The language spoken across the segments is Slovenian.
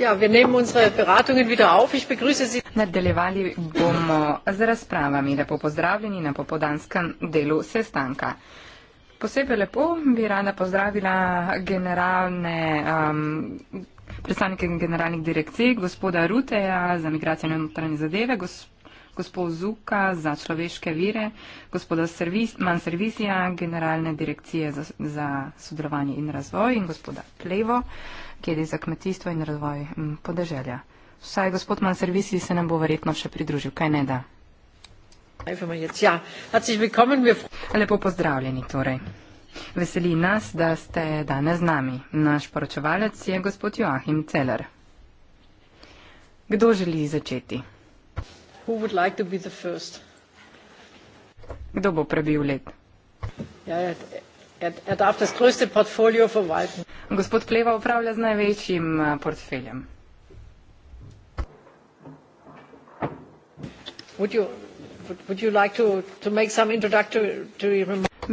Ja, wir nehmen unsere Beratungen wieder auf. Ich begrüße Sie. Nadaljevali bomo z razpravami. Lepo pozdravljeni na popodanskem delu sestanka. Posebej lepo bi rada pozdravila generalne, um, predstavnike generalnih direkcij, gospoda Ruteja za migracijo in notranje zadeve, gospod Zuka za človeške vire, gospoda servis, Manservizija, generalne direkcije za, za sodelovanje in razvoj in gospoda Plevo kedi za kmetijstvo in razvoj podeželja. Vsaj gospod Manservisi se nam bo verjetno še pridružil, kaj ne da. Lepo pozdravljeni torej. Veseli nas, da ste danes z nami. Naš poročevalec je gospod Joachim Celer. Kdo želi začeti? Like Kdo bo prebil let? Ja, ja, Er, er darf das größte Portfolio verwalten. Gospod Pleva upravlja z največjim eh, portfeljem. Would you, would you like to, to make some introductory to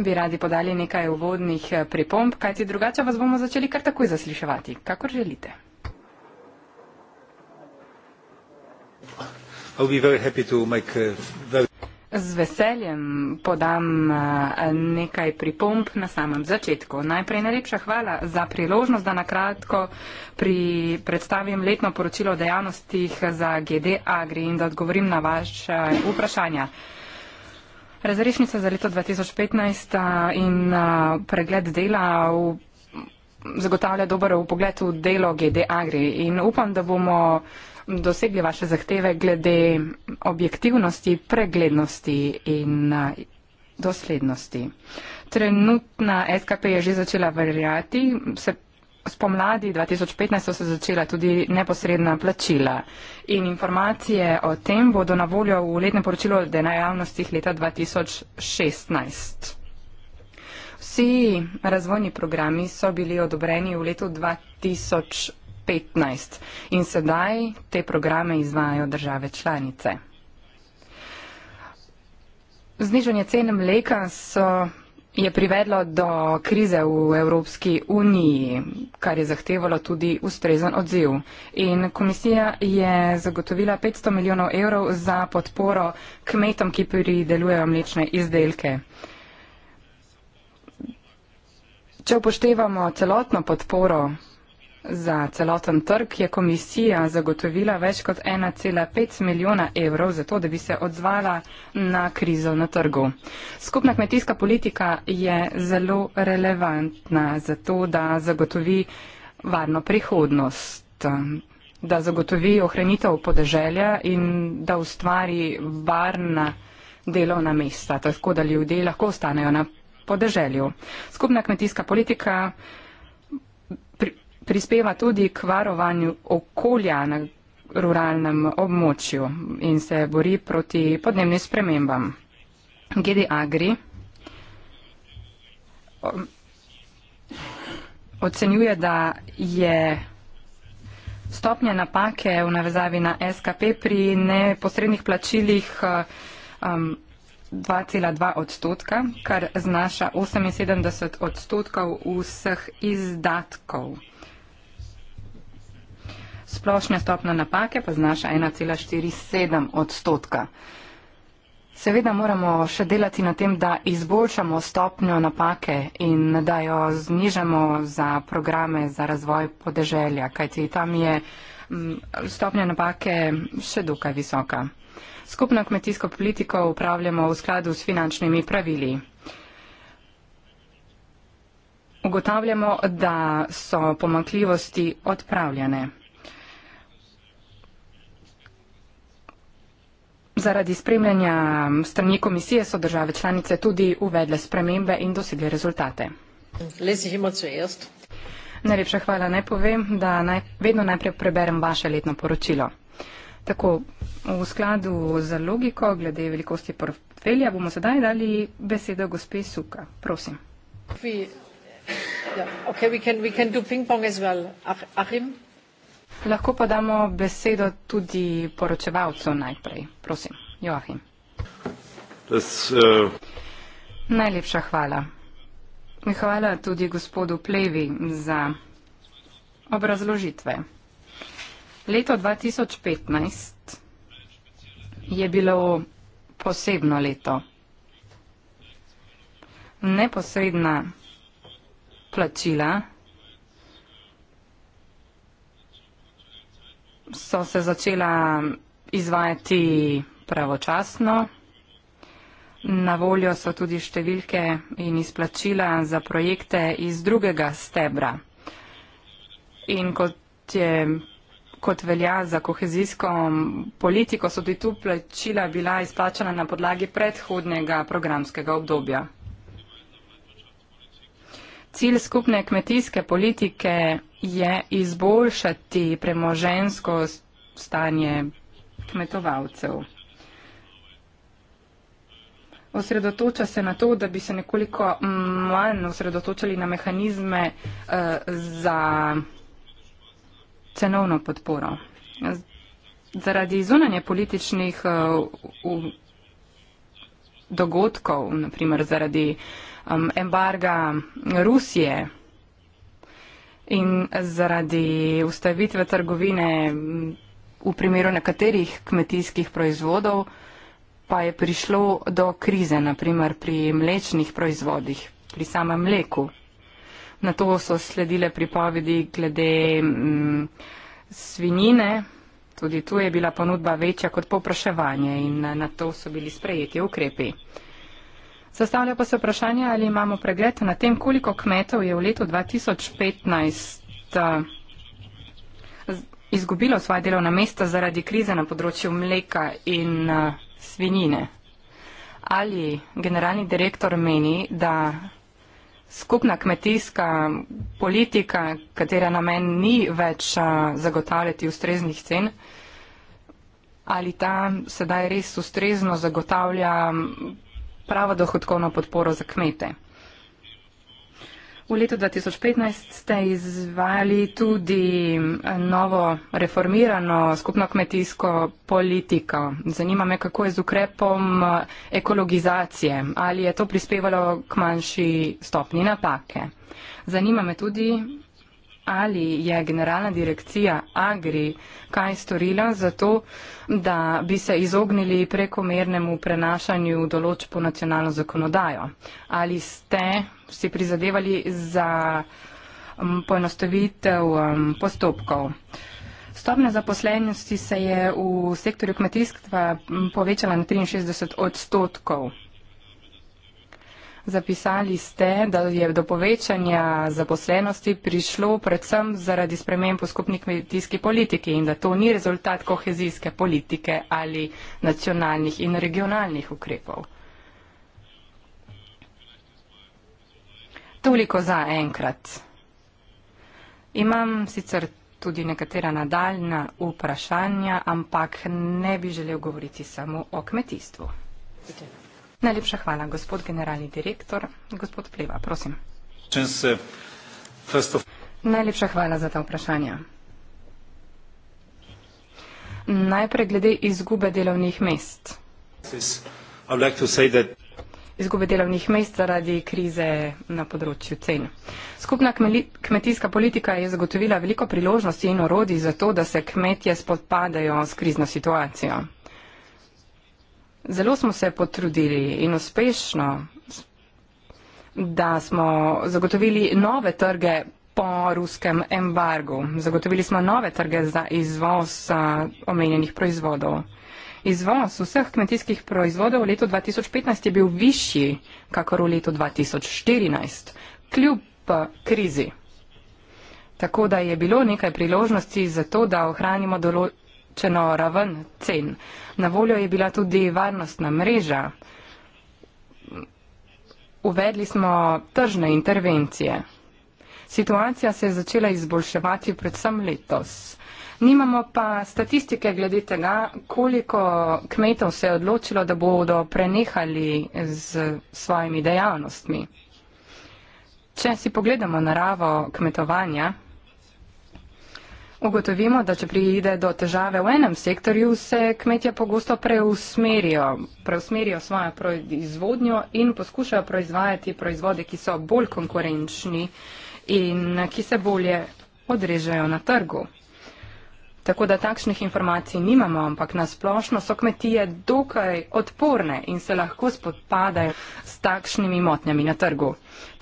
Bi radi podali nekaj uvodnih eh, pripomb, kajti drugače vas bomo začeli kar takoj zasliševati, kakor želite. I'll be very happy to make, uh, very... Z veseljem podam eh, nekaj pripomb na samem začetku. Najprej najlepša hvala za priložnost, da nakratko pri predstavim letno poročilo o dejavnostih za GD Agri in da odgovorim na vaše vprašanja. Razrešnica za leto 2015 eh, in eh, pregled dela v zagotavlja dober pogled v delo GD Agri in upam, da bomo dosegli vaše zahteve glede objektivnosti, preglednosti in doslednosti. Trenutna SKP je že začela verjati, se spomladi 2015 so se začela tudi neposredna plačila in informacije o tem bodo na voljo v letnem poročilu o denajavnostih leta 2016. Vsi razvojni programi so bili odobreni v letu 2016. 15 in sedaj te programe izvajajo države članice. Znižanje cene mleka so, je privedlo do krize v Evropski uniji, kar je zahtevalo tudi ustrezen odziv. In komisija je zagotovila 500 milijonov evrov za podporo kmetom, ki pridelujejo mlečne izdelke. Če upoštevamo celotno podporo Za celoten trg je komisija zagotovila več kot 1,5 milijona evrov za to, da bi se odzvala na krizo na trgu. Skupna kmetijska politika je zelo relevantna za to, da zagotovi varno prihodnost, da zagotovi ohranitev podeželja in da ustvari varna delovna mesta, tako da ljudje lahko ostanejo na podeželju. Skupna kmetijska politika prispeva tudi k varovanju okolja na ruralnem območju in se bori proti podnebnim spremembam. Gedi Agri um, ocenjuje, da je stopnje napake v navezavi na SKP pri neposrednih plačilih 2,2 uh, um, odstotka, kar znaša 78 odstotkov vseh izdatkov splošna stopna napake pa znaša 1,47 odstotka. Seveda moramo še delati na tem, da izboljšamo stopnjo napake in da jo znižamo za programe za razvoj podeželja, kajti tam je stopnja napake še dokaj visoka. Skupno kmetijsko politiko upravljamo v skladu s finančnimi pravili. Ugotavljamo, da so pomakljivosti odpravljene. Zaradi spremljanja strani komisije so države članice tudi uvedle spremembe in dosegle rezultate. Najlepša hvala. Naj povem, da naj, vedno najprej preberem vaše letno poročilo. Tako, v skladu za logiko glede velikosti portfelja bomo sedaj dali besedo gospe Suka. Prosim. We, yeah, ja, okay, we can, we can Lahko pa damo besedo tudi poročevalcu najprej. Prosim, Joachim. Das, uh... Najlepša hvala. Hvala tudi gospodu Plevi za obrazložitve. Leto 2015 je bilo posebno leto. Neposredna plačila so se začela izvajati pravočasno. Na voljo so tudi številke in izplačila za projekte iz drugega stebra. In kot, je, kot velja za kohezijsko politiko, so tudi tu plačila bila izplačana na podlagi predhodnega programskega obdobja cilj skupne kmetijske politike je izboljšati premožensko stanje kmetovalcev. Osredotoča se na to, da bi se nekoliko manj osredotočali na mehanizme eh, za cenovno podporo. Zaradi izunanje političnih eh, dogodkov, naprimer zaradi uh, um, embarga Rusije in zaradi ustavitve trgovine v primeru nekaterih kmetijskih proizvodov pa je prišlo do krize, naprimer pri mlečnih proizvodih, pri samem mleku. Na to so sledile pripovedi glede mm, svinjine, tudi tu je bila ponudba večja kot popraševanje in na to so bili sprejeti ukrepi. Zastavlja pa se vprašanje, ali imamo pregled na tem, koliko kmetov je v letu 2015 eh, izgubilo svoje delovna mesta zaradi krize na področju mleka in eh, svinjine. Ali generalni direktor meni, da skupna kmetijska politika, katera namen ni več eh, zagotavljati ustreznih cen, ali ta sedaj res ustrezno zagotavlja pravo dohodkovno podporo za kmete. V letu 2015 ste izvajali tudi eh, novo reformirano skupno kmetijsko politiko. Zanima me, kako je z ukrepom eh, ekologizacije. Ali je to prispevalo k manjši stopni napake? Zanima me tudi, ali je generalna direkcija Agri kaj storila za to, da bi se izognili prekomernemu prenašanju določb v nacionalno zakonodajo? Ali ste si prizadevali za poenostavitev postopkov? Stopnja zaposlenosti se je v sektorju kmetijstva povečala na 63 odstotkov. Zapisali ste, da je do povečanja zaposlenosti prišlo predvsem zaradi sprememb v skupni kmetijski politiki in da to ni rezultat kohezijske politike ali nacionalnih in regionalnih ukrepov. Toliko za enkrat. Imam sicer tudi nekatera nadaljna vprašanja, ampak ne bi želel govoriti samo o kmetijstvu. Okay. Najlepša hvala, gospod generalni direktor. Gospod Pleva, prosim. Najlepša hvala za ta vprašanja. Najprej glede izgube delovnih mest. Izgube delovnih mest zaradi krize na področju cen. Skupna kmetijska politika je zagotovila veliko priložnosti in orodi za to, da se kmetje spopadajo s krizno situacijo zelo smo se potrudili in uspešno, da smo zagotovili nove trge po ruskem embargu. Zagotovili smo nove trge za izvoz omenjenih proizvodov. Izvoz vseh kmetijskih proizvodov v letu 2015 je bil višji, kakor v letu 2014, kljub eh, krizi. Tako da je bilo nekaj priložnosti za to, da ohranimo določenje določeno raven cen. Na voljo je bila tudi varnostna mreža. Uvedli smo tržne intervencije. Situacija se je začela izboljševati predvsem letos. Nimamo pa statistike glede tega, koliko kmetov se je odločilo, da bodo prenehali z svojimi dejavnostmi. Če si pogledamo naravo kmetovanja, Ugotovimo, da če pride do težave v enem sektorju, se kmetje pogosto preusmerijo, preusmerijo svojo proizvodnjo in poskušajo proizvajati proizvode, ki so bolj konkurenčni in ki se bolje odrežejo na trgu. Tako da takšnih informacij nimamo, ampak nasplošno so kmetije dokaj odporne in se lahko spopadajo s takšnimi motnjami na trgu.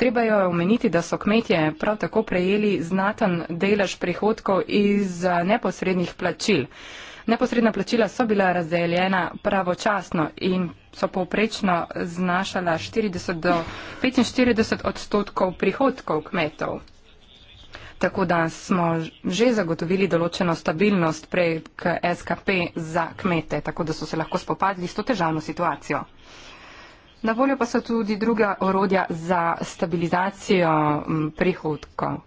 Treba jo omeniti, da so kmetje prav tako prejeli znaten delež prihodkov iz eh, neposrednih plačil. Neposredna plačila so bila razdeljena pravočasno in so povprečno znašala 40 do 45 odstotkov prihodkov kmetov tako da smo že zagotovili določeno stabilnost prek SKP za kmete, tako da so se lahko spopadli s to težavno situacijo. Na voljo pa so tudi druga orodja za stabilizacijo prihodkov.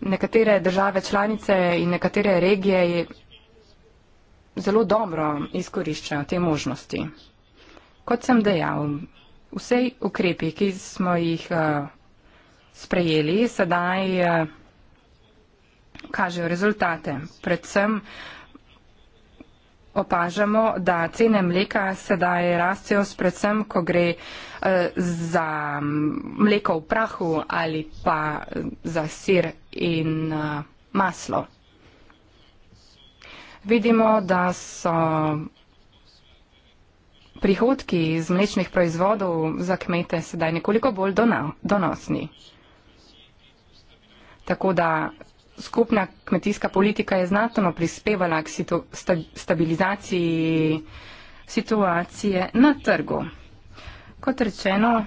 Nekatere države članice in nekatere regije zelo dobro izkoriščajo te možnosti. Kot sem dejal, vsej ukrepi, ki smo jih eh, sprejeli, sedaj eh, kažejo rezultate. Predvsem opažamo, da cene mleka sedaj rastejo, predvsem ko gre eh, za mleko v prahu ali pa eh, za sir in maslo. Vidimo, da so prihodki iz mlečnih proizvodov za kmete sedaj nekoliko bolj donosni. Tako da skupna kmetijska politika je znatno prispevala k situ, sta, stabilizaciji situacije na trgu. Kot rečeno,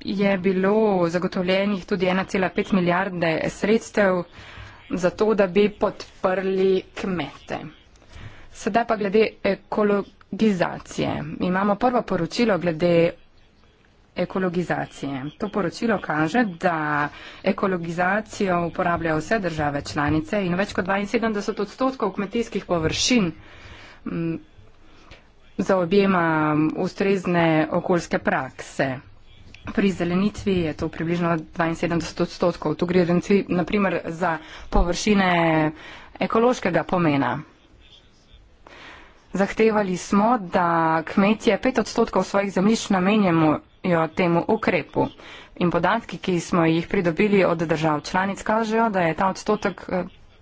je bilo zagotovljenih tudi 1,5 milijarde sredstev za to, da bi podprli kmete. Sedaj pa glede ekologizacije. Imamo prvo poročilo glede ekologizacije. To poročilo kaže, da ekologizacijo uporabljajo vse države članice in več kot 72 odstotkov kmetijskih površin zaobjema ustrezne okoljske prakse. Pri zelenitvi je to približno 72 odstotkov. Tu gre naprimer za površine ekološkega pomena. Zahtevali smo, da kmetje 5 odstotkov svojih zemljišč namenjamo nasprotujejo temu ukrepu. In podatki, ki smo jih pridobili od držav članic, kažejo, da je ta odstotek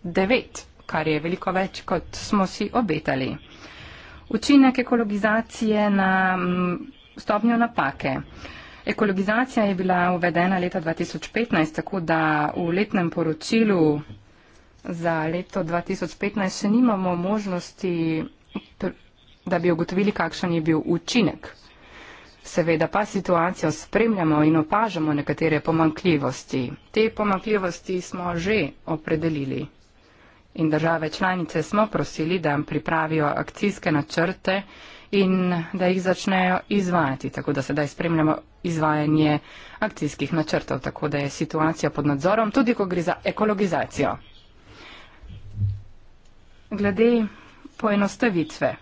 9, eh, kar je veliko več, kot smo si obetali. Učinek ekologizacije na mm, stopnjo napake. Ekologizacija je bila uvedena leta 2015, tako da v letnem poročilu za leto 2015 še nimamo možnosti, da bi ugotovili, kakšen je bil učinek seveda pa situacijo spremljamo in opažamo nekatere pomankljivosti. Te pomankljivosti smo že opredelili in države članice smo prosili, da pripravijo akcijske načrte in da jih začnejo izvajati, tako da sedaj spremljamo izvajanje akcijskih načrtov, tako da je situacija pod nadzorom, tudi ko gre za ekologizacijo. Glede poenostavitve.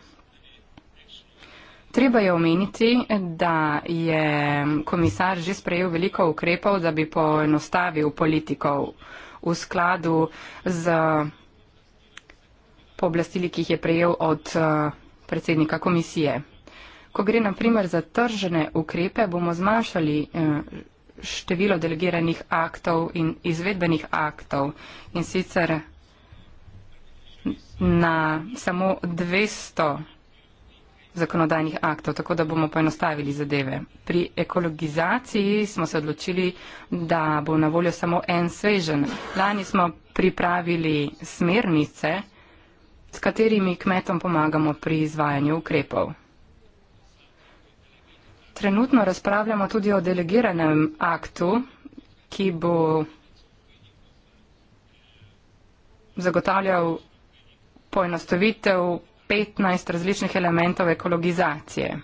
Treba je omeniti, da je komisar že sprejel veliko ukrepov, da bi poenostavil politiko v skladu z pooblastili, ki jih je prejel od eh, predsednika komisije. Ko gre naprimer za tržene ukrepe, bomo zmanjšali eh, število delegiranih aktov in izvedbenih aktov in sicer na samo 200 zakonodajnih aktov, tako da bomo poenostavili zadeve. Pri ekologizaciji smo se odločili, da bo na voljo samo en svežen. Lani smo pripravili smernice, s katerimi kmetom pomagamo pri izvajanju ukrepov. Trenutno razpravljamo tudi o delegiranem aktu, ki bo zagotavljal poenostavitev 15 različnih elementov ekologizacije.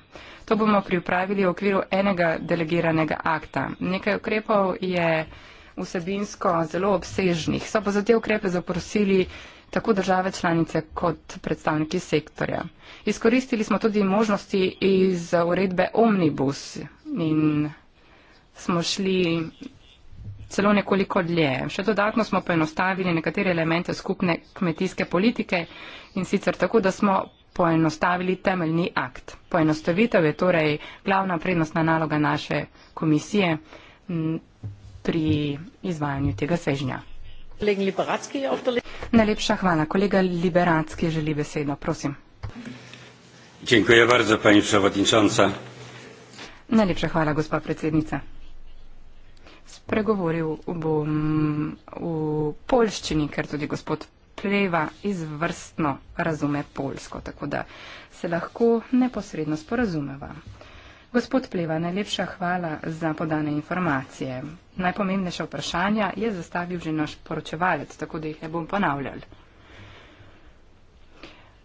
To bomo pripravili v okviru enega delegiranega akta. Nekaj ukrepov je vsebinsko zelo obsežnih. So pa za te ukrepe zaprosili tako države članice kot predstavniki sektorja. Izkoristili smo tudi možnosti iz uredbe Omnibus in smo šli celo nekoliko dlje. Še dodatno smo poenostavili nekatere elemente skupne kmetijske politike in sicer tako, da smo poenostavili temeljni akt. Poenostavitev je torej glavna prednostna naloga naše komisije pri izvajanju tega svežnja. Najlepša hvala. Kolega Liberacki želi besedo. Prosim. Najlepša hvala, gospa predsednica. Pregovoril bom v polščini, ker tudi gospod Pleva izvrstno razume polsko, tako da se lahko neposredno sporazumeva. Gospod Pleva, najlepša hvala za podane informacije. Najpomembnejša vprašanja je zastavil že naš poročevalec, tako da jih ne bom ponavljal.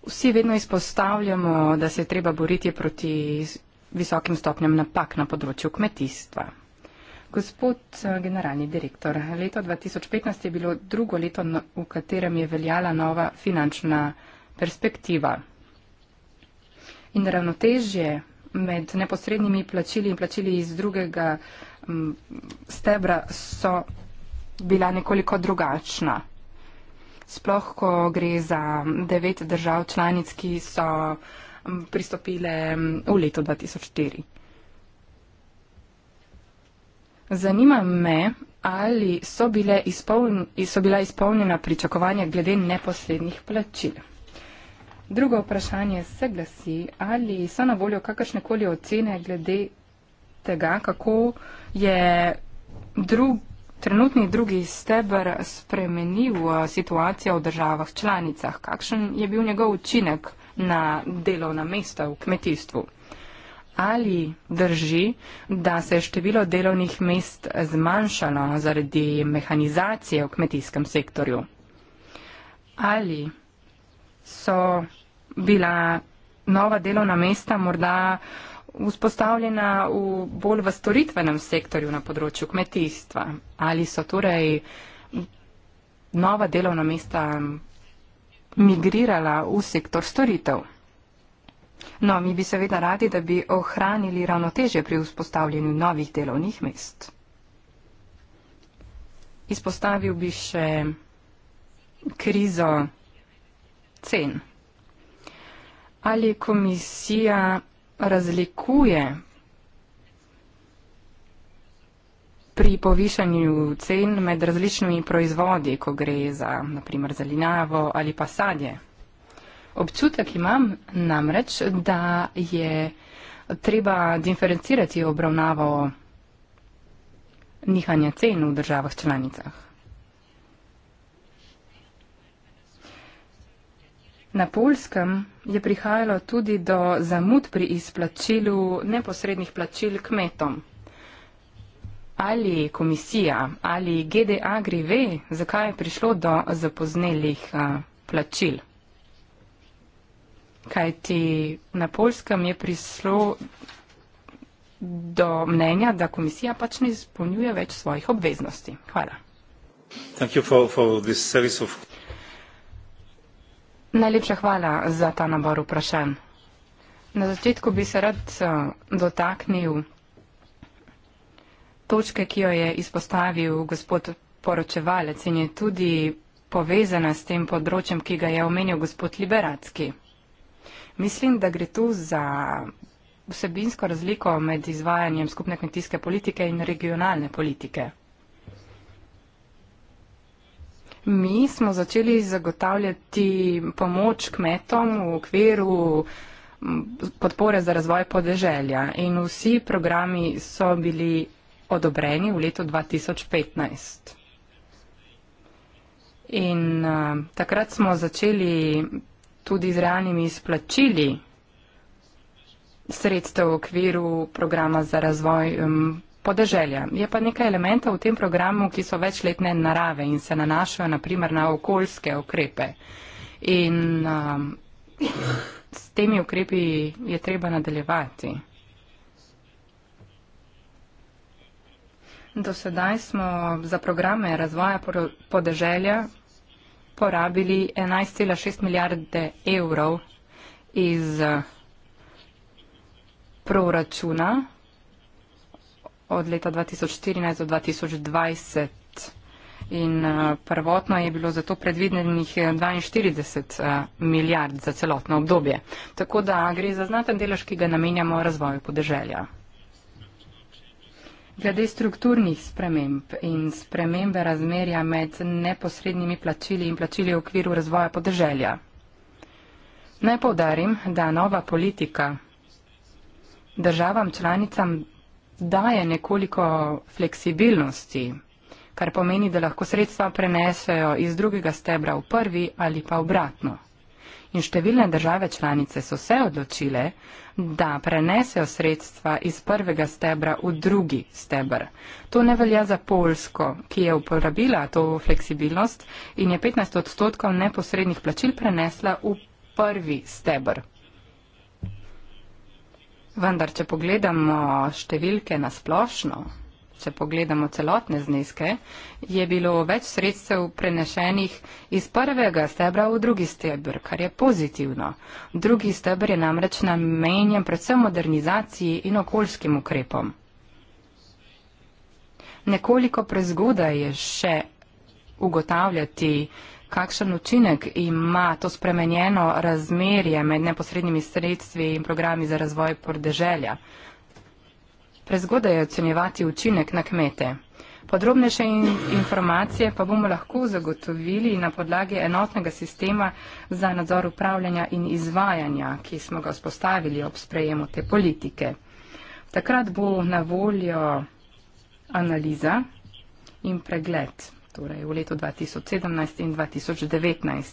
Vsi vedno izpostavljamo, da se je treba boriti proti visokim stopnjam napak na področju kmetijstva. Gospod eh, generalni direktor, leto 2015 je bilo drugo leto, no, v katerem je veljala nova finančna perspektiva. In ravnotežje med neposrednimi plačili in plačili iz drugega mm, stebra so bila nekoliko drugačna. Sploh, ko gre za devet držav članic, ki so mm, pristopile mm, v letu 2004. Zanima me, ali so, bile izpolnj, so bila izpolnjena pričakovanja glede neposrednih plačil. Drugo vprašanje se glasi, ali so na voljo kakršnekoli ocene glede tega, kako je drug, trenutni drugi stebr spremenil eh, situacijo v državah članicah, kakšen je bil njegov učinek na delovna mesta v kmetijstvu. Ali drži, da se je število delovnih mest zmanjšalo zaradi mehanizacije v kmetijskem sektorju? Ali so bila nova delovna mesta morda vzpostavljena v, bolj v storitvenem sektorju na področju kmetijstva? Ali so torej nova delovna mesta migrirala v sektor storitev? No, mi bi seveda radi, da bi ohranili ravnoteže pri vzpostavljanju novih delovnih mest. Izpostavil bi še krizo cen. Ali komisija razlikuje pri povišanju cen med različnimi proizvodi, ko gre za naprimer zelenjavo ali pa sadje? Občutek imam namreč, da je treba diferencirati obravnavo nihanja cen v državah članicah. Na Polskem je prihajalo tudi do zamud pri izplačilu neposrednih plačil kmetom. Ali komisija ali GDA gre ve, zakaj je prišlo do zapoznelih plačil? Kajti na polskem je prišlo do mnenja, da komisija pač ne izpolnjuje več svojih obveznosti. Hvala. For, for of... Najlepša hvala za ta nabor vprašanj. Na začetku bi se rad eh, dotaknil točke, ki jo je izpostavil gospod poročevalec in je tudi povezana s tem področjem, ki ga je omenil gospod Liberacki. Mislim, da gre tu za vsebinsko razliko med izvajanjem skupne kmetijske politike in regionalne politike. Mi smo začeli zagotavljati pomoč kmetom v okviru podpore za razvoj podeželja in vsi programi so bili odobreni v letu 2015. In uh, takrat smo začeli tudi z realnimi izplačili sredstev v okviru programa za razvoj um, podeželja. Je pa nekaj elementov v tem programu, ki so večletne narave in se nanašajo naprimer na okoljske ukrepe. In um, s temi ukrepi je treba nadaljevati. Do sedaj smo za programe razvoja podeželja porabili 11,6 milijarde evrov iz eh, proračuna od leta 2014 do 2020 in eh, prvotno je bilo zato predvidenih 42 eh, milijard za celotno obdobje. Tako da gre za znaten delež, ki ga namenjamo razvoju podeželja. Glede strukturnih sprememb in spremembe razmerja med neposrednimi plačili in plačili v okviru razvoja podeželja. Naj povdarim, da nova politika državam članicam daje nekoliko fleksibilnosti, kar pomeni, da lahko sredstva prenesejo iz drugega stebra v prvi ali pa obratno in številne države članice so se odločile, da prenesejo sredstva iz prvega stebra v drugi stebr. To ne velja za Polsko, ki je uporabila to fleksibilnost in je 15 odstotkov neposrednih plačil prenesla v prvi stebr. Vendar, če pogledamo številke na splošno, če pogledamo celotne zneske, je bilo več sredstev prenešenih iz prvega stebra v drugi stebr, kar je pozitivno. Drugi stebr je namreč namenjen predvsem modernizaciji in okoljskim ukrepom. Nekoliko prezgodaj je še ugotavljati, kakšen učinek ima to spremenjeno razmerje med neposrednimi sredstvi in programi za razvoj podeželja. Prezgodaj je ocenjevati učinek na kmete. Podrobnejše in informacije pa bomo lahko zagotovili na podlagi enotnega sistema za nadzor upravljanja in izvajanja, ki smo ga vzpostavili ob sprejemu te politike. Takrat bo na voljo analiza in pregled, torej v letu 2017 in 2019.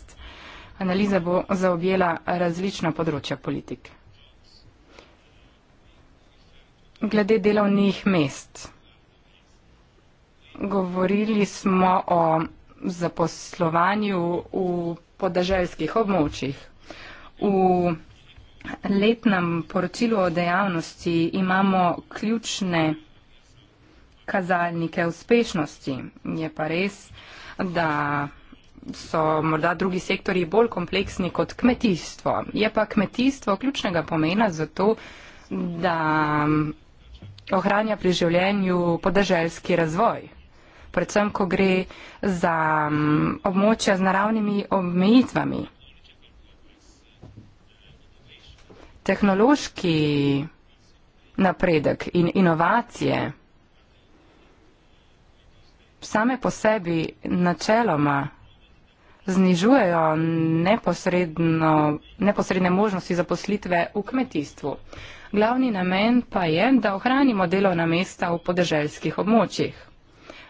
Analiza bo zaobjela različna področja politike glede delovnih mest. Govorili smo o zaposlovanju v podeželskih območjih. V letnem poročilu o dejavnosti imamo ključne kazalnike uspešnosti. Je pa res, da so morda drugi sektori bolj kompleksni kot kmetijstvo. Je pa kmetijstvo ključnega pomena zato, da ohranja pri življenju podeželski razvoj. Predvsem, ko gre za območja z naravnimi omejitvami. Tehnološki napredek in inovacije same po sebi načeloma znižujejo neposredno, neposredne možnosti zaposlitve v kmetijstvu. Glavni namen pa je, da ohranimo delovna mesta v podeželskih območjih.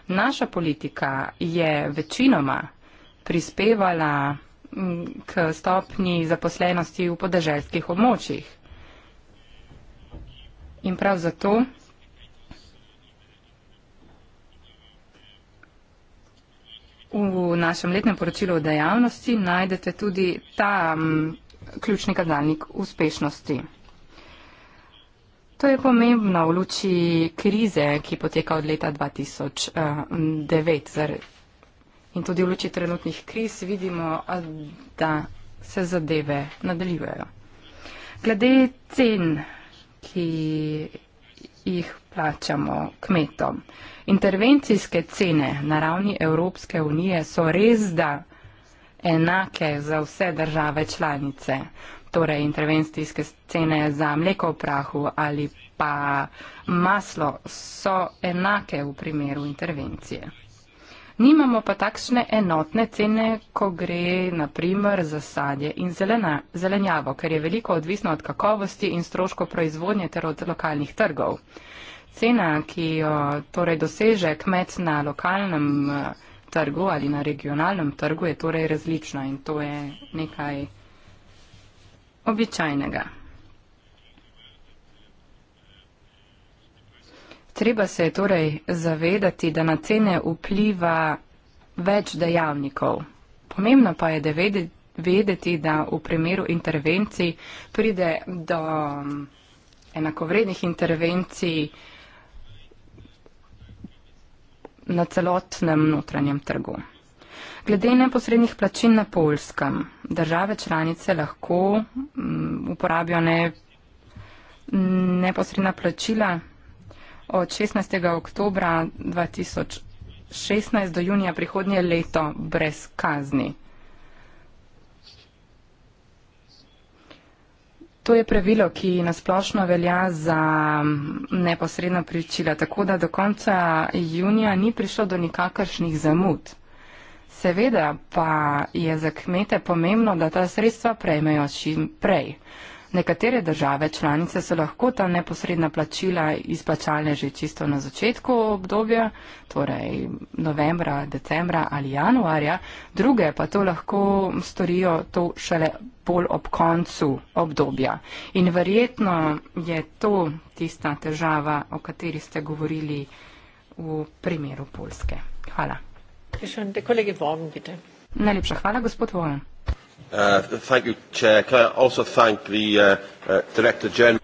Naša politika je večinoma prispevala k stopni zaposlenosti v podeželskih območjih. In prav zato V našem letnem poročilu o dejavnosti najdete tudi ta mm, ključni kazalnik uspešnosti. To je pomembno v luči krize, ki poteka od leta 2009. Eh, in tudi v luči trenutnih kriz vidimo, da se zadeve nadaljujejo. Glede cen, ki jih plačamo kmetom. Intervencijske cene na ravni Evropske unije so res da enake za vse države članice. Torej, intervencijske cene za mleko v prahu ali pa maslo so enake v primeru intervencije. Nimamo pa takšne enotne cene, ko gre naprimer za sadje in zelena, zelenjavo, ker je veliko odvisno od kakovosti in stroško proizvodnje ter od lokalnih trgov cena, ki jo torej doseže kmet na lokalnem eh, trgu ali na regionalnem trgu, je torej različna in to je nekaj običajnega. Treba se je torej zavedati, da na cene vpliva več dejavnikov. Pomembno pa je, da vedeti, da v primeru intervencij pride do mm, enakovrednih intervencij na celotnem notranjem trgu. Glede neposrednih plačil na polskem, države članice lahko mm, uporabijo ne, neposredna plačila od 16. oktobra 2016 do junija prihodnje leto brez kazni. To je pravilo, ki nasplošno velja za mm, neposredna pričila, tako da do konca junija ni prišlo do nikakršnih zamud. Seveda pa je za kmete pomembno, da ta sredstva prejmejo čim prej. Nekatere države članice so lahko ta neposredna plačila izplačale že čisto na začetku obdobja, torej novembra, decembra ali januarja, druge pa to lahko storijo to šele bolj ob koncu obdobja. In verjetno je to tista težava, o kateri ste govorili v primeru Polske. Hvala. Najlepša hvala, gospod Vojan. Uh, thank you, Chair. Can I also thank the uh, uh, Director General?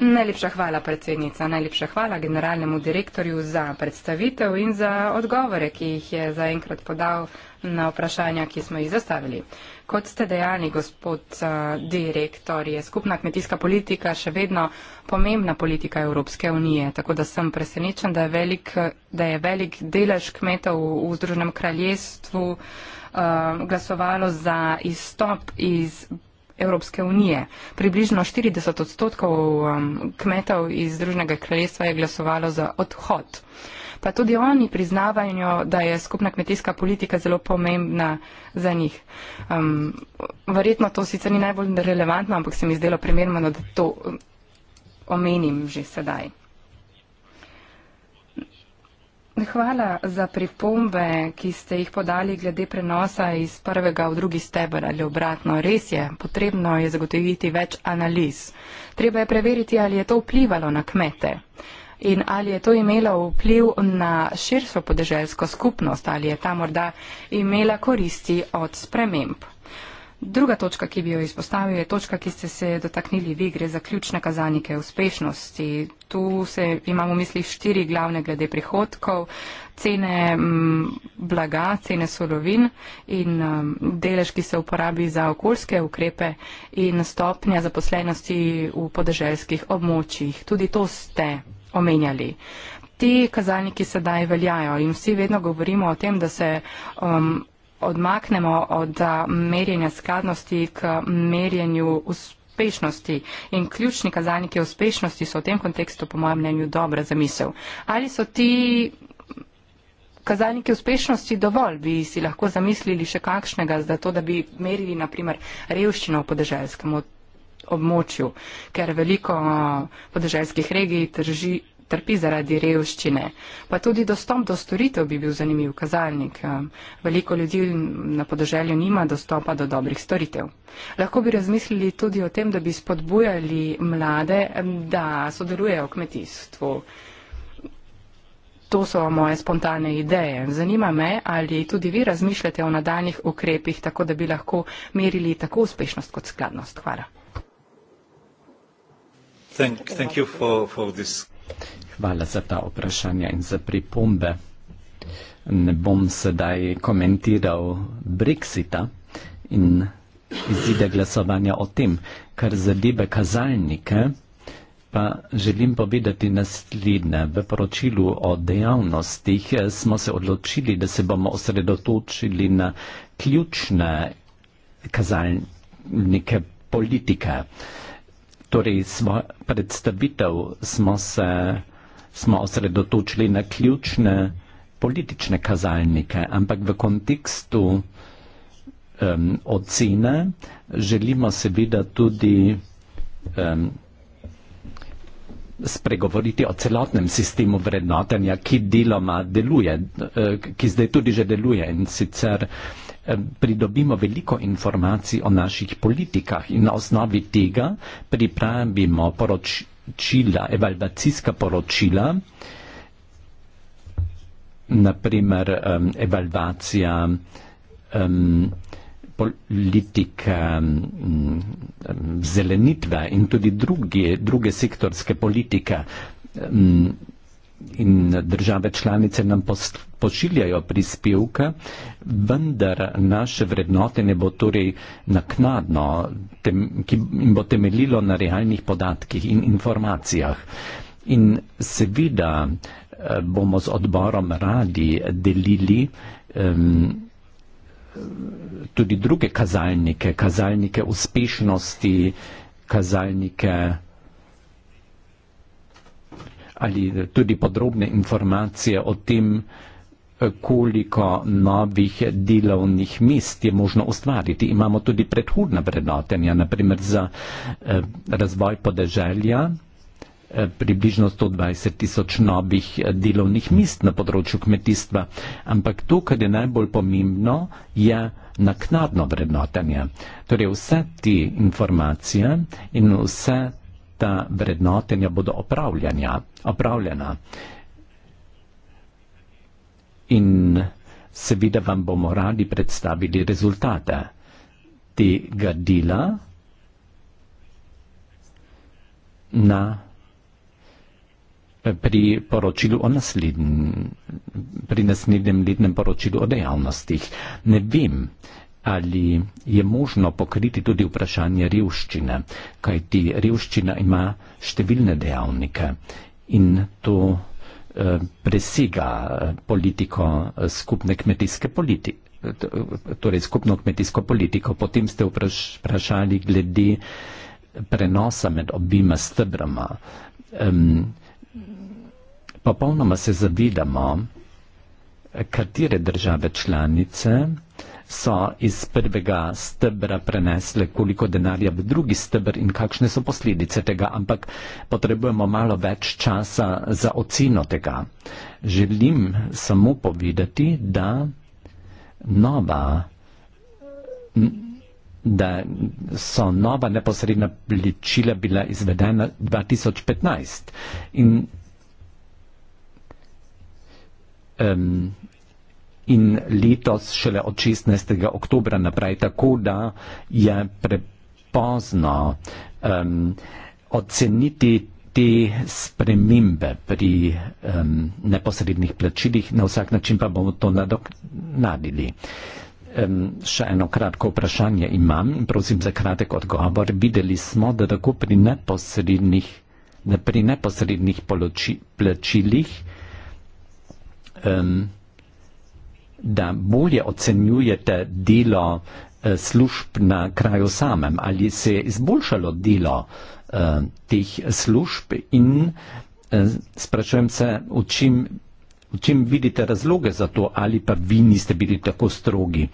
Najlepša hvala, predsednica. Najlepša hvala generalnemu direktorju za predstavitev in za odgovore, ki jih je zaenkrat podal na vprašanja, ki smo jih zastavili. Kot ste dejali, gospod uh, direktor, je skupna kmetijska politika še vedno pomembna politika Evropske unije, tako da sem presenečen, da je velik, da je velik delež kmetov v Združenem kraljestvu uh, Eh, glasovalo za izstop iz Evropske unije. Približno 40 odstotkov kmetov iz Združenega kraljestva je glasovalo za odhod. Pa tudi oni priznavajo, da je skupna kmetijska politika zelo pomembna za njih. Um, verjetno to sicer ni najbolj relevantno, ampak se mi zdelo primerno, da to omenim že sedaj. Hvala za pripombe, ki ste jih podali glede prenosa iz prvega v drugi steber ali obratno. Res je, potrebno je zagotoviti več analiz. Treba je preveriti, ali je to vplivalo na kmete in ali je to imelo vpliv na širšo podeželsko skupnost, ali je ta morda imela koristi od sprememb. Druga točka, ki bi jo izpostavil, je točka, ki ste se dotaknili vi, gre za ključne kazanike uspešnosti. Tu se imamo v mislih štiri glavne glede prihodkov, cene m, mm, blaga, cene surovin in m, mm, delež, ki se uporabi za okoljske ukrepe in stopnja zaposlenosti v podeželskih območjih. Tudi to ste omenjali. Ti kazalniki sedaj veljajo in vsi vedno govorimo o tem, da se um, odmaknemo od eh, merjenja skladnosti k merjenju uspešnosti. In ključni kazalniki uspešnosti so v tem kontekstu, po mojem mnenju, dobra zamisel. Ali so ti kazalniki uspešnosti dovolj, bi si lahko zamislili še kakšnega, zato da bi merili, naprimer, revščino v podeželskem območju, ker veliko eh, podeželskih regij drži trpi zaradi revščine. Pa tudi dostop do storitev bi bil zanimiv kazalnik. Um, veliko ljudi na podeželju nima dostopa do dobrih storitev. Lahko bi razmislili tudi o tem, da bi spodbujali mlade, da sodelujejo v kmetijstvu. To so moje spontane ideje. Zanima me, ali tudi vi razmišljate o nadaljnih ukrepih, tako da bi lahko merili tako uspešnost kot skladnost. Hvala. Thank, thank you for, for this. Hvala za ta vprašanja in za pripombe. Ne bom sedaj komentiral Brexita in izide glasovanja o tem, kar zadeve kazalnike, pa želim povedati naslednje. V poročilu o dejavnostih smo se odločili, da se bomo osredotočili na ključne kazalnike politike torej smo predstavitev smo se smo osredotočili na ključne politične kazalnike, ampak v kontekstu um, ocene želimo seveda tudi um, spregovoriti o celotnem sistemu vrednotenja, ki deloma deluje, eh, ki zdaj tudi že deluje in sicer um, pridobimo veliko informacij o naših politikah in na osnovi tega pripravimo poročila, evalvacijska poročila, naprimer um, evalvacija um, politike um, zelenitve in tudi druge, druge sektorske politike. Um, in države članice nam pošiljajo prispevke, vendar naše vrednote ne bo torej naknadno, tem, ki jim bo temeljilo na realnih podatkih in informacijah. In seveda eh, bomo z odborom radi delili um, tudi druge kazalnike, kazalnike uspešnosti, kazalnike ali tudi podrobne informacije o tem, koliko novih delovnih mest je možno ustvariti. Imamo tudi predhodna vrednotenja, naprimer za eh, razvoj podeželja eh, približno 120 tisoč novih eh, delovnih mest na področju kmetijstva. Ampak to, kar je najbolj pomembno, je naknadno vrednotenje. Torej vse te informacije in vse ta vrednotenja bodo opravljena. In seveda vam bomo radi predstavili rezultate tega dela na pri poročilu o naslednjem, pri naslednjem letnem poročilu o dejavnostih. Ne vem, ali je možno pokriti tudi vprašanje revščine, kajti revščina ima številne dejavnike in to eh, presega eh, politiko eh, skupne kmetijske politike torej skupno kmetijsko politiko. Potem ste vprašali glede prenosa med obima stebrama. Um, popolnoma se zavidamo, katere države članice so iz prvega stebra prenesle, koliko denarja v drugi stebr in kakšne so posledice tega, ampak potrebujemo malo več časa za oceno tega. Želim samo povedati, da nova da so nova neposredna plačila bila izvedena 2015 in um, in letos šele od 16. oktobra naprej, tako da je prepozno um, oceniti te spremembe pri um, neposrednih plačilih, na vsak način pa bomo to nadoknadili. Um, še eno kratko vprašanje imam in prosim za kratek odgovor. Videli smo, da tako pri neposrednih, pri neposrednih poloči, plačilih um, da bolje ocenjujete delo eh, služb na kraju samem, ali se je izboljšalo delo uh, teh služb in uh, sprašujem se, v čim, v čim vidite razloge za to, ali pa vi niste bili tako strogi.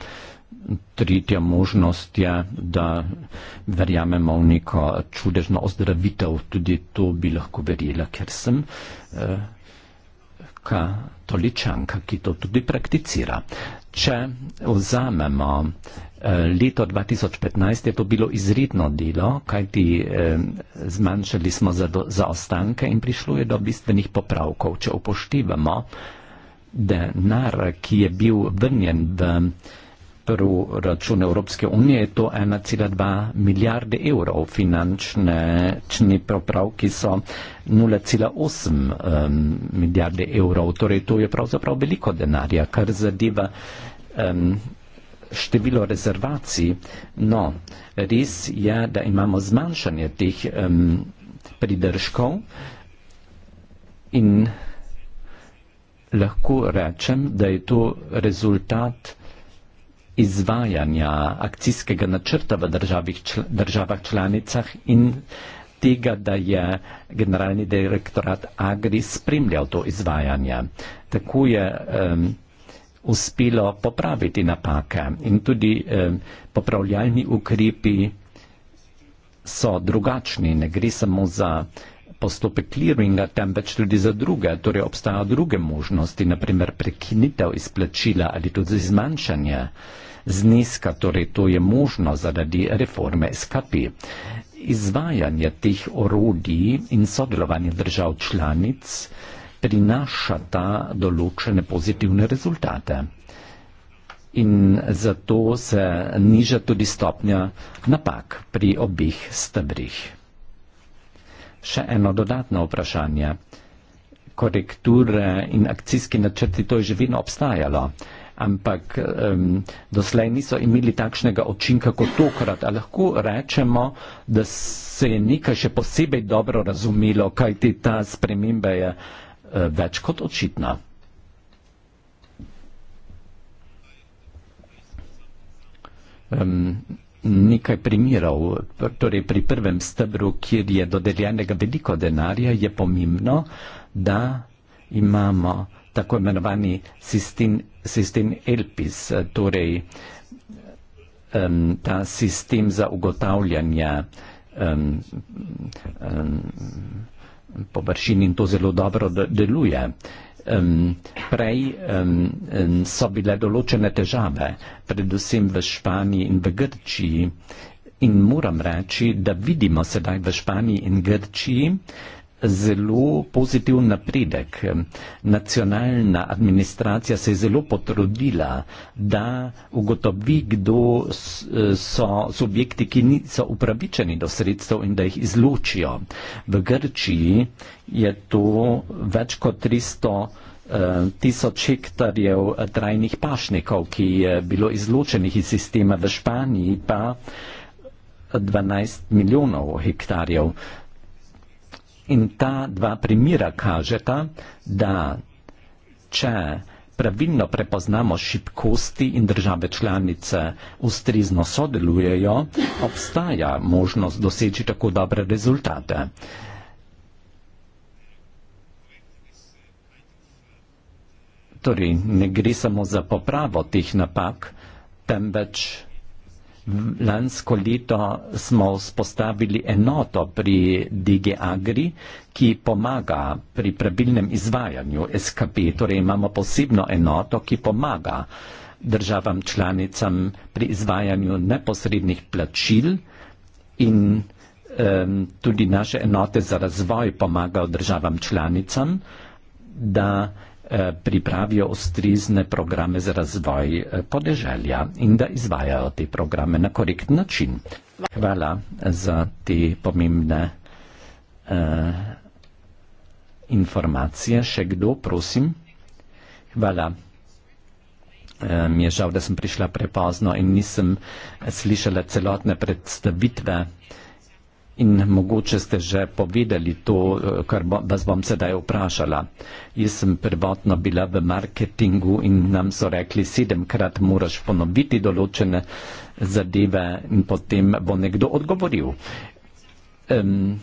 Tretja možnost je, da verjamemo v neko čudežno ozdravitev, tudi to bi lahko verjela, ker sem. Uh, katoliška toličanka, ki to tudi prakticira. Če vzamemo eh, leto 2015, je to bilo izredno delo, kajti eh, zmanjšali smo zaostanke in prišlo je do bistvenih popravkov. Če upoštevamo denar, ki je bil vrnjen v proračun Evropske unije je to 1,2 milijarde evrov, finančne čni popravki so 0,8 milijarde evrov, torej to je pravzaprav veliko denarja, kar zadeva um, število rezervacij. No, res je, da imamo zmanjšanje teh um, pridržkov in lahko rečem, da je to rezultat izvajanja akcijskega načrta v državih, čl državah članicah in tega, da je generalni direktorat Agri spremljal to izvajanje. Tako je um, uspelo popraviti napake in tudi um, popravljalni ukrepi so drugačni, ne gre samo za postopek clearinga, temveč tudi za druge. Torej obstajajo druge možnosti, naprimer prekinitev izplačila ali tudi zmanjšanje zneska, torej to je možno zaradi reforme SKP. Izvajanje teh orodij in sodelovanje držav članic prinaša ta določene pozitivne rezultate. In zato se niža tudi stopnja napak pri obih stebrih še eno dodatno vprašanje. Korektur in akcijski načrti to je že vedno obstajalo, ampak um, doslej niso imeli takšnega očinka kot tokrat. A lahko rečemo, da se je nekaj še posebej dobro razumelo, kajti ta sprememba je uh, več kot očitna. Um, Nekaj primerov, torej pri prvem stebru, kjer je dodeljenega veliko denarja, je pomembno, da imamo tako imenovani sistem, sistem ELPIS, torej um, ta sistem za ugotavljanje um, um, površin in to zelo dobro deluje um, prej um, um, so bile določene težave, predvsem v Španiji in v Grčiji. In moram reči, da vidimo sedaj v Španiji in Grčiji, zelo pozitiven napredek. Nacionalna administracija se je zelo potrudila, da ugotovi, kdo so subjekti, ki niso upravičeni do sredstev in da jih izločijo. V Grčiji je to več kot 300 eh, tisoč hektarjev eh, trajnih pašnikov, ki je bilo izločenih iz sistema v Španiji, pa 12 milijonov hektarjev. In ta dva primera kažeta, da če pravilno prepoznamo šibkosti in države članice ustrezno sodelujejo, obstaja možnost doseči tako dobre rezultate. Torej, ne gre samo za popravo teh napak, temveč Lansko leto smo vzpostavili enoto pri DG Agri, ki pomaga pri pravilnem izvajanju SKP, torej imamo posebno enoto, ki pomaga državam članicam pri izvajanju neposrednih plačil in um, tudi naše enote za razvoj pomagajo državam članicam, da Eh, pripravijo ustrezne programe za razvoj eh, podeželja in da izvajajo te programe na korekt način. Hvala za te pomembne uh, informacije. Še kdo, prosim? Hvala. Mi je žal, da sem prišla prepozno in nisem slišala celotne predstavitve. Uh, In mogoče ste že povedali to, kar bo, vas bom sedaj vprašala. Jaz sem prvotno bila v marketingu in nam so rekli, sedemkrat moraš ponoviti določene zadeve in potem bo nekdo odgovoril. Um,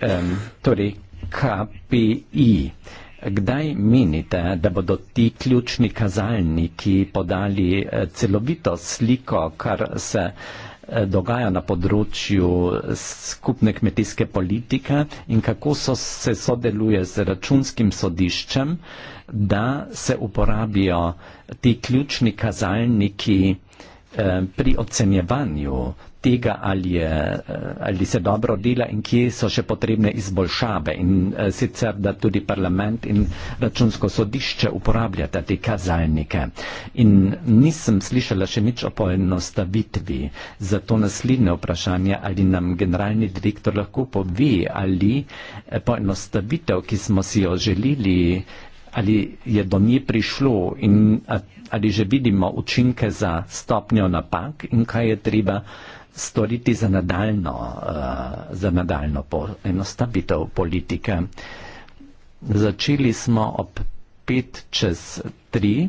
um, torej, KPI. Kdaj menite, da bodo ti ključni kazalniki podali eh, celovito sliko, kar se Eh, dogaja na področju skupne kmetijske politike in kako so, se sodeluje z računskim sodiščem, da se uporabijo ti ključni kazalniki eh, pri ocenjevanju tega, ali, je, eh, ali se dobro dela in kje so še potrebne izboljšave in eh, sicer, da tudi parlament in računsko sodišče uporabljata te kazalnike. In nisem slišala še nič o poenostavitvi, zato naslednje vprašanje, ali nam generalni direktor lahko pove, ali eh, poenostavitev, ki smo si jo želeli, ali je do nje prišlo in ali že vidimo učinke za stopnjo napak in kaj je treba storiti za nadaljno, eh, za nadaljno poenostavitev politike. Začeli smo ob pet čez tri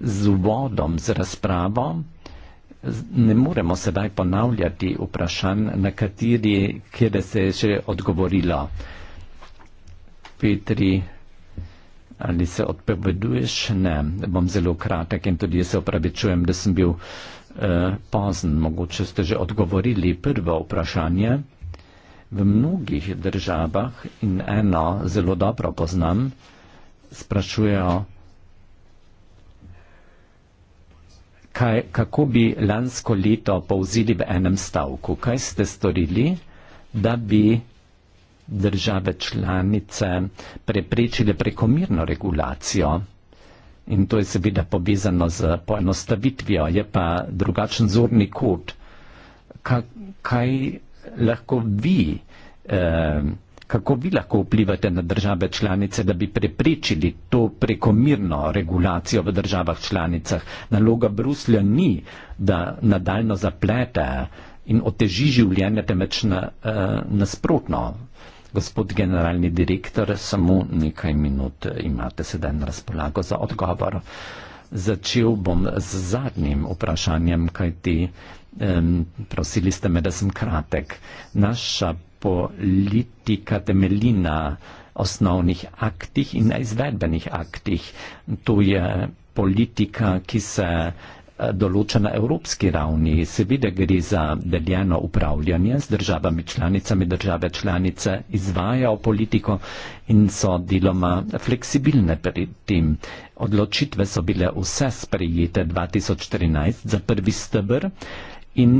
z uvodom, z razpravo. Ne moremo sedaj ponavljati vprašanj, na kateri, kjer se je že odgovorilo. Petri, ali se odpoveduješ? Ne, bom zelo kratek in tudi jaz se opravičujem, da sem bil uh, Eh, pozn. Mogoče ste že odgovorili prvo vprašanje. V mnogih državah in eno zelo dobro poznam, sprašujejo, kaj, kako bi lansko leto povzili v enem stavku. Kaj ste storili, da bi države članice preprečile prekomirno regulacijo? In to je seveda povezano z poenostavitvijo, je pa drugačen zorni kot. Ka, kaj lahko vi, eh, kako vi lahko vplivate na države članice, da bi preprečili to prekomirno regulacijo v državah članicah? Naloga Bruslja ni, da nadaljno zaplete in oteži življenje, temveč na, eh, nasprotno, Gospod generalni direktor, samo nekaj minut imate sedaj na razpolago za odgovor. Začel bom z zadnjim vprašanjem, kaj ti um, prosili ste me, da sem kratek. Naša politika temelji na osnovnih aktih in na izvedbenih aktih. To je politika, ki se Eh, določa na evropski ravni. Seveda gre za deljeno upravljanje z državami članicami, države članice izvajajo politiko in so deloma fleksibilne pri tem. Odločitve so bile vse sprejete 2014 za prvi stebr in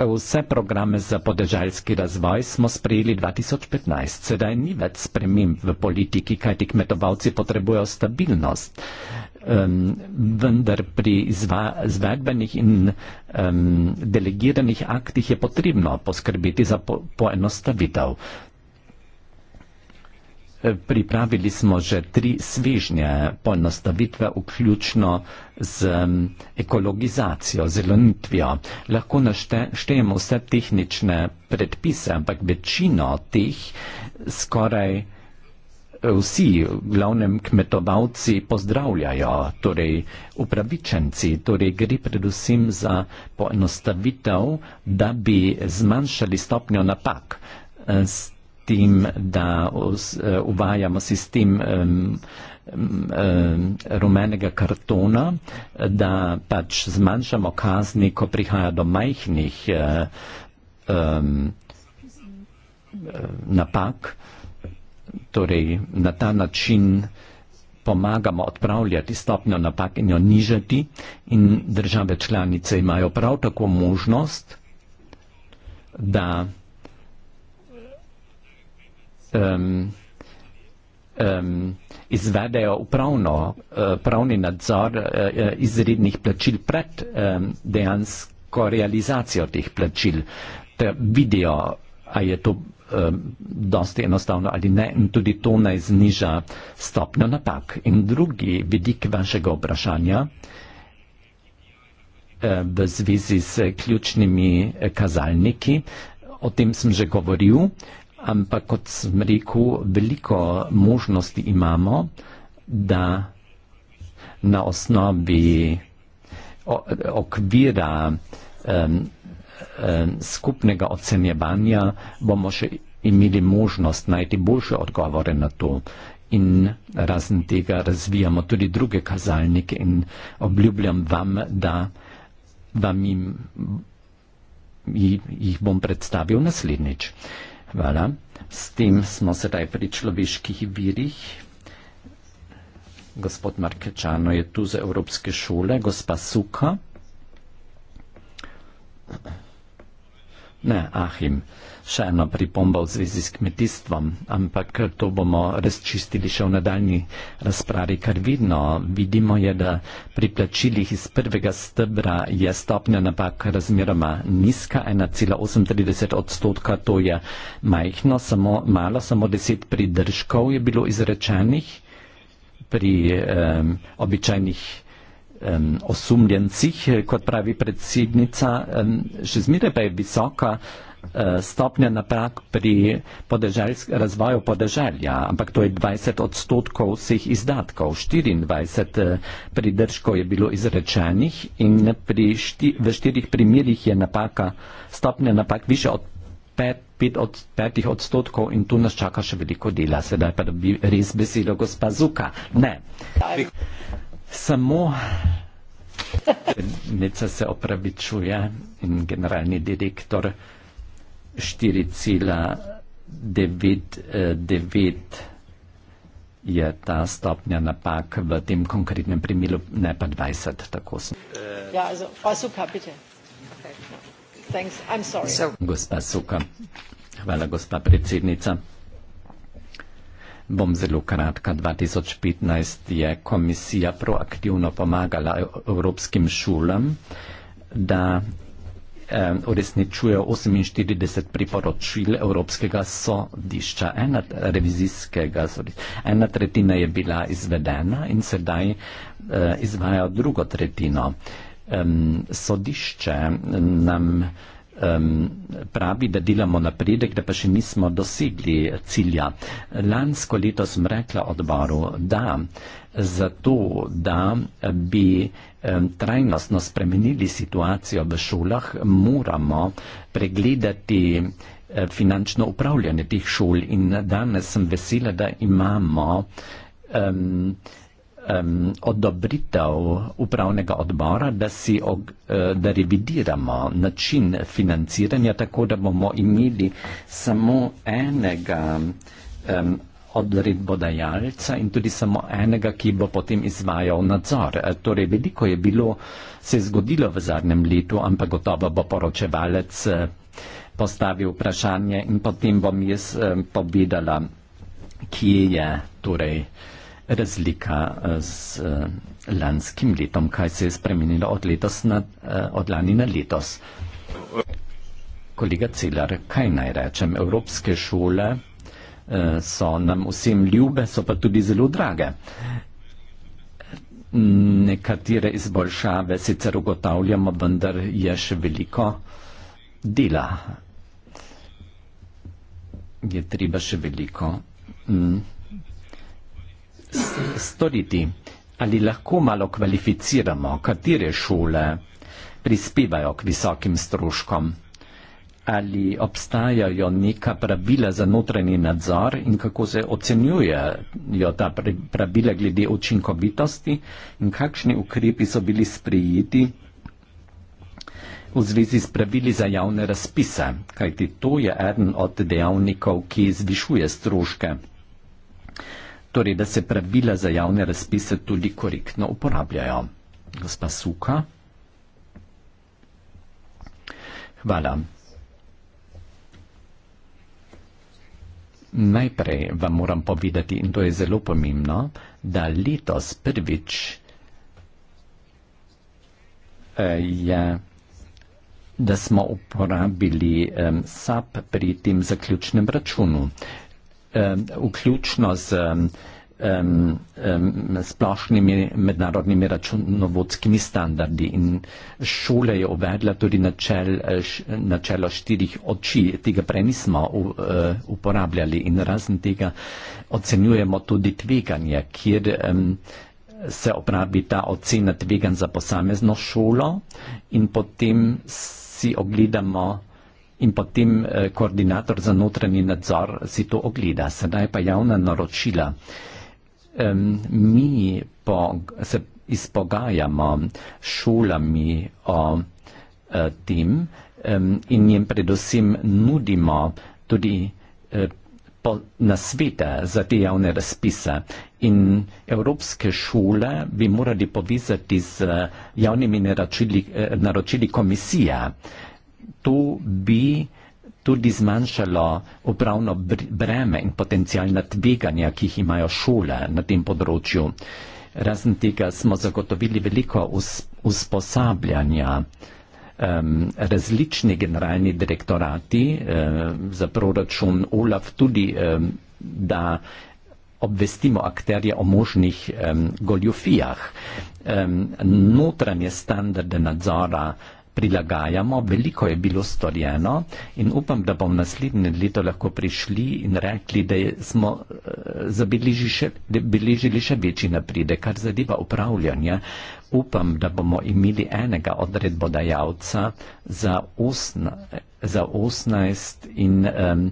Vse programe za podeželjski razvoj smo sprejeli 2015, sedaj ni več sprememb v politiki, kajti kmetovalci potrebujejo stabilnost. Um, vendar pri izvedbenih in um, delegiranih aktih je potrebno poskrbeti za po poenostavitev. Pripravili smo že tri svižnje poenostavitve, vključno z ekologizacijo, zelenitvijo. Lahko naštejemo vse tehnične predpise, ampak večino teh skoraj eh, vsi, glavnem kmetovalci, pozdravljajo, torej upravičenci, torej gre predvsem za poenostavitev, da bi zmanjšali stopnjo napak. Eh, tem, da eh, uvajamo sistem rumenega kartona, da pač zmanjšamo kazni, ko prihaja do majhnih eh, eh, napak. Torej, na ta način pomagamo odpravljati stopnjo napak in jo nižati in države članice imajo prav tako možnost, da um, um, izvedejo upravno, uh, pravni nadzor uh, uh, izrednih plačil pred um, dejansko realizacijo teh plačil. Te vidijo, a je to um, dosti enostavno ali ne in tudi to naj zniža stopnjo napak. In drugi vidik vašega vprašanja eh, v zvezi s ključnimi eh, kazalniki. O tem sem že govoril ampak kot sem rekel, veliko možnosti imamo, da na osnovi okvira um, um, skupnega ocenjevanja bomo še imeli možnost najti boljše odgovore na to. In razen tega razvijamo tudi druge kazalnike in obljubljam vam, da vam jim, jih bom predstavil naslednjič. Hvala. S tem smo sedaj pri človeških virih. Gospod Markečano je tu za Evropske šole, gospa Suka. Ne, Ahim, še eno pripombo v zvezi s kmetijstvom, ampak to bomo razčistili še v nadaljni razpravi, kar vidno. Vidimo je, da pri plačilih iz prvega stebra je stopnja napak razmeroma nizka, 1,38 odstotka, to je majhno, samo malo, samo deset pridržkov je bilo izrečenih pri eh, običajnih osumljencih, eh, kot pravi predsednica, še zmeraj pa je visoka eh, stopnja naprak pri podeželsk, razvoju podeželja, ampak to je 20 odstotkov vseh izdatkov, 24 eh, pridržkov je bilo izrečenih in pri šti, v štirih primerjih je napaka, stopnja napak više od 5, 5 od 5 odstotkov in tu nas čaka še veliko dela. Sedaj pa dobi res besedo gospa Zuka. Ne. Daj. Samo Nica se opravičuje in generalni direktor 4,99 eh, je ta stopnja napak v tem konkretnem primeru, ne pa 20, tako smo. Ja, pa suka, pite. Gospa Suka, hvala gospa predsednica. Bom zelo kratka. 2015 je komisija proaktivno pomagala evropskim šolam, da eh, uresničujejo 48 priporočil Evropskega sodišča, ena revizijskega sodišča. Ena tretjina je bila izvedena in sedaj eh, izvajajo drugo tretjino. Sodišče nam um, pravi, da delamo napredek, da pa še nismo dosegli cilja. Lansko leto sem rekla odboru, da zato, da bi um, trajnostno spremenili situacijo v šolah, moramo pregledati eh, finančno upravljanje teh šol in danes sem vesela, da imamo um, um, odobritev upravnega odbora, da si og, eh, da revidiramo način financiranja, tako da bomo imeli samo enega um, odredbodajalca in tudi samo enega, ki bo potem izvajal nadzor. E, torej, veliko je bilo, se je zgodilo v zadnjem letu, ampak gotovo bo poročevalec e, postavil vprašanje in potem bom jaz um, povedala, kje je torej razlika eh, z eh, lanskim letom, kaj se je spremenilo od, na, eh, od lani na letos. Kolega Celar, kaj naj rečem? Evropske šole so nam vsem ljube, so pa tudi zelo drage. Nekatere izboljšave sicer ugotavljamo, vendar je še veliko dela. Je treba še veliko. Mm storiti? Ali lahko malo kvalificiramo, katere šole prispevajo k visokim stroškom? Ali obstajajo neka pravila za notranji nadzor in kako se ocenjujejo ta pravila glede učinkovitosti in kakšni ukrepi so bili sprejeti v zvezi s pravili za javne razpise, kajti to je eden od dejavnikov, ki zvišuje stroške torej, da se pravila za javne razpise tudi korektno uporabljajo. Gospa Suka. Hvala. Najprej vam moram povedati, in to je zelo pomembno, da letos prvič eh, je, da smo uporabili eh, SAP pri tem zaključnem računu. Um, vključno z um, um, um, splošnimi mednarodnimi računovodskimi standardi. In šole je uvedla tudi načel, načelo štirih oči, tega prej nismo u, uh, uporabljali in razen tega ocenjujemo tudi tveganje, kjer um, se uporabi ta ocena tvegan za posamezno šolo in potem si ogledamo in potem eh, koordinator za notranji nadzor si to ogleda. Sedaj pa javna naročila. Um, mi po, se izpogajamo šolami o eh, tem um, in jim predvsem nudimo tudi eh, na svete za te javne razpise. In evropske šole bi morali povezati z javnimi naročili, eh, naročili komisije tu bi tudi zmanjšalo upravno breme in potencijalna tveganja, ki jih imajo šole na tem področju. Razen tega smo zagotovili veliko usposabljanja. Um, različni generalni direktorati um, za proračun OLAF tudi, um, da obvestimo akterje o možnih um, goljufijah. Um, notranje standarde nadzora prilagajamo, veliko je bilo storjeno in upam, da bomo naslednje leto lahko prišli in rekli, da je, smo eh, zabeležili še, še večji napredek, kar zadeva upravljanje. Upam, da bomo imeli enega odredbodajalca za, za 18 in um,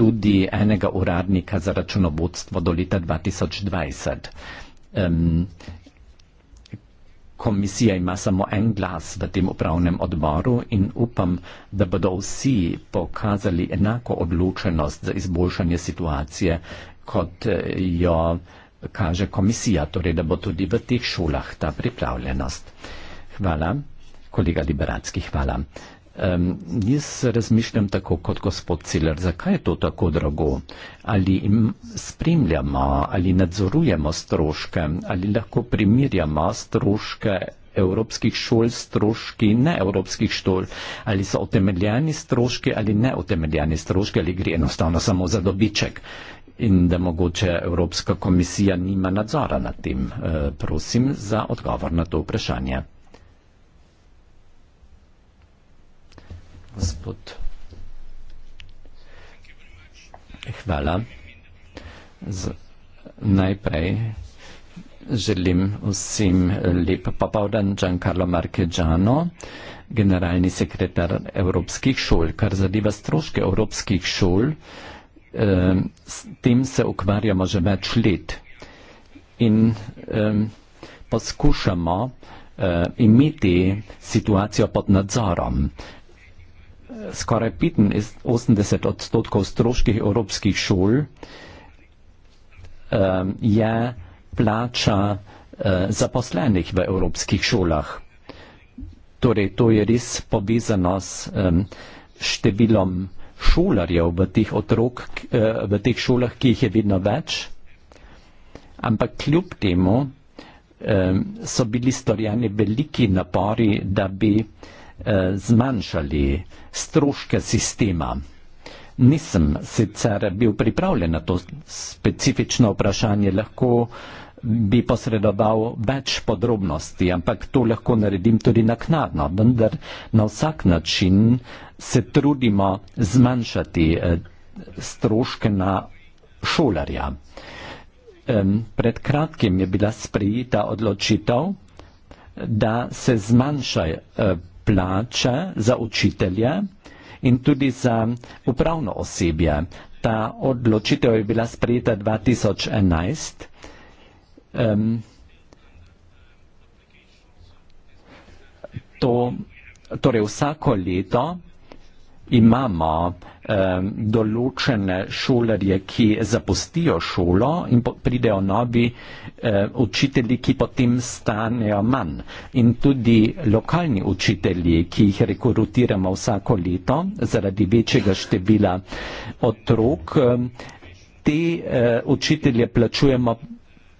tudi enega uradnika za računovodstvo do leta 2020. Um, Komisija ima samo en glas v tem upravnem odboru in upam, da bodo vsi pokazali enako odločenost za izboljšanje situacije, kot eh, jo kaže komisija, torej da bo tudi v teh šolah ta pripravljenost. Hvala, kolega Liberacki, hvala. Um, jaz razmišljam tako kot gospod Ciler, zakaj je to tako drago? Ali jim spremljamo, ali nadzorujemo stroške, ali lahko primirjamo stroške evropskih šol s stroški neevropskih šol, ali so utemeljeni stroški ali neutemeljeni stroški, ali gre enostavno samo za dobiček in da mogoče Evropska komisija nima nadzora nad tem. Uh, prosim za odgovor na to vprašanje. Gospod. Hvala. Z, najprej želim vsem lep popoldan Giancarlo Marchegiano, generalni sekretar evropskih šol. Kar zadeva stroške evropskih šol, eh, s tem se ukvarjamo že več let in eh, poskušamo eh, imeti situacijo pod nadzorom skoraj 85 odstotkov stroških evropskih šol uh, je plača uh, zaposlenih v evropskih šolah. Torej, to je res povezano s um, številom šolarjev v teh, otrok, uh, v teh šolah, ki jih je vedno več, ampak kljub temu um, so bili storjeni veliki napori, da bi uh, Eh, zmanjšali stroške sistema. Nisem sicer bil pripravljen na to specifično vprašanje, lahko bi posredoval več podrobnosti, ampak to lahko naredim tudi naknadno, vendar na vsak način se trudimo zmanjšati eh, stroške na šolarja. Pred kratkim je bila sprejeta odločitev, da se zmanjša eh, plače za učitelje in tudi za upravno osebje. Ta odločitev je bila sprejeta 2011. Um, to, torej vsako leto imamo um, določene šolarje, ki zapustijo šolo in pridejo novi uh, eh, učitelji, ki potem stanejo manj. In tudi lokalni učitelji, ki jih rekrutiramo vsako leto zaradi večjega števila otrok, eh, te eh, učitelje plačujemo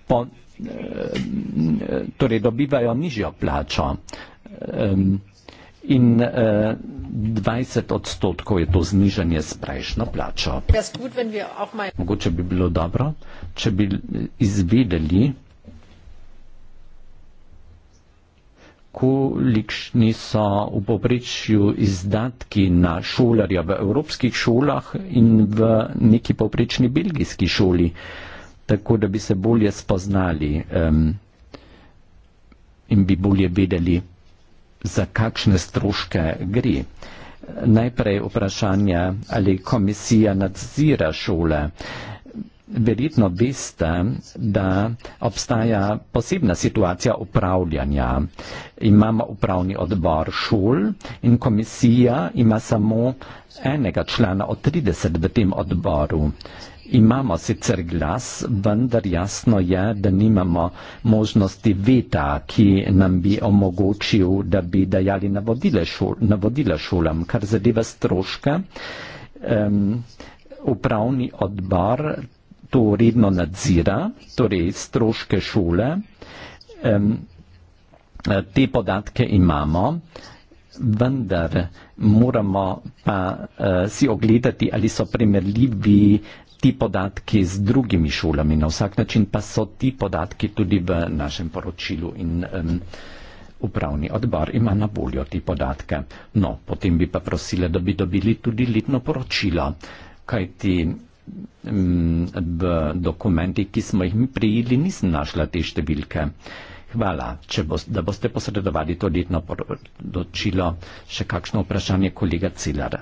po, eh, torej dobivajo nižjo plačo. Eh, in uh, eh, 20 odstotkov je to znižanje s prejšnjo plačo. Mogoče bi bilo dobro, če bi eh, izvedeli, kolikšni so v povprečju izdatki na šolarja v evropskih šolah in v neki povprečni belgijski šoli, tako da bi se bolje spoznali um, in bi bolje vedeli, za kakšne stroške gre. Najprej vprašanje, ali komisija nadzira šole. Verjetno veste, da obstaja posebna situacija upravljanja. Imamo upravni odbor šol in komisija ima samo enega člana od 30 v tem odboru. Imamo sicer glas, vendar jasno je, da nimamo možnosti veta, ki nam bi omogočil, da bi dajali navodile, šol, navodile šolam, kar zadeva stroške. Um, upravni odbor to redno nadzira, torej stroške šole. Um, te podatke imamo, vendar moramo pa uh, si ogledati, ali so primerljivi uh, ti podatki z drugimi šolami. Na vsak način pa so ti podatki tudi v našem poročilu in um, upravni odbor ima na voljo ti podatke. No, potem bi pa prosila, da bi dobili tudi letno poročilo, kajti um, v dokumentih, ki smo jih mi prijeli, nisem našla te številke. Hvala, če bo, da boste posredovali to letno poročilo. Še kakšno vprašanje, kolega Cilar?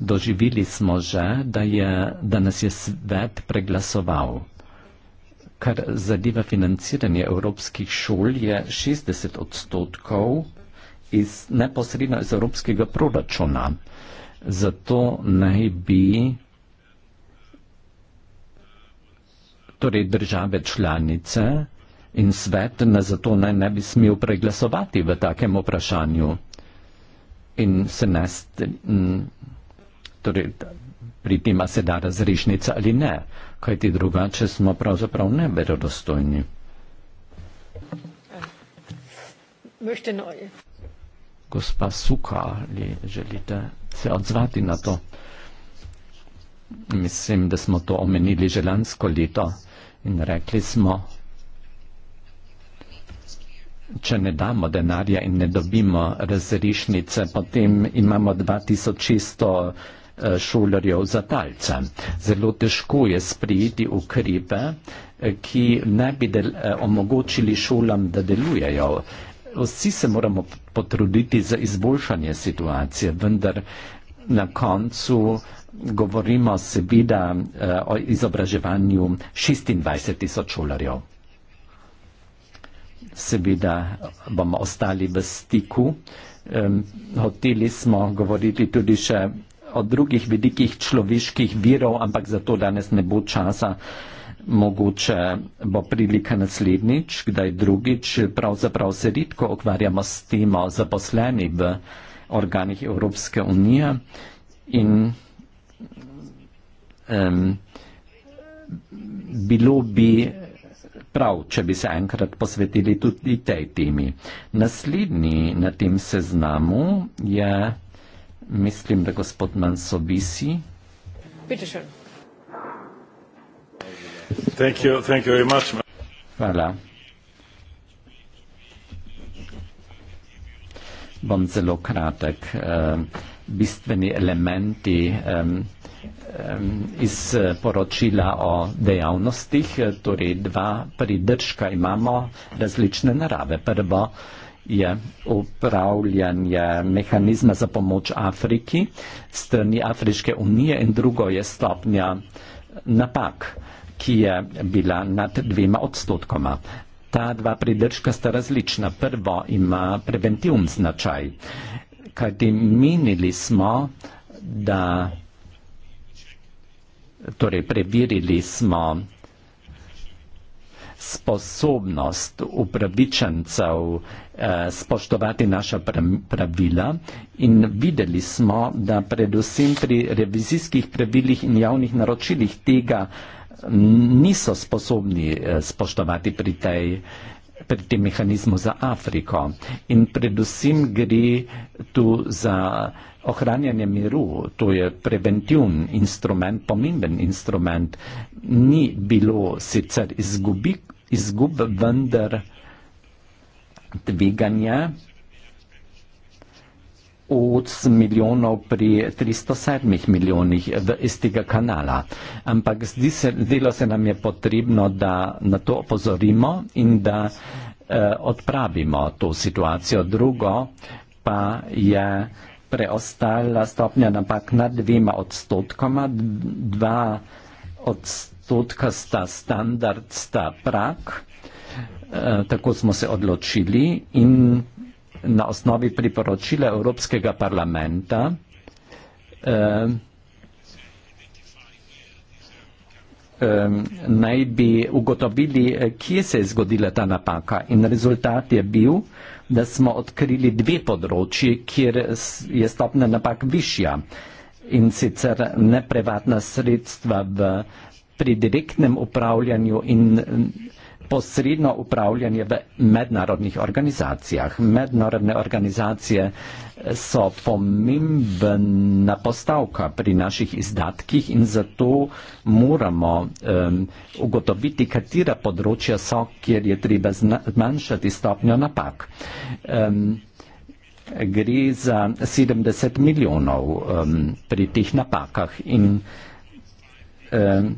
Doživeli smo že, da, je, da nas je svet preglasoval. Kar zadeva financiranje evropskih šol, je 60 odstotkov iz, neposredno iz evropskega proračuna. Zato naj bi torej države članice in svet na zato naj ne bi smel preglasovati v takem vprašanju in se ne strinjati torej, pri tem, a se da razrešnica ali ne, kajti drugače smo pravzaprav neverodostojni. Gospa Suka, ali želite se odzvati na to? Mislim, da smo to omenili že lansko leto in rekli smo, če ne damo denarja in ne dobimo razrešnice, potem imamo 2600 šolarjev za talce. Zelo težko je sprejeti ukrepe, ki ne bi del, eh, omogočili šolam, da delujejo. Vsi se moramo potruditi za izboljšanje situacije, vendar na koncu govorimo seveda eh, o izobraževanju 26 tisoč šolarjev. Seveda bomo ostali v stiku. Hoteli smo govoriti tudi še o drugih vidikih človeških virov, ampak za to danes ne bo časa. Mogoče bo prilika naslednjič, kdaj drugič. Pravzaprav se redko ukvarjamo s temo zaposleni v organih Evropske unije in um, bilo bi prav, če bi se enkrat posvetili tudi tej temi. Naslednji na tem seznamu je mislim, da gospod Mansobisi. Hvala. Bom zelo kratek. Bistveni elementi iz eh, poročila o dejavnostih, eh, torej dva pridržka imamo različne narave. Prvo, je upravljanje mehanizma za pomoč Afriki strani Afriške unije in drugo je stopnja napak, ki je bila nad dvema odstotkoma. Ta dva pridržka sta različna. Prvo ima preventivn značaj, kajti menili smo, da torej preverili smo sposobnost upravičencev eh, spoštovati naša pravila in videli smo, da predvsem pri revizijskih pravilih in javnih naročilih tega niso sposobni eh, spoštovati pri tej eh, pri tem mehanizmu za Afriko. In predvsem gre tu za ohranjanje miru. To je preventivn instrument, pomemben instrument. Ni bilo sicer izgubi, izgub, vendar tveganja. 8 milijonov pri 307 milijonih v istega kanala. Ampak zdi se, delo se nam je potrebno, da na to opozorimo in da eh, odpravimo to situacijo. Drugo pa je preostala stopnja napak nad dvema odstotkoma, dva odstotka sta standard, sta prak. Eh, tako smo se odločili in na osnovi priporočila Evropskega parlamenta naj bi ugotovili, kje se je zgodila ta napaka. In rezultat je bil, da smo odkrili dve področji, kjer je stopna napak višja. In sicer neprevatna sredstva v, pri direktnem upravljanju in posredno upravljanje v mednarodnih organizacijah. Mednarodne organizacije so pomembna postavka pri naših izdatkih in zato moramo um, ugotoviti, katera področja so, kjer je treba zmanjšati stopnjo napak. Um, gre za 70 milijonov um, pri teh napakah in um,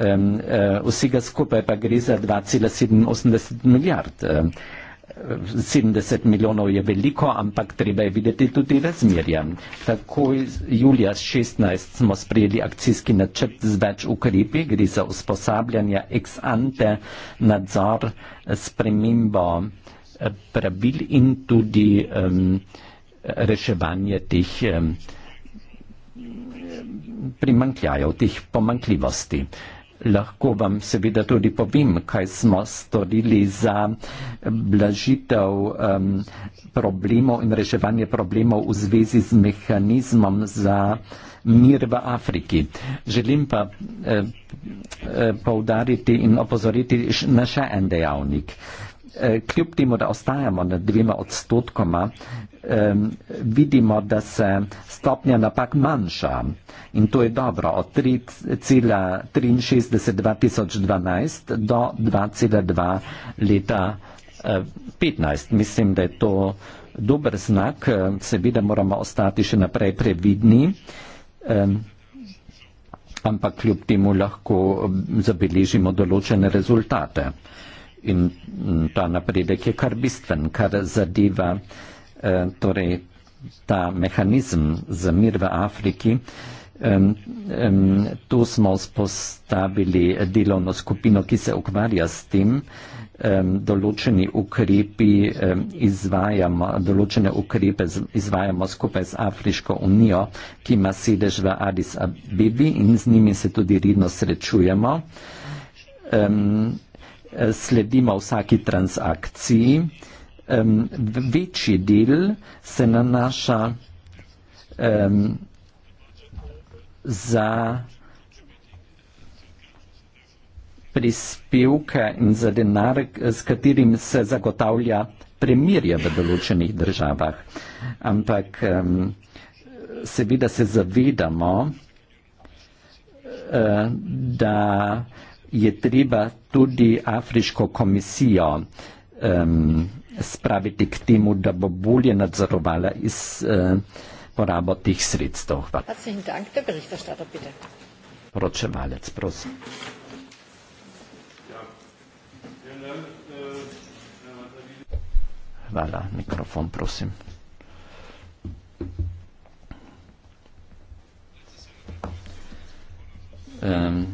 um, uh, vsega skupaj pa gre za 2,780 milijard. Um, 70 milijonov je veliko, ampak treba je videti tudi razmerja. Takoj julija 16 smo sprejeli akcijski načrt z več ukrepi, gre za usposabljanje ex ante, nadzor, spremembo eh, pravil in tudi um, reševanje teh um, primankljajev, teh pomankljivosti lahko vam seveda tudi povem, kaj smo storili za blažitev um, problemov in reševanje problemov v zvezi z mehanizmom za mir v Afriki. Želim pa eh, eh, poudariti in opozoriti na še en dejavnik. Eh, kljub temu, da ostajamo nad dvema odstotkoma, vidimo, da se stopnja napak manjša in to je dobro od 3,63-2012 do 2,2 leta 2015. Eh, Mislim, da je to dober znak, seveda moramo ostati še naprej previdni, ampak kljub temu lahko zabeležimo določene rezultate in ta napredek je kar bistven, kar zadeva eh, torej, ta mehanizem za mir v Afriki. Tu smo spostavili delovno skupino, ki se ukvarja s tem. Določeni ukrepi izvajamo, določene ukrepe izvajamo skupaj z Afriško unijo, ki ima sedež v Addis Abebi in z njimi se tudi redno srečujemo sledimo vsaki transakciji. Um, večji del se nanaša um, za prispevke in za denar, s katerim se zagotavlja premirje v določenih državah. Ampak um, seveda se zavedamo, uh, da je treba tudi Afriško komisijo um, spraviti k temu, da bo bolje nadzorovala iz uh, porabo teh sredstev. Poročevalec, prosim. Hvala, mikrofon, prosim. Um,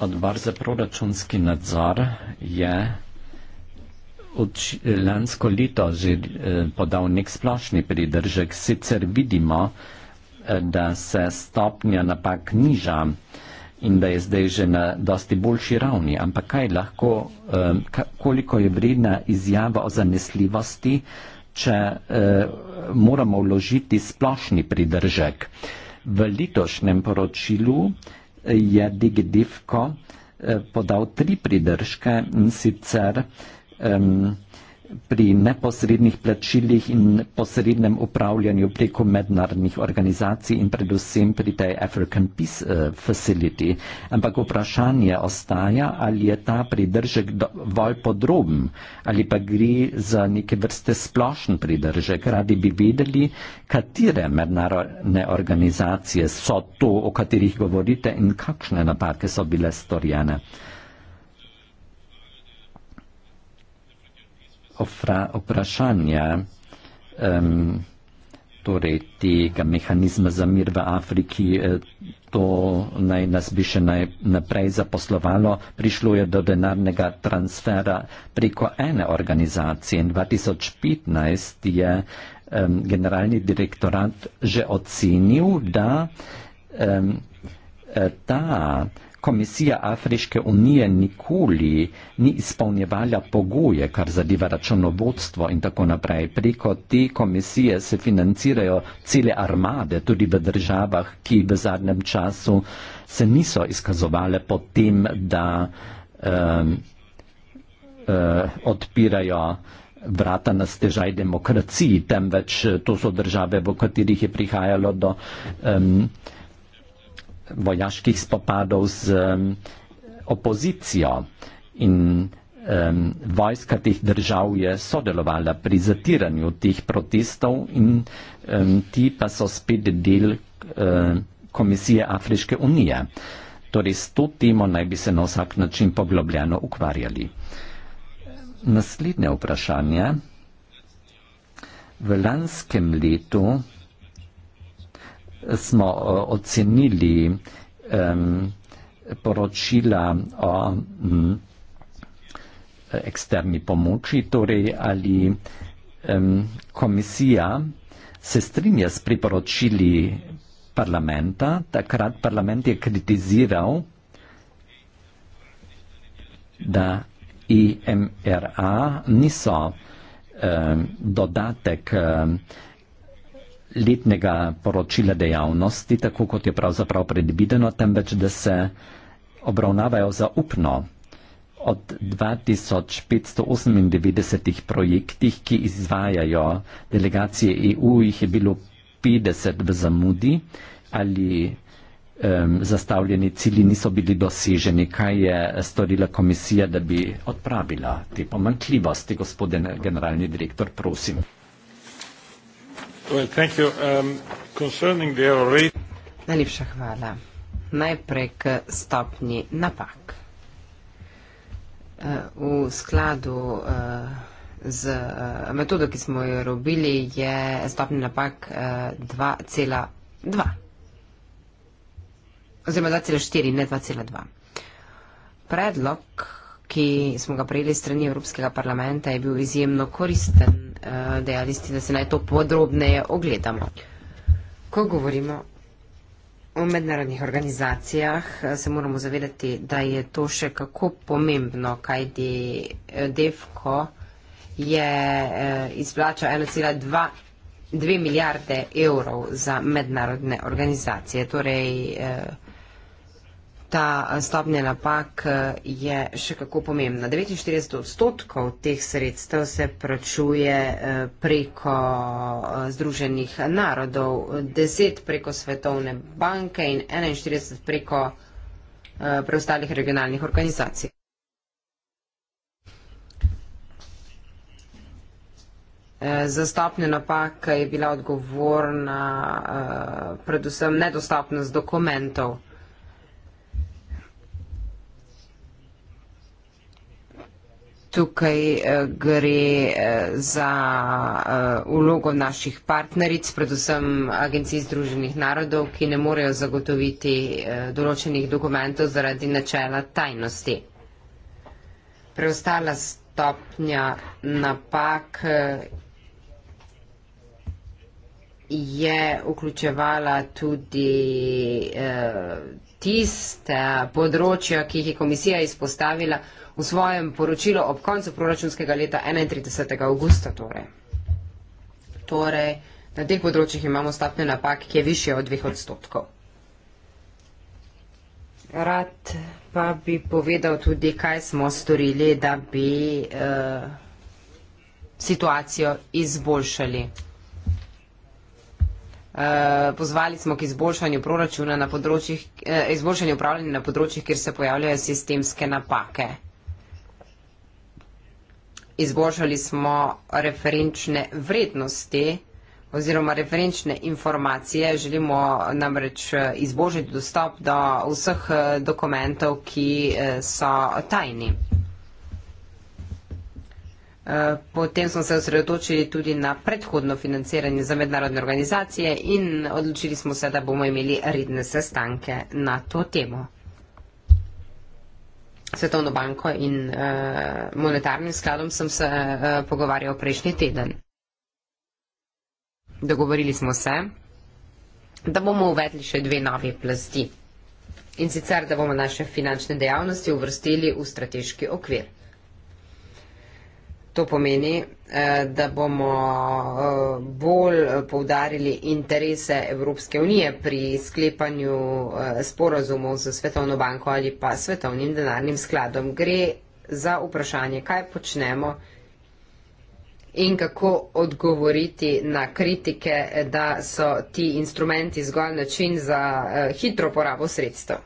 odbor za proračunski nadzor je lansko leto že eh, podal nek splošni pridržek. Sicer vidimo, eh, da se stopnja napak niža in da je zdaj že na dosti boljši ravni. Ampak kaj lahko, eh, koliko je vredna izjava o zanesljivosti, če moramo vložiti splošni pridržek? V letošnjem poročilu je Digidivko eh, podal tri pridržke in sicer um, pri neposrednih plačilih in posrednem upravljanju preko mednarodnih organizacij in predvsem pri tej African Peace eh, Facility. Ampak vprašanje ostaja, ali je ta pridržek dovolj podroben ali pa gre za neke vrste splošen pridržek. Radi bi vedeli, katere mednarodne organizacije so to, o katerih govorite in kakšne napake so bile storjene. vprašanja, um, torej tega mehanizma za mir v Afriki, eh, to naj nas bi še naj, naprej zaposlovalo. Prišlo je do denarnega transfera preko ene organizacije in 2015 je um, generalni direktorat že ocenil, da um, ta Komisija Afriške unije nikoli ni izpolnjevala pogoje, kar zadeva računovodstvo in tako naprej. Preko te komisije se financirajo cele armade, tudi v državah, ki v zadnjem času se niso izkazovale potem, da eh, eh, odpirajo vrata na stežaj demokraciji, temveč to so države, v katerih je prihajalo do. Eh, vojaških spopadov z um, opozicijo in um, vojska teh držav je sodelovala pri zatiranju teh protestov in um, ti pa so spet del um, Komisije Afriške unije. Torej s to temo naj bi se na vsak način poglobljeno ukvarjali. Naslednje vprašanje. V lanskem letu smo eh, ocenili um, poročila o um, eksterni pomoči, torej ali um, komisija se strinja s priporočili parlamenta. Takrat parlament je kritiziral, da IMRA niso um, dodatek um, letnega poročila dejavnosti, tako kot je pravzaprav predvideno, temveč da se obravnavajo zaupno od 2598 projektih, ki izvajajo delegacije EU, jih je bilo 50 v zamudi ali um, zastavljeni cilji niso bili doseženi. Kaj je storila komisija, da bi odpravila te pomankljivosti, gospodine generalni direktor, prosim? Um, Najlepša hvala. Najprej k stopnji napak. Eh, v skladu eh, z eh, metodo, ki smo jo robili, je stopnja napak 2,2. Oziroma 2,4, ne 2,2. Predlog ki smo ga prejeli strani Evropskega parlamenta, je bil izjemno koristen, eh, dejali ste, da se naj to podrobneje ogledamo. Ko govorimo o mednarodnih organizacijah, eh, se moramo zavedati, da je to še kako pomembno, kajti eh, DEFKO je izplačal 1,2 milijarde evrov za mednarodne organizacije. Torej, ta eh, stopnja napak eh, je še kako pomembna. 49 odstotkov teh sredstev se pračuje eh, preko Združenih narodov, 10 preko Svetovne banke in 41 preko preostalih regionalnih organizacij. Za stopnjo napak je bila odgovorna predvsem nedostopnost dokumentov. tukaj eh, gre eh, za eh, vlogo naših partneric, predvsem agencij Združenih narodov, ki ne morejo zagotoviti določenih dokumentov zaradi načela tajnosti. Preostala stopnja napak je vključevala tudi eh, tiste področja, ki jih je komisija izpostavila v svojem poročilu ob koncu proračunskega leta 31. augusta. Torej. torej, na teh področjih imamo stopnjo napak, ki je više od dveh odstotkov. Rad pa bi povedal tudi, kaj smo storili, da bi uh, situacijo izboljšali. Uh, pozvali smo k izboljšanju proračuna na področjih, uh, izboljšanju upravljanja na področjih, kjer se pojavljajo sistemske napake. Izboljšali smo referenčne vrednosti oziroma referenčne informacije. Želimo namreč eh, izboljšati dostop do vseh eh, dokumentov, ki eh, so tajni. Potem smo se osredotočili tudi na predhodno financiranje za mednarodne organizacije in odločili smo se, da bomo imeli redne sestanke na to temo. Svetovno banko in uh, monetarnim skladom sem se uh, pogovarjal prejšnji teden. Dogovorili smo se, da bomo uvedli še dve nove plasti in sicer, da bomo naše finančne dejavnosti uvrstili v strateški okvir. To pomeni, eh, da bomo eh, bolj povdarili interese Evropske unije pri sklepanju eh, sporazumov z Svetovno banko ali pa Svetovnim denarnim skladom. Gre za vprašanje, kaj počnemo in kako odgovoriti na kritike, da so ti instrumenti zgolj način za hitro porabo sredstev.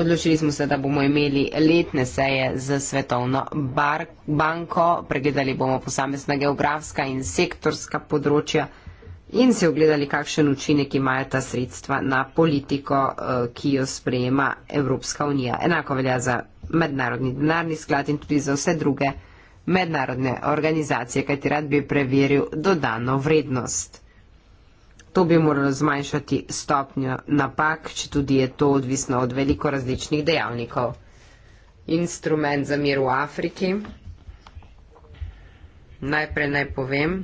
Odločili smo se, da bomo imeli letne seje z Svetovno bar banko, pregledali bomo posamezna geografska in sektorska področja in se ogledali, kakšen učinek imajo ta sredstva na politiko, eh, ki jo sprejema Evropska unija. Enako velja za mednarodni denarni sklad in tudi za vse druge mednarodne organizacije, kajti rad bi preveril dodano vrednost. To bi moralo zmanjšati stopnjo napak, če tudi je to odvisno od veliko različnih dejavnikov. Instrument za mir v Afriki. Najprej naj povem,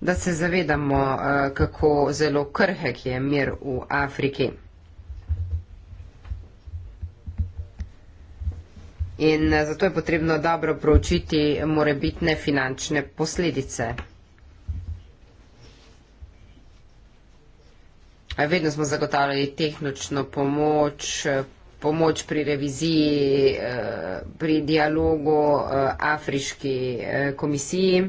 da se zavedamo, eh, kako zelo krhek je mir v Afriki. In eh, zato je potrebno dobro proučiti morebitne finančne posledice. Vedno smo zagotavljali tehnično pomoč, pomoč pri reviziji, eh, pri dialogu eh, Afriški eh, komisiji.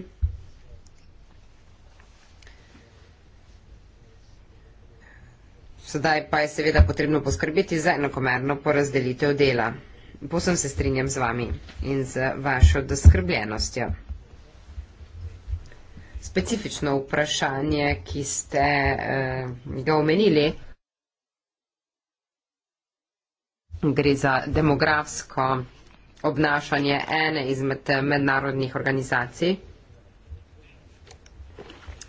Sedaj pa je seveda potrebno poskrbeti za enakomerno porazdelitev dela. Posem se strinjam z vami in z vašo doskrbljenostjo specifično vprašanje, ki ste eh, ga omenili. Gre za demografsko obnašanje ene izmed mednarodnih organizacij.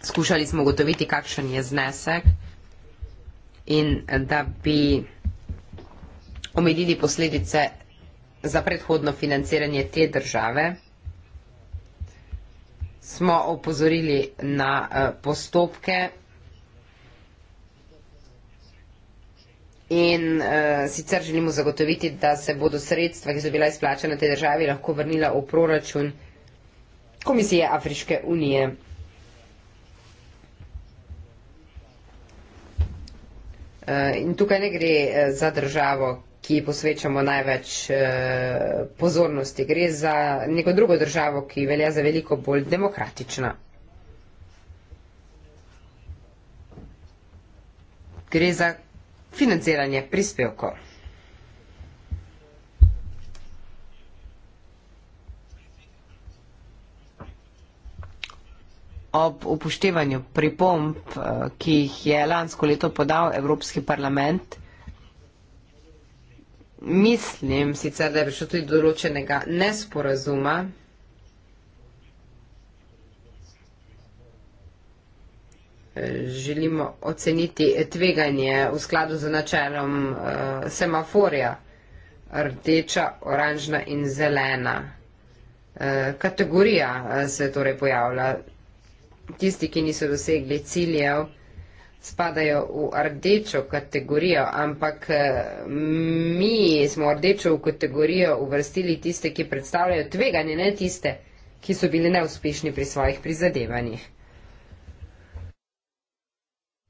Skušali smo ugotoviti, kakšen je znesek in da bi omedili posledice za predhodno financiranje te države smo opozorili na eh, postopke in eh, sicer želimo zagotoviti, da se bodo sredstva, ki so bila izplačena te državi, lahko vrnila v proračun Komisije Afriške unije. Eh, in tukaj ne gre za državo, ki je vrnila ki ji posvečamo največ eh, pozornosti. Gre za neko drugo državo, ki velja za veliko bolj demokratična. Gre za financiranje prispevkov. Ob upoštevanju pripomb, eh, ki jih je lansko leto podal Evropski parlament, Mislim sicer, da je prišlo tudi določenega nesporazuma. Želimo oceniti tveganje v skladu z načelom uh, semaforja, rdeča, oranžna in zelena. Uh, kategorija eh, se torej pojavlja. Tisti, ki niso dosegli ciljev, uh, spadajo v rdečo kategorijo, ampak eh, mi smo rdečo v kategorijo uvrstili tiste, ki predstavljajo tveganje, ne tiste, ki so bili neuspešni pri svojih prizadevanjih.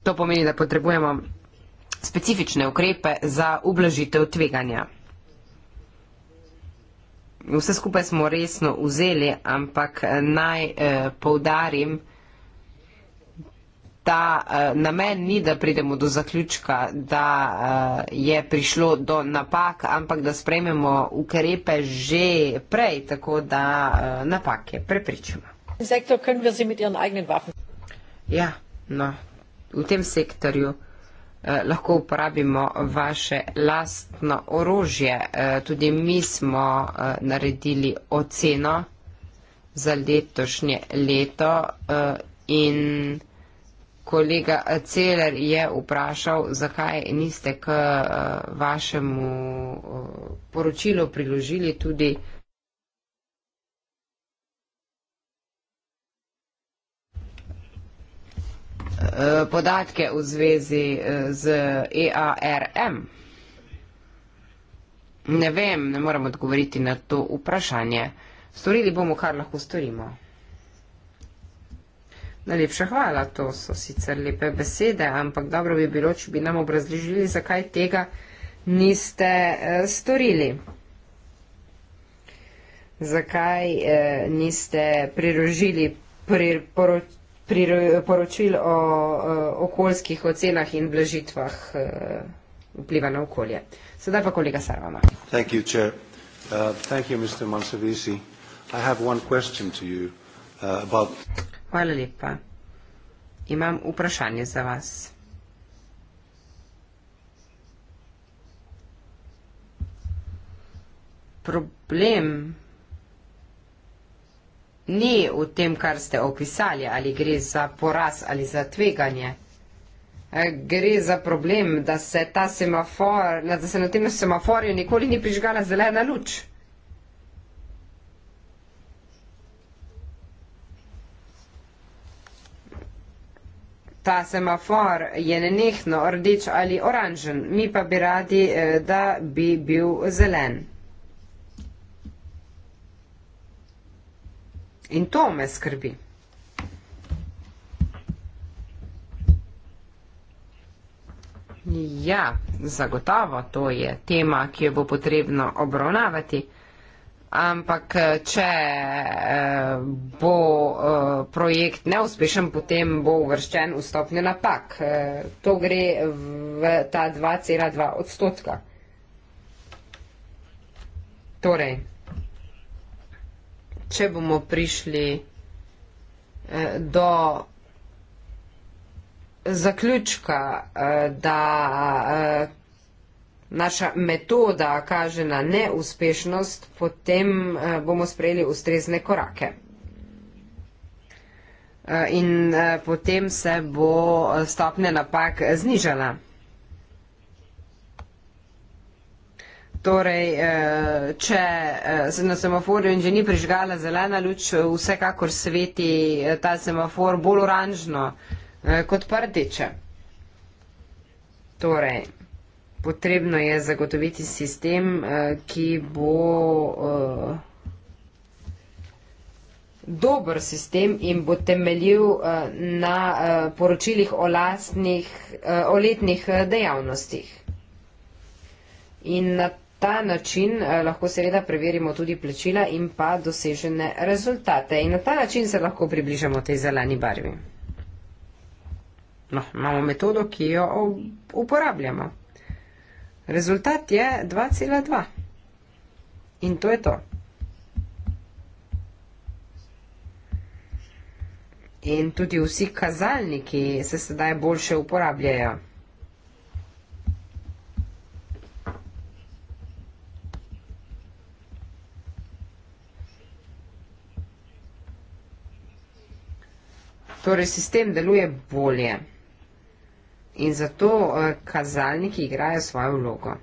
To pomeni, da potrebujemo specifične ukrepe za ublažitev tveganja. Vse skupaj smo resno vzeli, ampak eh, naj eh, poudarim, ta uh, namen ni, da pridemo do zaključka, da uh, je prišlo do napak, ampak da sprejmemo ukrepe že prej, tako da uh, napake prepričamo. Ja, no, v tem sektorju eh, lahko uporabimo vaše lastno orožje. Tudi mi smo naredili oceno za letošnje leto in kolega Celer je vprašal, zakaj niste k eh, vašemu eh, poročilu priložili tudi. Eh, podatke v zvezi z EARM. Ne vem, ne morem odgovoriti na to vprašanje. Storili bomo, kar lahko storimo. Najlepša hvala, to so sicer lepe besede, ampak dobro bi bilo, če bi nam obrazložili, zakaj tega niste eh, storili. Zakaj eh, niste priložili poročil o eh, okoljskih ocenah in blažitvah eh, vpliva na okolje. Sedaj pa kolega Sarvama. Uh, Hvala lepa. Imam vprašanje za vas. Problem ni v tem, kar ste opisali, ali gre za poraz ali za tveganje. E, gre za problem, da se, semafor, da se na tem semaforju nikoli ni prižgala zelena luč. ta semafor je nenehno rdeč ali oranžen, mi pa bi radi, eh, da bi bil zelen. In to me skrbi. Ja, zagotovo to je tema, ki jo bo potrebno obravnavati ampak če eh, bo eh, projekt neuspešen, potem bo uvrščen v stopnjo napak. Eh, to gre v ta 2,2 odstotka. Torej, če bomo prišli do zaključka, da naša metoda kaže na neuspešnost, potem eh, bomo sprejeli ustrezne korake. Eh, in eh, potem se bo stopnja napak znižala. Torej, če se na semaforju in že ni prižgala zelena luč, vsekakor sveti ta semafor bolj oranžno kot prdiče. Torej, potrebno je zagotoviti sistem, eh, ki bo eh, dober sistem in bo temeljil eh, na poročilih o, lastnih, o letnih dejavnostih. In na ta način lahko seveda preverimo tudi plačila in pa dosežene rezultate. In na ta način se lahko približamo tej zeleni barvi. No, imamo metodo, ki jo uporabljamo. Rezultat je 2,2. In to je to. In tudi vsi kazalniki se sedaj boljše uporabljajo. Torej, sistem deluje bolje. In zato eh, kazalniki igrajo svojo vlogo.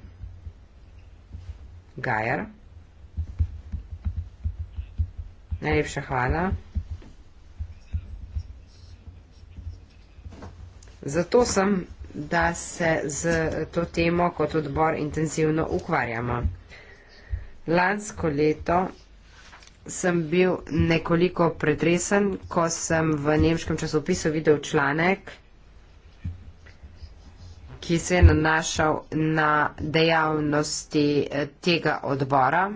Gajer. Najlepša hvala. Zato sem, da se z to temo kot odbor intenzivno ukvarjamo. Lansko leto sem bil nekoliko pretresen, ko sem v nemškem časopisu videl članek, ki se je nanašal na dejavnosti eh, tega odbora.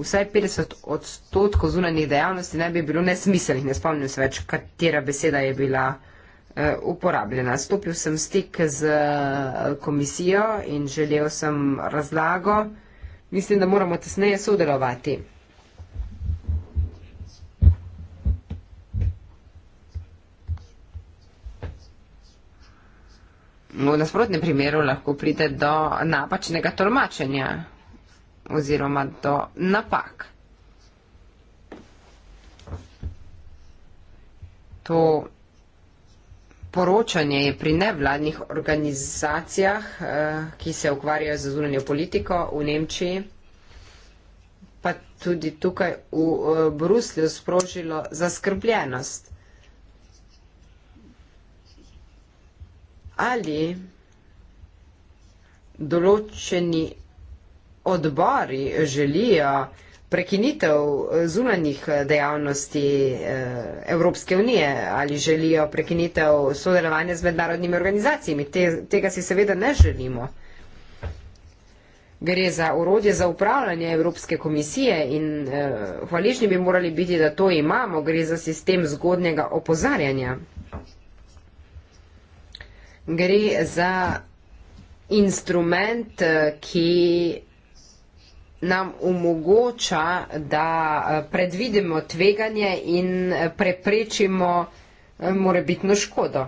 Vsaj 50 odstotkov zunanjih dejavnosti naj bi bilo nesmiselnih, ne spomnim se več, katera beseda je bila eh, uporabljena. Stopil sem stik z eh, komisijo in želel sem razlago. Mislim, da moramo tesneje sodelovati. v nasprotnem primeru lahko pride do napačnega tolmačenja oziroma do napak. To poročanje je pri nevladnih organizacijah, eh, ki se ukvarjajo z zunanjo politiko v Nemčiji, pa tudi tukaj v eh, Bruslju sprožilo zaskrbljenost. ali določeni odbori želijo prekinitev zunanjih dejavnosti eh, Evropske unije ali želijo prekinitev sodelovanja z mednarodnimi organizacijami. Te, tega si seveda ne želimo. Gre za urodje za upravljanje Evropske komisije in eh, hvaležni bi morali biti, da to imamo. Gre za sistem zgodnjega opozarjanja gre za instrument, eh, ki nam omogoča, da eh, predvidimo tveganje in eh, preprečimo morebitno škodo.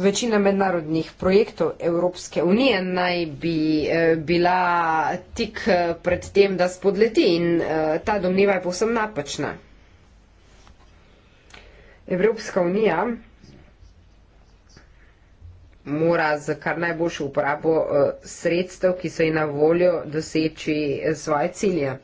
Večina mednarodnih projektov Evropske unije naj bi bila tik pred tem, da spodleti in ta domneva je povsem napačna. Evropska unija mora z kar najboljšo uporabo eh, sredstev, ki so ji na voljo, doseči eh, svoje cilje.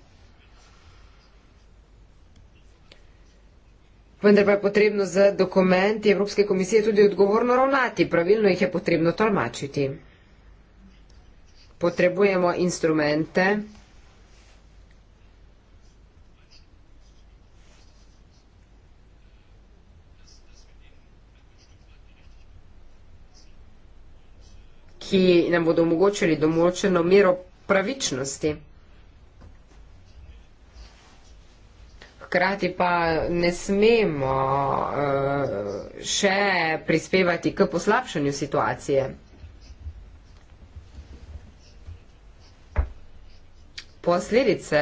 Vendar pa je potrebno z dokumenti Evropske komisije tudi odgovorno ravnati, pravilno jih je potrebno tolmačiti. Potrebujemo instrumente, ki nam bodo omogočili domočeno mero pravičnosti. Hkrati pa ne smemo eh, še prispevati k poslabšanju situacije. Posledice,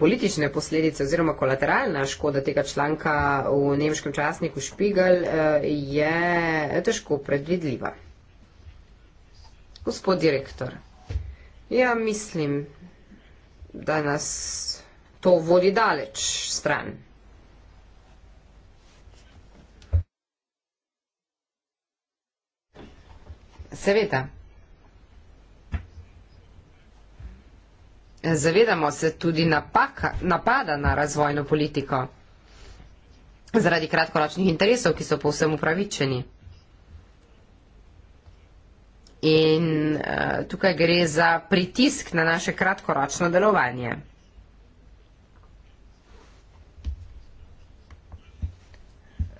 politične posledice oziroma kolateralna škoda tega članka v nemškem časniku Špigel eh, je težko predvidljiva. Gospod direktor, ja mislim, da nas to vodi daleč stran. Seveda. Zavedamo se tudi napaka, napada na razvojno politiko zaradi kratkoročnih interesov, ki so povsem upravičeni. In uh, tukaj gre za pritisk na naše kratkoročno delovanje.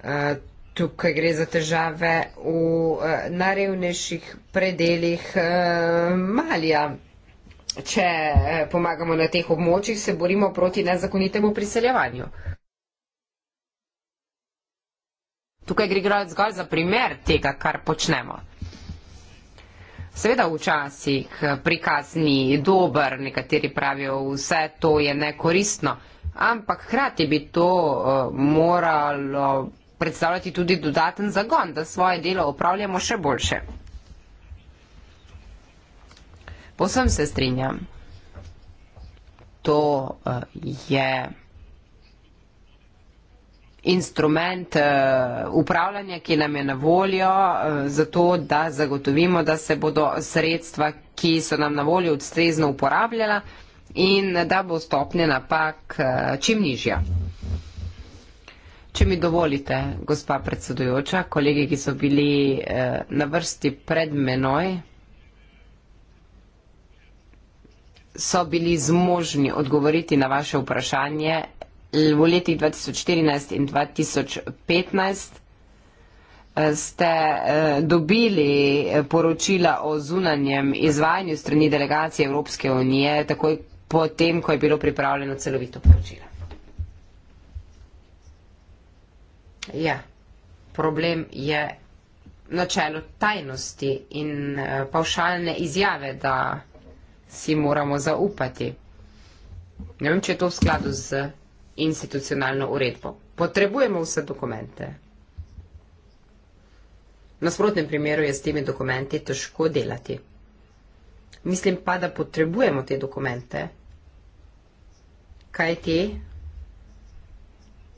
Uh, Tukaj gre za težave v eh, narevnejših predeljih Malija. Če pomagamo na teh območjih, se borimo proti nezakonitemu priseljevanju. Tukaj gre zgolj za primer tega, kar počnemo. Seveda včasih eh, prikazni dober, nekateri pravijo, vse to je nekoristno, ampak hkrati bi to uh, moralo predstavljati tudi dodaten zagon, da svoje delo opravljamo še boljše. Posem se strinjam. To uh, je instrument eh, upravljanja, ki nam je na voljo, eh, zato da zagotovimo, da se bodo sredstva, ki so nam na voljo, ustrezno uporabljala in da bo stopnja napak eh, čim nižja. Če mi dovolite, gospa predsedujoča, kolegi, ki so bili na vrsti pred menoj, so bili zmožni odgovoriti na vaše vprašanje Eh, v letih 2014 in 2015 eh, ste eh, dobili poročila o zunanjem izvajanju strani delegacije Evropske unije, takoj potem, ko je bilo pripravljeno celovito poročilo. Ja, problem je načelo tajnosti in pavšalne izjave, da si moramo zaupati. Ne vem, če je to v skladu z institucionalno uredbo. Potrebujemo vse dokumente. V nasprotnem primeru je s temi dokumenti težko delati. Mislim pa, da potrebujemo te dokumente. Kaj ti?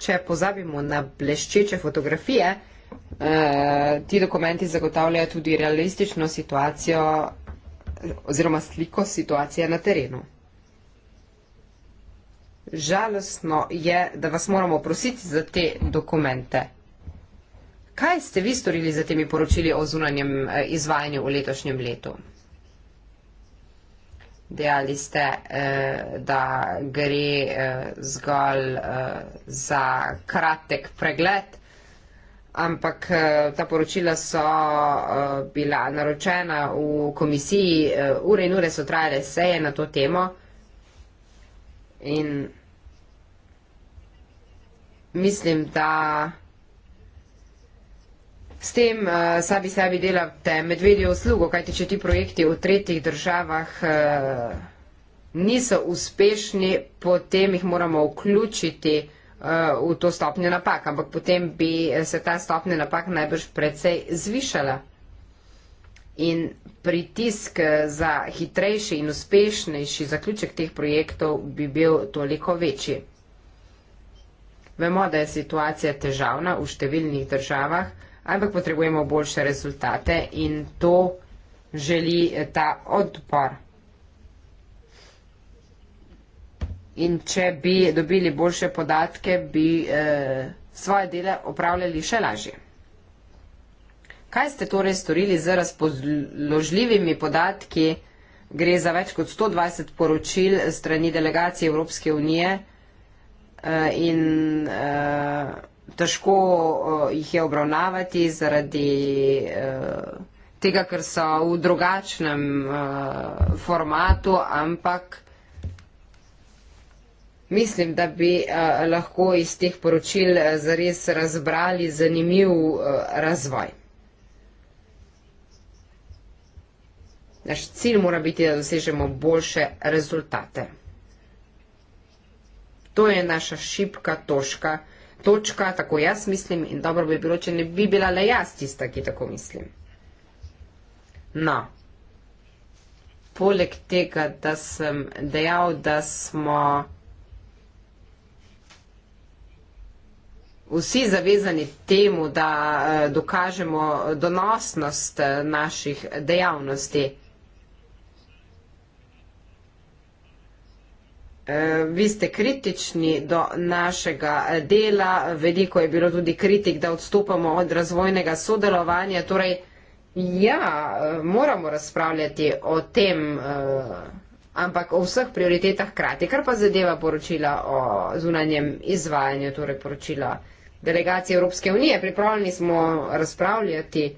Če pozabimo na bleščeče fotografije, eh, ti dokumenti zagotavljajo tudi realistično situacijo oziroma sliko situacije na terenu žalostno je, da vas moramo prositi za te dokumente. Kaj ste vi storili za temi poročili o zunanjem eh, izvajanju v letošnjem letu? Dejali ste, eh, da gre eh, zgolj za kratek pregled, ampak ta poročila so bila naročena v komisiji, ure in ure so trajale seje na to temo. In mislim, da s tem uh, eh, sami sebi delate medvedjo uslugo, kajti če ti projekti v tretjih državah uh, niso uspešni, potem jih moramo vključiti uh, v to stopnjo napak, ampak potem bi se ta stopnja napak najbrž precej zvišala. In pritisk za hitrejši in uspešnejši zaključek teh projektov bi bil toliko večji. Vemo, da je situacija težavna v številnih državah, ampak potrebujemo boljše rezultate in to želi eh, ta odpor. In če bi dobili boljše podatke, bi eh, svoje dele opravljali še lažje. Kaj ste torej storili z razpoložljivimi podatki? Gre za več kot 120 poročil strani delegacije Evropske unije. Eh, in eh, težko eh, jih je obravnavati zaradi tega, ker so v drugačnem formatu, ampak mislim, da bi lahko iz teh poročil zares razbrali zanimiv razvoj. Naš cilj mora biti, da dosežemo boljše rezultate. To je naša šipka točka, točka, tako jaz mislim in dobro bi bilo, če ne bi bila le jaz tista, ki tako mislim. No, poleg tega, da sem dejal, da smo vsi zavezani temu, da eh, dokažemo donosnost eh, naših dejavnosti. Eh, vi ste kritični do našega eh, dela, veliko je bilo tudi kritik, da odstopamo od razvojnega sodelovanja. Torej, ja, eh, moramo razpravljati o tem, ampak o vseh prioritetah krati. Kar pa zadeva poročila o zunanjem izvajanju, torej poročila delegacije Evropske unije, pripravljeni smo razpravljati.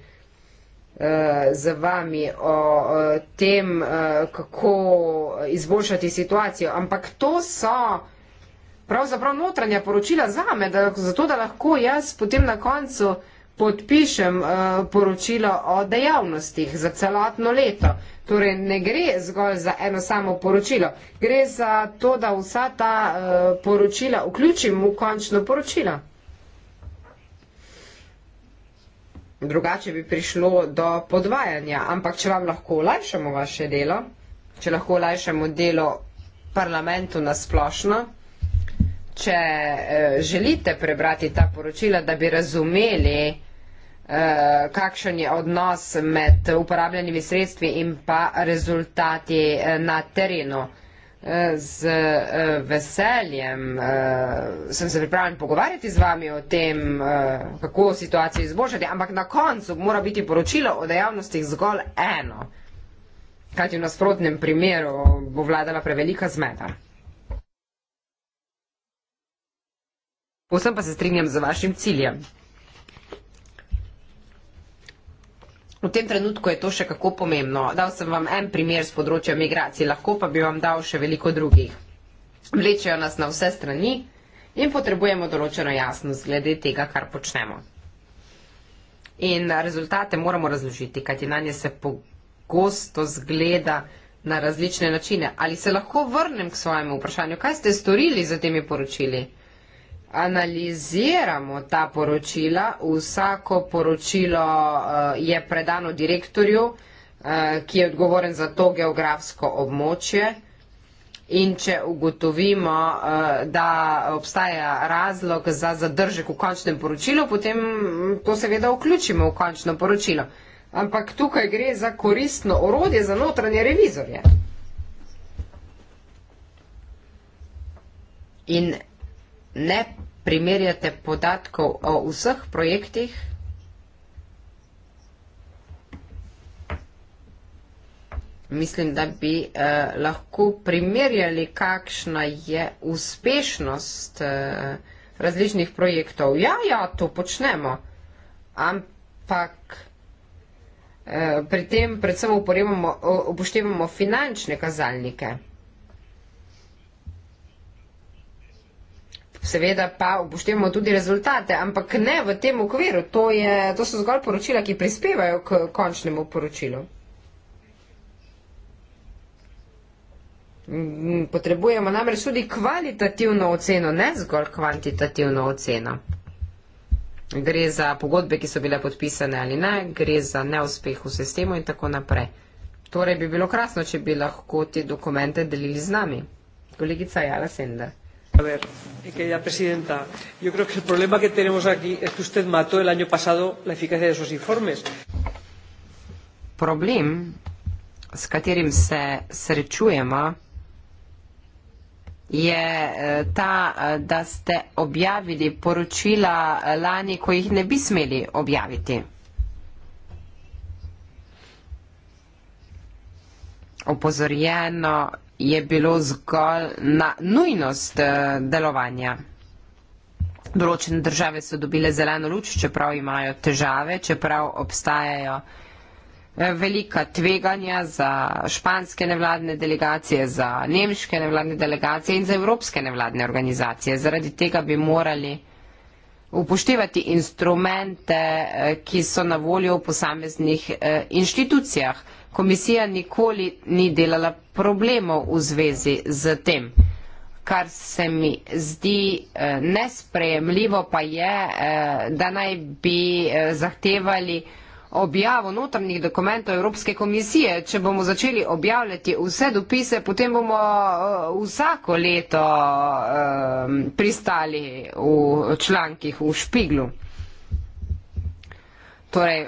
Eh, za vami o tem, eh, kako izboljšati situacijo, ampak to so pravzaprav notranja poročila za me, da, zato da lahko jaz potem na koncu podpišem eh, poročilo o dejavnostih za celotno leto. Torej ne gre zgolj za eno samo poročilo, gre za to, da vsa ta poročila vključim v končno poročilo. drugače bi prišlo do podvajanja. Ampak če vam lahko olajšamo vaše delo, če lahko olajšamo delo parlamentu nasplošno, če eh, želite prebrati ta poročila, da bi razumeli, eh, kakšen je odnos med uporabljenimi sredstvi in pa rezultati eh, na terenu z eh, veseljem eh, sem se pripravljen pogovarjati z vami o tem, eh, kako situacijo izboljšati, ampak na koncu mora biti poročilo o dejavnostih zgolj eno. Kajti v nasprotnem primeru bo vladala prevelika zmeda. Povsem pa se strinjam z vašim ciljem. V tem trenutku je to še kako pomembno. Dal sem vam en primer z področja migracij, lahko pa bi vam dal še veliko drugih. Vlečejo nas na vse strani in potrebujemo določeno jasnost glede tega, kar počnemo. In rezultate moramo razložiti, kajti na nje se pogosto zgleda na različne načine. Ali se lahko vrnem k svojemu vprašanju, kaj ste storili za temi poročili? analiziramo ta poročila, vsako poročilo eh, je predano direktorju, eh, ki je odgovoren za to geografsko območje in če ugotovimo, eh, da obstaja razlog za zadržek v končnem poročilu, potem to seveda vključimo v končno poročilo. Ampak tukaj gre za koristno orodje za notranje revizorje. In ne primerjate podatkov o vseh projektih, Mislim, da bi eh, lahko primerjali, kakšna je uspešnost eh, različnih projektov. Ja, ja, to počnemo, ampak eh, pri tem predvsem upoštevamo finančne kazalnike. seveda pa upoštevamo tudi rezultate, ampak ne v tem okviru. To, je, to so zgolj poročila, ki prispevajo k končnemu poročilu. Mm, potrebujemo namreč tudi kvalitativno oceno, ne zgolj kvantitativno oceno. Gre za pogodbe, ki so bile podpisane ali ne, gre za neuspeh v sistemu in tako naprej. Torej bi bilo krasno, če bi lahko te dokumente delili z nami. Kolegica Jala Sender. A ver, querida presidenta, yo creo que el problema que tenemos aquí es que usted mató el año pasado la eficacia de esos informes. Problem, s katerim se srečujemo, je eh, ta, eh, da ste objavili poročila eh, lani, ko jih ne bi smeli objaviti. Opozorjeno je bilo zgolj na nujnost eh, delovanja. Določene države so dobile zeleno luč, čeprav imajo težave, čeprav obstajajo eh, velika tveganja za španske nevladne delegacije, za nemške nevladne delegacije in za evropske nevladne organizacije. Zaradi tega bi morali upoštevati instrumente, eh, ki so na voljo v posameznih inštitucijah komisija nikoli ni delala problemov v zvezi z tem. Kar se mi zdi eh, nesprejemljivo pa je, eh, da naj bi eh, zahtevali objavo notrnih dokumentov Evropske komisije. Če bomo začeli objavljati vse dopise, potem bomo eh, vsako leto eh, pristali v člankih v špiglu. Torej,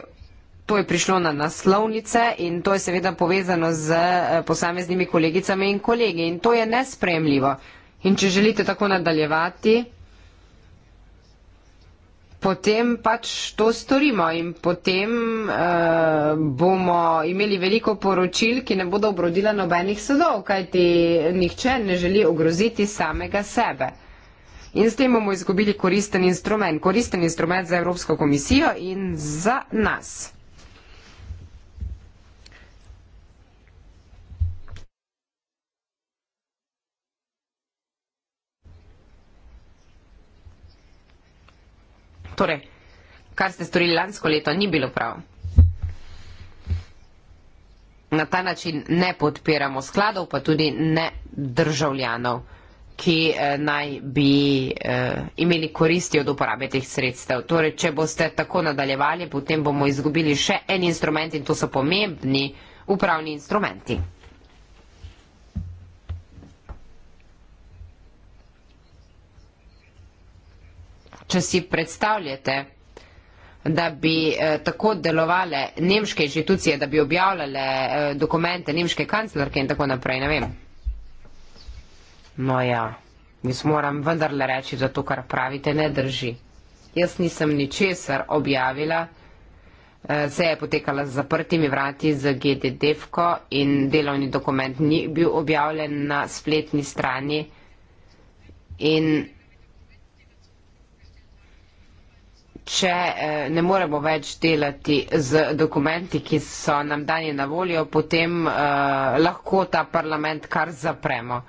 to je prišlo na naslovnice in to je seveda povezano z eh, posameznimi kolegicami in kolegi. In to je nespremljivo. In če želite tako nadaljevati, potem pač to storimo in potem eh, bomo imeli veliko poročil, ki ne bodo obrodila nobenih sadov, kajti nihče ne želi ogroziti samega sebe. In s tem bomo izgubili koristen instrument, koristen instrument za Evropsko komisijo in za nas. Torej, kar ste storili lansko leto, ni bilo prav. Na ta način ne podpiramo skladov, pa tudi ne državljanov, ki eh, naj bi eh, imeli koristi od uporabe teh sredstev. Torej, če boste tako nadaljevali, potem bomo izgubili še en instrument in to so pomembni upravni instrumenti. Če si predstavljate, da bi eh, tako delovale nemške inštitucije, da bi objavljale eh, dokumente nemške kanclerke in tako naprej, ne vem. No ja, jaz moram vendarle reči, da to, kar pravite, ne drži. Jaz nisem ničesar objavila, eh, se je potekala z zaprtimi vrati za GDDF-ko in delovni dokument ni bil objavljen na spletni strani. In če eh, ne moremo več delati z dokumenti, ki so nam dani na voljo, potem uh, lahko ta parlament kar zapremo.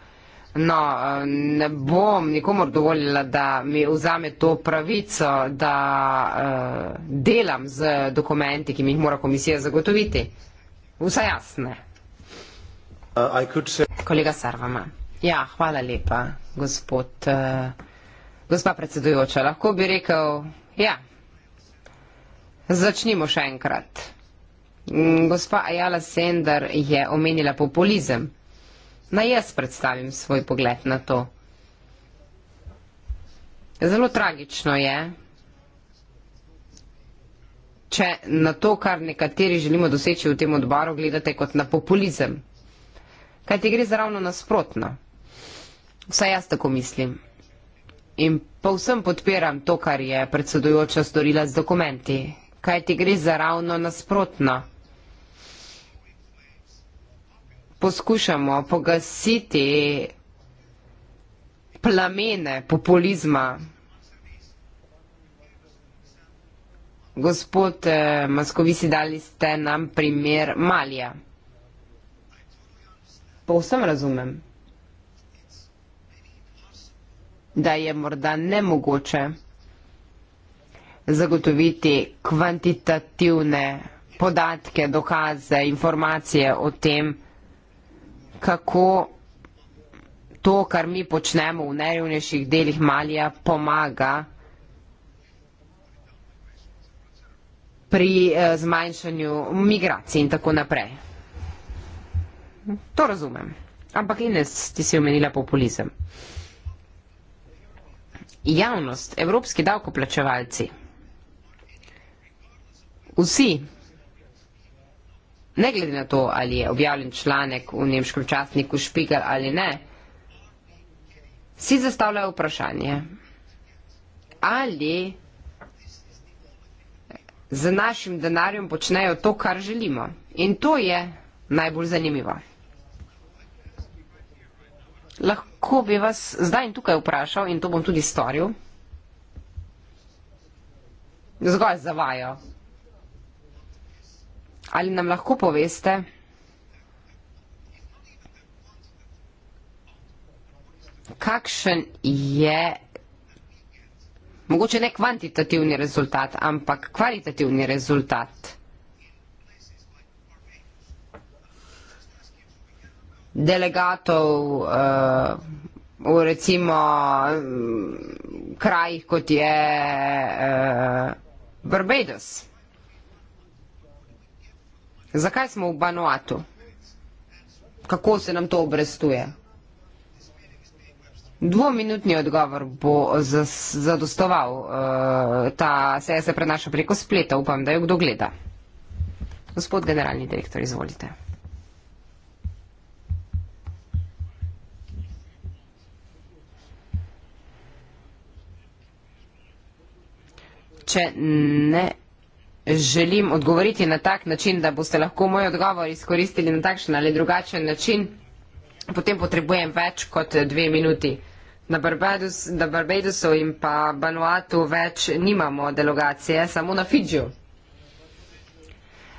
No, eh, ne bom nikomor dovolila, da mi vzame to pravico, da uh, delam z dokumenti, ki mi jih mora komisija zagotoviti. Vsa jasne. Uh, say... Kolega Sarvama. Ja, hvala lepa, gospod, uh, gospa predsedujoča. Lahko bi rekel, ja. Yeah. Začnimo še enkrat. Mm, gospa Ajala Sender je omenila populizem. Naj jaz predstavim svoj pogled na to. Zelo tragično je, če na to, kar nekateri želimo doseči v tem odboru, gledate kot na populizem. Kaj ti gre za ravno nasprotno? Vsaj jaz tako mislim. In povsem podpiram to, kar je predsedujoča storila z dokumenti, kaj ti gre za ravno nasprotno. Poskušamo pogasiti plamene populizma. Gospod eh, Maskovisi, dali ste nam primer Malija. Povsem razumem, da je morda nemogoče zagotoviti kvantitativne podatke, dokaze, informacije o tem, kako to, kar mi počnemo v najrevnejših delih Malija, pomaga pri eh, zmanjšanju migracij in tako naprej. To razumem. Ampak Ines, ti si omenila populizem. Javnost, evropski davkoplačevalci. Vsi, ne glede na to, ali je objavljen članek v nemškem častniku Špigal ali ne, si zastavljajo vprašanje, ali z našim denarjem počnejo to, kar želimo. In to je najbolj zanimivo. Lahko bi vas zdaj in tukaj vprašal, in to bom tudi storil, zgolj za vajo, Ali nam lahko poveste? Kakšen je, mogoče ne kvantitativni rezultat, ampak kvalitativni rezultat? Delegatov uh, v recimo mm, krajih, kot je uh, Barbados. Zakaj smo v Banuatu? Kako se nam to obrestuje? Dvominutni odgovor bo zadostoval. Eh, ta seja se prenaša preko spleta. Upam, da jo kdo gleda. Gospod generalni direktor, izvolite. Če ne želim odgovoriti na tak način, da boste lahko moj odgovor izkoristili na takšen ali drugačen način, potem potrebujem več kot dve minuti. Na, Barbados, na Barbadosu in pa Banuatu več nimamo delegacije, samo na Fidžiju.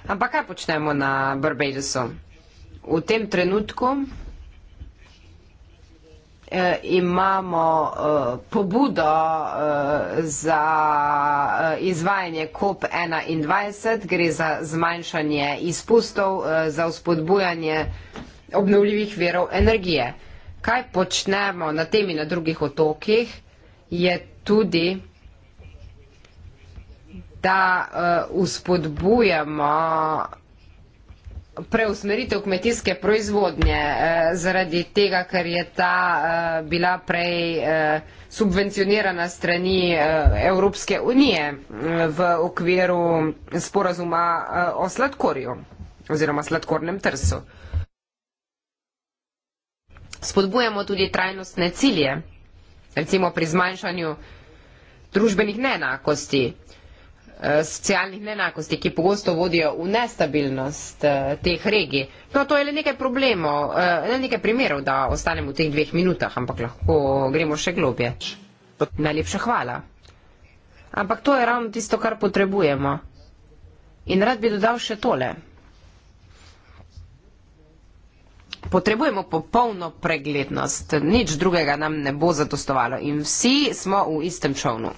Ampak kaj počnemo na Barbadosu? V tem trenutku Eh, imamo eh, pobudo eh, za izvajanje COP21, gre za zmanjšanje izpustov, za vzpodbujanje obnovljivih verov energije. Kaj počnemo na tem in na drugih otokih, je tudi, da vzpodbujamo uh, preusmeritev kmetijske proizvodnje eh, zaradi tega, ker je ta eh, bila prej eh, subvencionirana strani eh, Evropske unije eh, v okviru sporazuma eh, o sladkorju oziroma sladkornem trsu. Spodbujamo tudi trajnostne cilje, recimo pri zmanjšanju družbenih neenakosti. Eh, Eh, socialnih nenakosti, ki pogosto vodijo v nestabilnost eh, teh regij. No, to je le nekaj problemov, eh, le nekaj primerov, da ostanemo v teh dveh minutah, ampak lahko gremo še globje. Najlepša hvala. Ampak to je ravno tisto, kar potrebujemo. In rad bi dodal še tole. Potrebujemo popolno preglednost, nič drugega nam ne bo zadostovalo in vsi smo v istem čovnu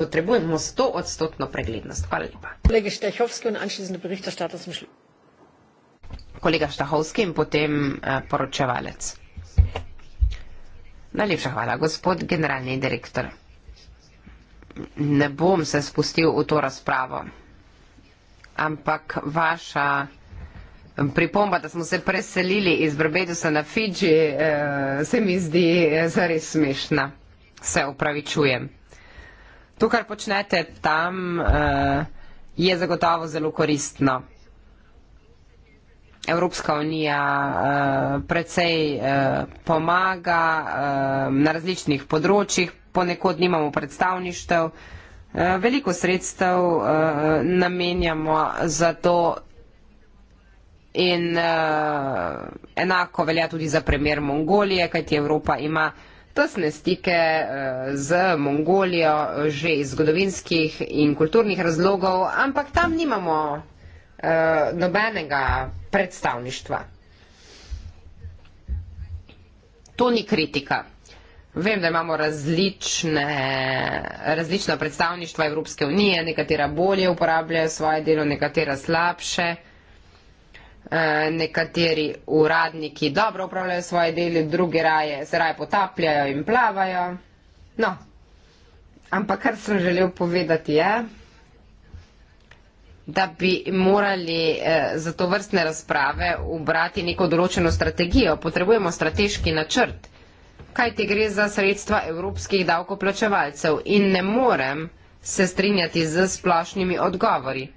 potrebujemo stoodstotno preglednost. Hvala lepa. Kolega Štahovski in potem eh, poročevalec. Najlepša hvala, gospod generalni direktor. Ne bom se spustil v to razpravo, ampak vaša eh, pripomba, da smo se preselili iz Brbedusa na Fidži, eh, se mi zdi zares smešna. Se upravičujem to, kar počnete tam, uh, je zagotovo zelo koristno. Evropska unija uh, precej uh, pomaga uh, na različnih področjih, ponekod nimamo predstavništev. Veliko sredstev uh, namenjamo za to in uh, enako velja tudi za primer Mongolije, kajti Evropa ima uh, tesne stike eh, z Mongolijo že iz zgodovinskih in kulturnih razlogov, ampak tam nimamo eh, nobenega predstavništva. To ni kritika. Vem, da imamo različne, različna predstavništva Evropske unije, nekatera bolje uporabljajo svoje delo, nekatera slabše. Eh, nekateri uradniki dobro upravljajo svoje deli, drugi raje, se raje potapljajo in plavajo. No, ampak kar sem želel povedati je, da bi morali eh, za to vrstne razprave ubrati neko določeno strategijo. Potrebujemo strateški načrt, kaj ti gre za sredstva evropskih davkoplačevalcev in ne morem se strinjati z splošnimi odgovori.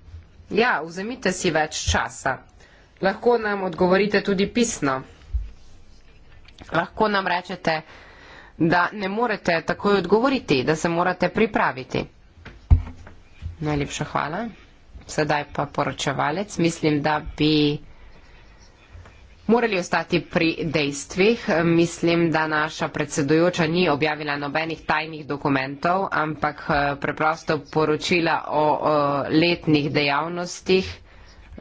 Ja, vzemite si več časa. Lahko nam odgovorite tudi pisno. Lahko nam rečete, da ne morete takoj odgovoriti, da se morate pripraviti. Najlepša hvala. Sedaj pa poročevalec. Mislim, da bi morali ostati pri dejstvih. Mislim, da naša predsedujoča ni objavila nobenih tajnih dokumentov, ampak eh, preprosto poročila o, o eh, letnih dejavnostih.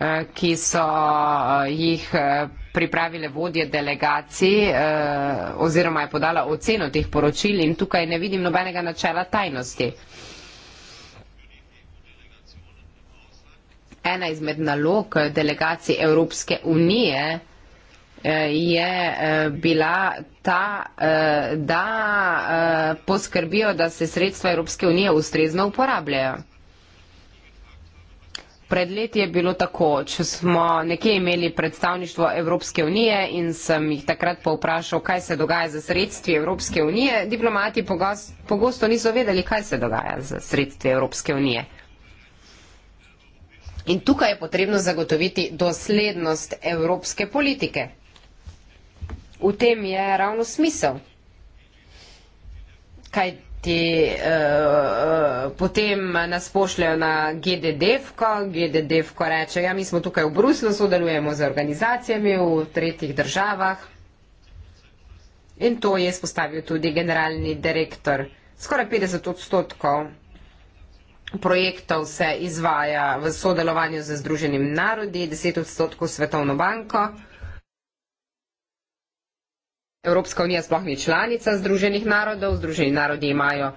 Eh, ki so eh, jih eh, pripravile vodje delegacij oziroma je podala oceno teh poročil in tukaj ne vidim nobenega načela tajnosti. Ena izmed nalog delegacij Evropske unije je bila ta, da poskrbijo, da se sredstva Evropske unije ustrezno uporabljajo. Pred leti je bilo tako, če smo nekje imeli predstavništvo Evropske unije in sem jih takrat povprašal, kaj se dogaja za sredstvi Evropske unije, diplomati pogosto niso vedeli, kaj se dogaja za sredstvi Evropske unije. In tukaj je potrebno zagotoviti doslednost evropske politike. V tem je ravno smisel. Kaj ti uh, potem nas pošljajo na GDDF-ko, GDDF-ko reče, ja, mi smo tukaj v Bruslu, sodelujemo z organizacijami v tretjih državah. In to je spostavil tudi generalni direktor. Skoraj 50 odstotkov projektov se izvaja v sodelovanju z Združenim narodi, 10 odstotkov Svetovno banko. Evropska unija sploh ni članica Združenih narodov, Združeni narodi imajo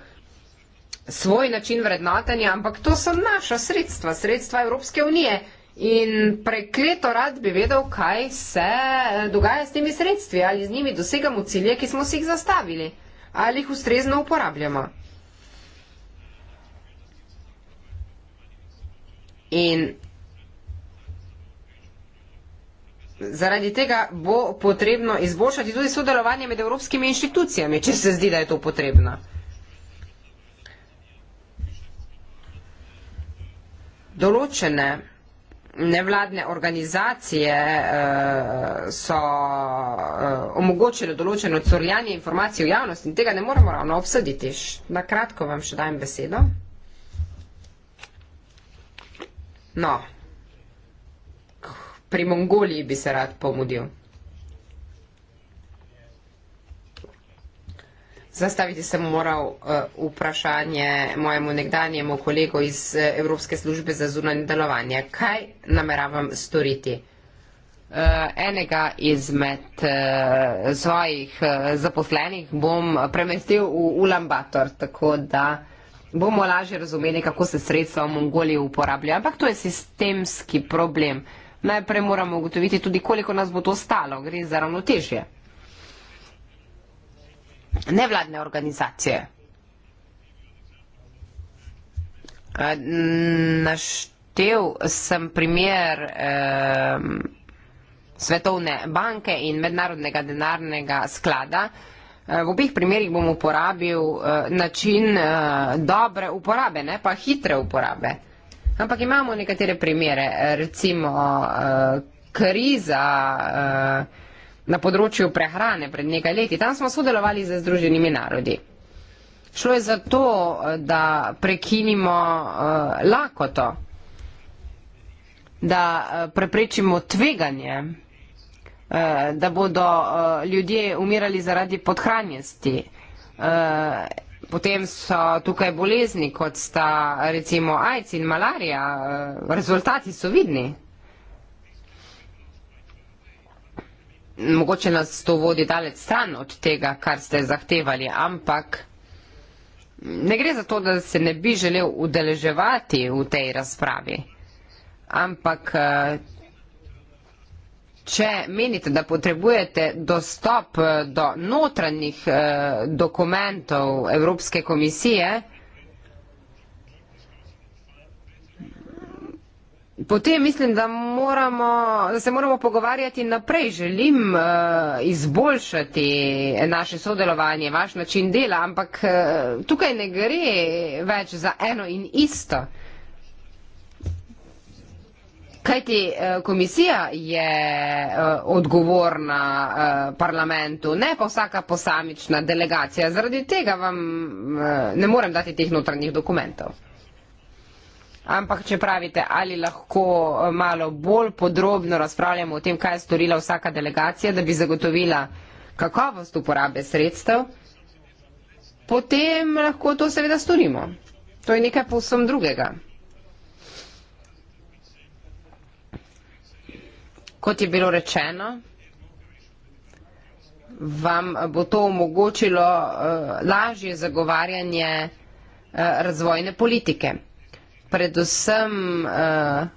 svoj način vrednotanja, ampak to so naša sredstva, sredstva Evropske unije. In prekleto rad bi vedel, kaj se eh, dogaja s temi sredstvi, ali z njimi dosegamo cilje, ki smo si jih zastavili, ali jih ustrezno uporabljamo. In zaradi tega bo potrebno izboljšati tudi sodelovanje med evropskimi inštitucijami, če se zdi, da je to potrebno. Določene nevladne organizacije uh, so uh, omogočile določeno curljanje informacij v javnost in tega ne moramo ravno obsaditi. Na kratko vam še dajem besedo. No, pri Mongoliji bi se rad pomudil. Zastaviti sem moral uh, vprašanje mojemu nekdanjemu kolegu iz uh, Evropske službe za zunanje delovanje. Kaj nameravam storiti? Uh, enega izmed uh, svojih uh, zaposlenih bom premestil v Ulambator, tako da bomo lažje razumeli, kako se sredstva v Mongoliji uporabljajo. Ampak to je sistemski problem. Uh, najprej moramo ugotoviti tudi, koliko nas bo to stalo. Gre za ravnotežje. Nevladne organizacije. Eh, Naštev sem primer eh, Svetovne banke in Mednarodnega denarnega sklada. Eh, v obih primerjih bom uporabil eh, način eh, dobre uporabe, ne pa hitre uporabe. Eh, Ampak imamo nekatere primere, recimo eh, kriza eh, na področju prehrane pred nekaj leti. Tam smo sodelovali z Združenimi narodi. Šlo je za to, da prekinimo eh, lakoto, da preprečimo tveganje, da bodo ljudje umirali zaradi podhranjenosti. Potem so tukaj bolezni, kot sta recimo AIDS in malarija. Eh, rezultati so vidni. Mogoče nas to vodi daleč stran od tega, kar ste zahtevali, ampak ne gre za to, da se ne bi želel udeleževati v tej razpravi. Ampak eh, Če menite, da potrebujete dostop eh, do notranjih eh, dokumentov Evropske komisije, potem mislim, da, moramo, da se moramo pogovarjati naprej. Želim eh, izboljšati naše sodelovanje, vaš način dela, ampak eh, tukaj ne gre več za eno in isto. Kajti eh, komisija je eh, odgovorna eh, parlamentu, ne pa vsaka posamična delegacija. Zaradi tega vam ne morem dati teh notranjih dokumentov. Ampak, če pravite, ali lahko malo bolj podrobno razpravljamo o tem, kaj je storila vsaka delegacija, da bi zagotovila kakovost uporabe sredstev, potem lahko to seveda storimo. To je nekaj povsem drugega. Kot je bilo rečeno, vam bo to omogočilo uh, lažje zagovarjanje uh, razvojne politike. Predvsem, uh,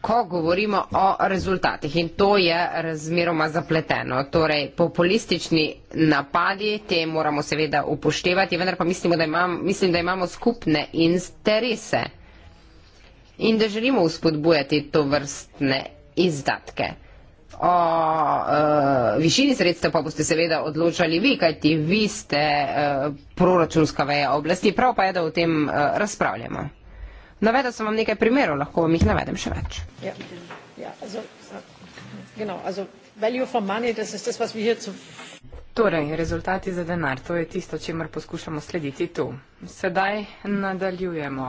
ko govorimo o rezultatih in to je razmeroma zapleteno. Torej, populistični napadi, te moramo seveda upoštevati, vendar pa mislimo, da imam, mislim, da imamo skupne interese in da želimo uspodbujati to vrstne izdatke. O e, višini sredstev pa boste seveda odločali vi, kajti vi ste e, proračunska veja oblasti. Prav pa je, da o tem e, razpravljamo. Navedel sem vam nekaj primerov, lahko vam jih navedem še več. Ja. Ja, also, genau, also value for money, das ist das, was wir hier zu. Torej, rezultati za denar, to je tisto, čemer poskušamo slediti tu. Sedaj nadaljujemo.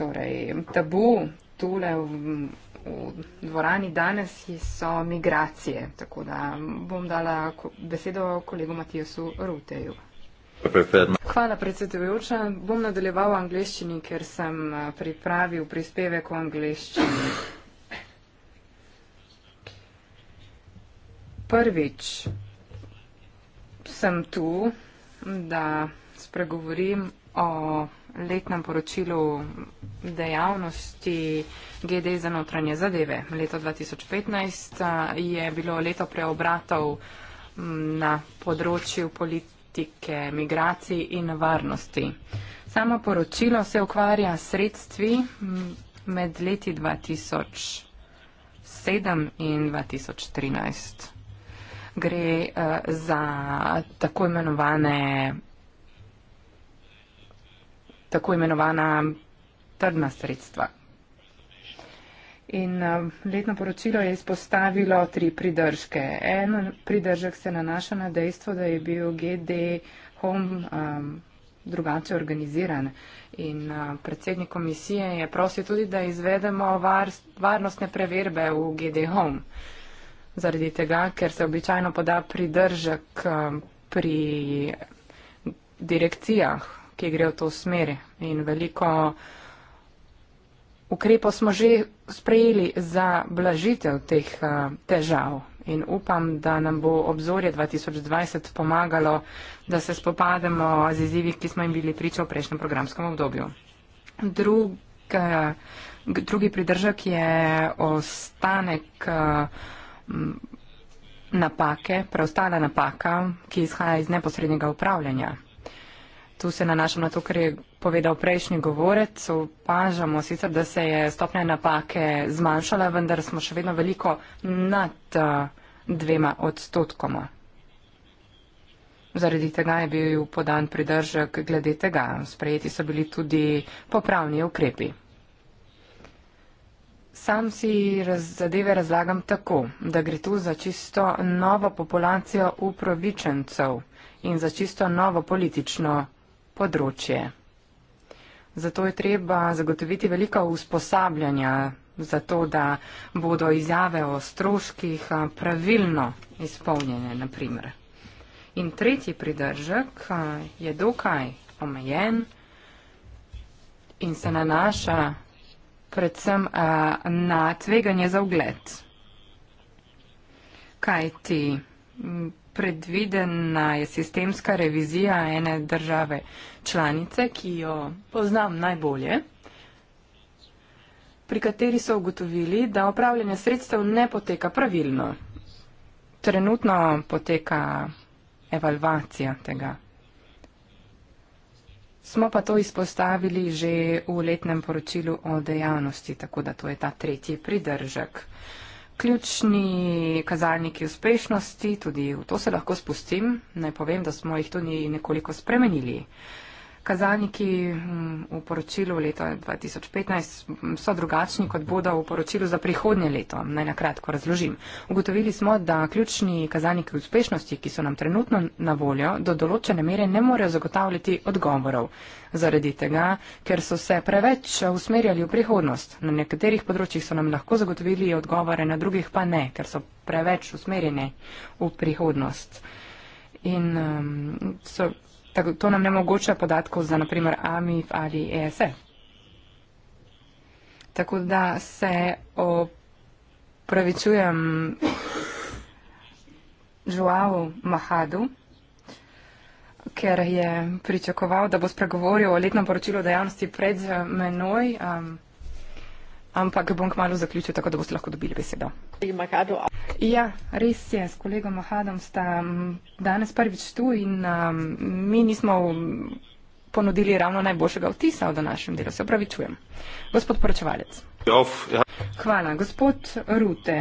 Torej, tabu, tole v, v dvorani danes so migracije. Tako da bom dala besedo kolegu Matijasu Ruteju. Hvala, predsedujoča. Bom nadaljeval v angleščini, ker sem eh, pripravil prispevek v angleščini. Prvič sem tu, da spregovorim o letnem poročilu dejavnosti GD za notranje zadeve. Leto 2015 je bilo leto preobratov na področju politike, migracij in varnosti. Samo poročilo se ukvarja s sredstvi med leti 2007 in 2013. Gre uh, za tako imenovane tako imenovana trdna sredstva. In eh, letno poročilo je izpostavilo tri pridržke. En pridržek se nanaša na dejstvo, da je bil GD Home um, drugače organiziran. In uh, predsednik komisije je prosil tudi, da izvedemo varst, varnostne preverbe v GD Home. Zaradi tega, ker se običajno poda pridržek um, pri direkcijah ki gre v to smer. In veliko ukrepov smo že sprejeli za blažitev teh eh, težav. In upam, da nam bo obzorje 2020 pomagalo, da se spopademo z izzivi, ki smo jim bili priča v prejšnjem programskem obdobju. Drug, eh, drugi pridržek je ostanek eh, napake, preostala napaka, ki izhaja iz neposrednjega upravljanja tu se nanašam na to, kar je povedal prejšnji govorec. Opažamo sicer, da se je stopnja napake zmanjšala, vendar smo še vedno veliko nad uh, dvema odstotkoma. Zaradi tega je bil podan pridržek glede tega. Sprejeti so bili tudi popravni ukrepi. Sam si raz, zadeve razlagam tako, da gre tu za čisto novo populacijo upravičencev in za čisto novo politično področje. Zato je treba zagotoviti veliko usposabljanja za to, da bodo izjave o stroških pravilno izpolnjene, naprimer. In tretji pridržek je dokaj omejen in se nanaša predvsem na tveganje za ugled. Kaj ti predvidena je sistemska revizija ene države članice, ki jo poznam najbolje, pri kateri so ugotovili, da upravljanje sredstev ne poteka pravilno. Trenutno poteka evalvacija tega. Smo pa to izpostavili že v letnem poročilu o dejavnosti, tako da to je ta tretji pridržek. Uh, ključni kazalniki uspešnosti, tudi v to se lahko spustim, naj povem, da smo jih tudi nekoliko spremenili. Kazalniki mm, v poročilu leta 2015 so drugačni, kot bodo v poročilu za prihodnje leto. Naj na kratko razložim. Ugotovili smo, da ključni kazalniki uspešnosti, ki so nam trenutno na voljo, do določene mere ne morejo zagotavljati odgovorov. Zaradi tega, ker so se preveč usmerjali v prihodnost. Na nekaterih področjih so nam lahko zagotovili odgovore, na drugih pa ne, ker so preveč usmerjene v prihodnost. In um, so Tako, to nam ne omogoča podatkov za, naprimer, AMIF ali ESF. E. Tako da se opravičujem Joao Mahadu, ker je pričakoval, da bo spregovoril o letnem poročilu dejavnosti pred menoj. Um, ampak bom kmalo zaključil, tako da boste lahko dobili besedo. Ja, res je, s kolegom Mahadom sta danes prvič tu in um, mi nismo ponudili ravno najboljšega vtisa v današnjem delu. Se opravičujem. Gospod poročevalec. Ja. Hvala. Gospod Rute,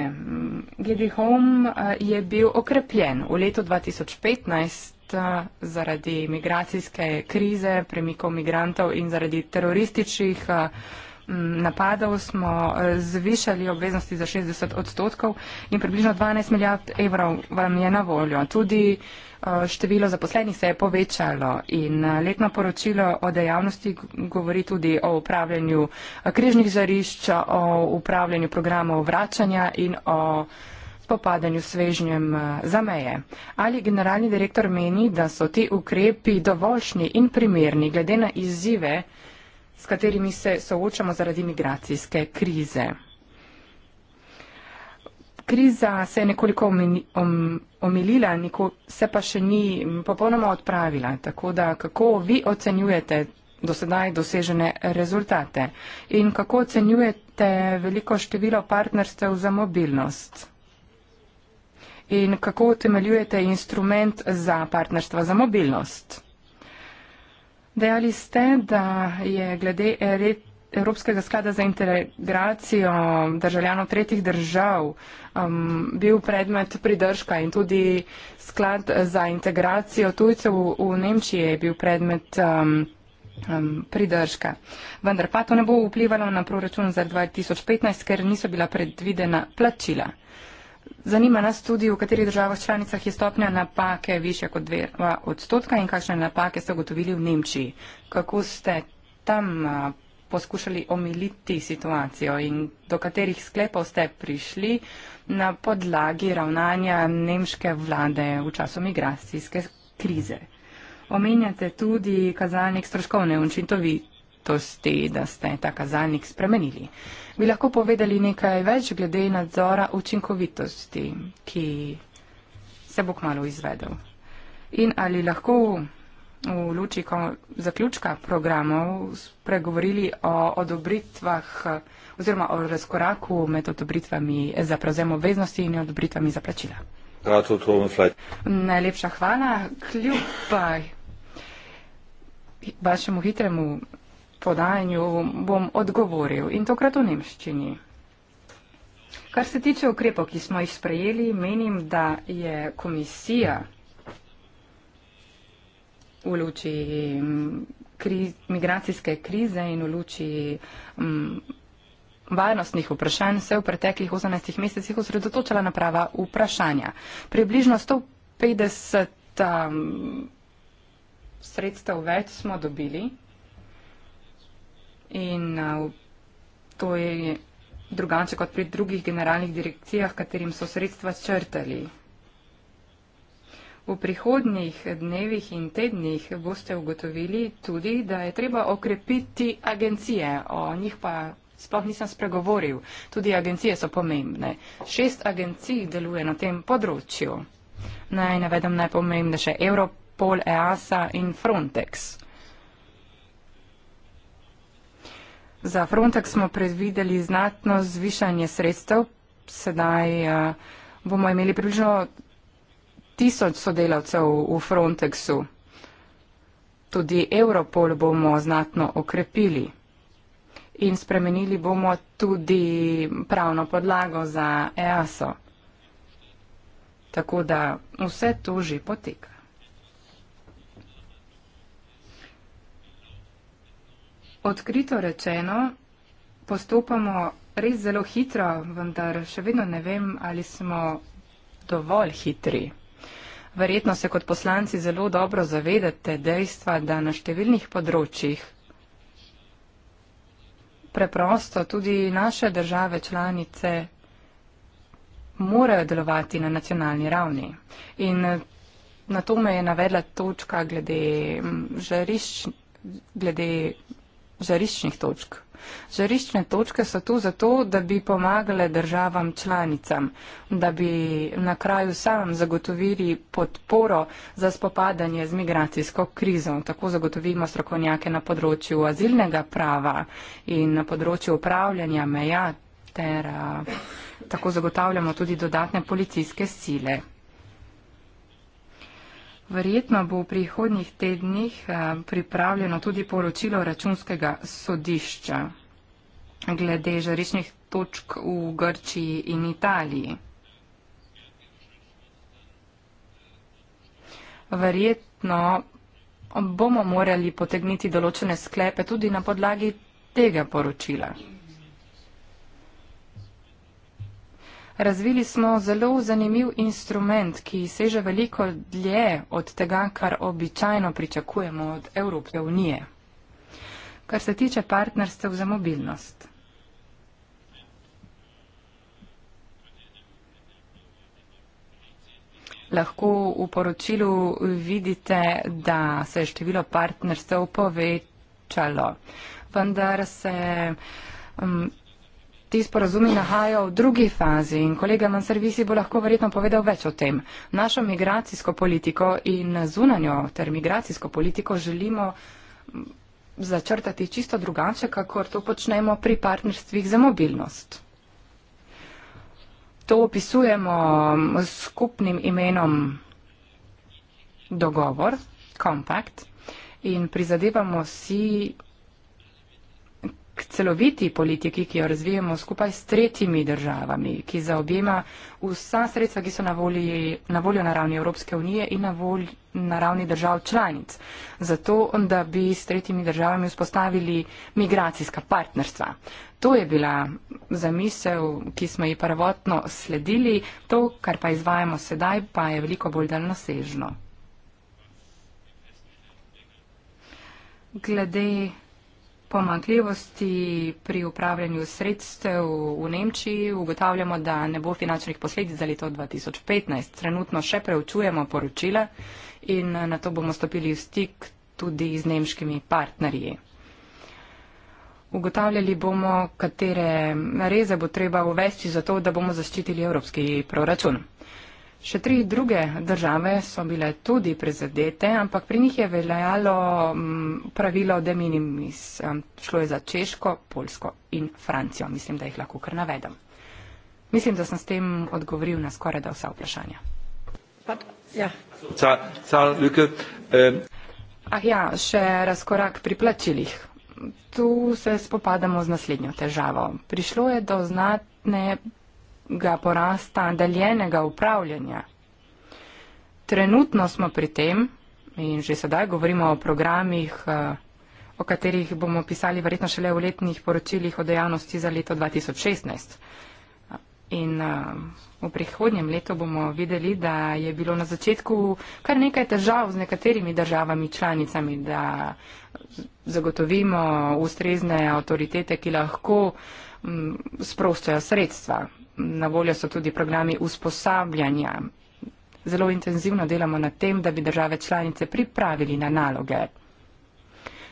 GD Home je bil okrepljen v letu 2015 zaradi migracijske krize, premikov migrantov in zaradi terorističnih. Uh, napadov smo eh, zvišali obveznosti za 60 odstotkov in približno 12 milijard evrov vam je na voljo. Tudi eh, število zaposlenih se je povečalo in eh, letno poročilo o dejavnosti govori tudi o upravljanju križnih žarišč, o upravljanju programov vračanja in o spopadanju svežnjem za meje. Ali generalni direktor meni, da so ti ukrepi dovoljšni in primerni glede na izzive, s katerimi se soočamo zaradi migracijske krize. Kriza se je nekoliko omilila, neko, se pa še ni popolnoma odpravila. Tako da kako vi ocenjujete do sedaj dosežene rezultate in kako ocenjujete veliko število partnerstev za mobilnost? In kako utemeljujete instrument za partnerstva za mobilnost? Dejali ste, da je glede Evropskega sklada za integracijo državljanov tretjih držav um, bil predmet pridržka in tudi sklad za integracijo tujcev v, v Nemčiji je bil predmet um, um, pridržka. Vendar pa to ne bo vplivalo na proračun za 2015, ker niso bila predvidena plačila. Zanima nas tudi, v katerih državah članicah je stopnja napake više kot 2 odstotka in kakšne napake ste ugotovili v Nemčiji. Kako ste tam a, poskušali omiliti situacijo in do katerih sklepov ste prišli na podlagi ravnanja nemške vlade v času migracijske krize. Omenjate tudi kazalnik stroškovne učinkovitosti ste, da ste ta kazalnik spremenili. Bi lahko povedali nekaj več glede nadzora učinkovitosti, ki se bo kmalo izvedel? In ali lahko v luči zaključka programov pregovorili o odobritvah oziroma o razkoraku med odobritvami za prevzem obveznosti in odobritvami za plačila? Najlepša hvala, kljub pa vašemu hitremu podajanju bom odgovoril in tokrat v nemščini. Kar se tiče ukrepov, ki smo jih sprejeli, menim, da je komisija v luči mm, kri, migracijske krize in v luči m, mm, varnostnih vprašanj se v preteklih 18 mesecih osredotočala na prava vprašanja. Približno 150 um, mm, sredstev več smo dobili in uh, to je drugače kot pri drugih generalnih direkcijah, katerim so sredstva črtali. V prihodnjih dnevih in tednih boste ugotovili tudi, da je treba okrepiti agencije, o njih pa sploh nisem spregovoril. Tudi agencije so pomembne. Šest agencij deluje na tem področju. Naj navedem najpomembnejše Europol, EASA in Frontex. Za Frontex smo predvideli znatno zvišanje sredstev. Sedaj eh, bomo imeli približno tisoč sodelavcev v Frontexu. Tudi Europol bomo znatno okrepili in spremenili bomo tudi pravno podlago za EASO. Tako da vse to že poteka. odkrito rečeno, postopamo res zelo hitro, vendar še vedno ne vem, ali smo dovolj hitri. Verjetno se kot poslanci zelo dobro zavedate dejstva, da na številnih področjih preprosto tudi naše države članice morajo delovati na nacionalni ravni. In eh, na to me je navedla točka glede mm, žarišč, glede žariščnih točk. Žariščne točke so tu zato, da bi pomagale državam članicam, da bi na kraju sam zagotovili podporo za spopadanje z migracijsko krizo. Tako zagotovimo strokovnjake na področju azilnega prava in na področju upravljanja meja ter uh, tako zagotavljamo tudi dodatne policijske sile. Verjetno bo v prihodnjih tednih eh, pripravljeno tudi poročilo računskega sodišča glede žarišnih točk v Grčiji in Italiji. Verjetno bomo morali potegniti določene sklepe tudi na podlagi tega poročila. Razvili smo zelo zanimiv instrument, ki seže veliko dlje od tega, kar običajno pričakujemo od Evropske unije. Kar se tiče partnerstev za mobilnost. Lahko v poročilu vidite, da se je število partnerstev povečalo, vendar se um, ti sporazumi nahajajo v drugi fazi in kolega Manservisi bo lahko verjetno povedal več o tem. Našo migracijsko politiko in zunanjo ter migracijsko politiko želimo začrtati čisto drugače, kakor to počnemo pri partnerstvih za mobilnost. To opisujemo s skupnim imenom dogovor, kompakt in prizadevamo si k celoviti politiki, ki jo razvijemo skupaj s tretjimi državami, ki zaobjema vsa sredstva, ki so na, volji, na voljo na ravni Evropske unije in na, volj, na ravni držav članic, zato da bi s tretjimi državami vzpostavili migracijska partnerstva. To je bila zamisel, ki smo ji prvotno sledili, to, kar pa izvajamo sedaj, pa je veliko bolj daljnosežno. Glede pomankljivosti pri upravljanju sredstev v Nemčiji ugotavljamo, da ne bo finančnih posledic za leto 2015. Trenutno še preučujemo poročila in na to bomo stopili v stik tudi z nemškimi partnerji. Ugotavljali bomo, katere reze bo treba uvesti za to, da bomo zaščitili evropski proračun. Še tri druge države so bile tudi prizadete, ampak pri njih je veljalo mm, pravilo de minimis. Šlo je za Češko, Polsko in Francijo. Mislim, da jih lahko kar navedem. Mislim, da sem s tem odgovoril na skoraj da vsa vprašanja. Ja. Ah ja, še razkorak pri plačilih. Tu se spopadamo z naslednjo težavo. Prišlo je do znatne ga porasta daljenega upravljanja. Trenutno smo pri tem in že sedaj govorimo o programih, eh, o katerih bomo pisali verjetno šele v letnih poročilih o dejavnosti za leto 2016. In eh, v prihodnjem letu bomo videli, da je bilo na začetku kar nekaj težav z nekaterimi državami članicami, da zagotovimo ustrezne avtoritete, ki lahko mm, sproščajo sredstva na voljo so tudi programi usposabljanja. Zelo intenzivno delamo na tem, da bi države članice pripravili na naloge.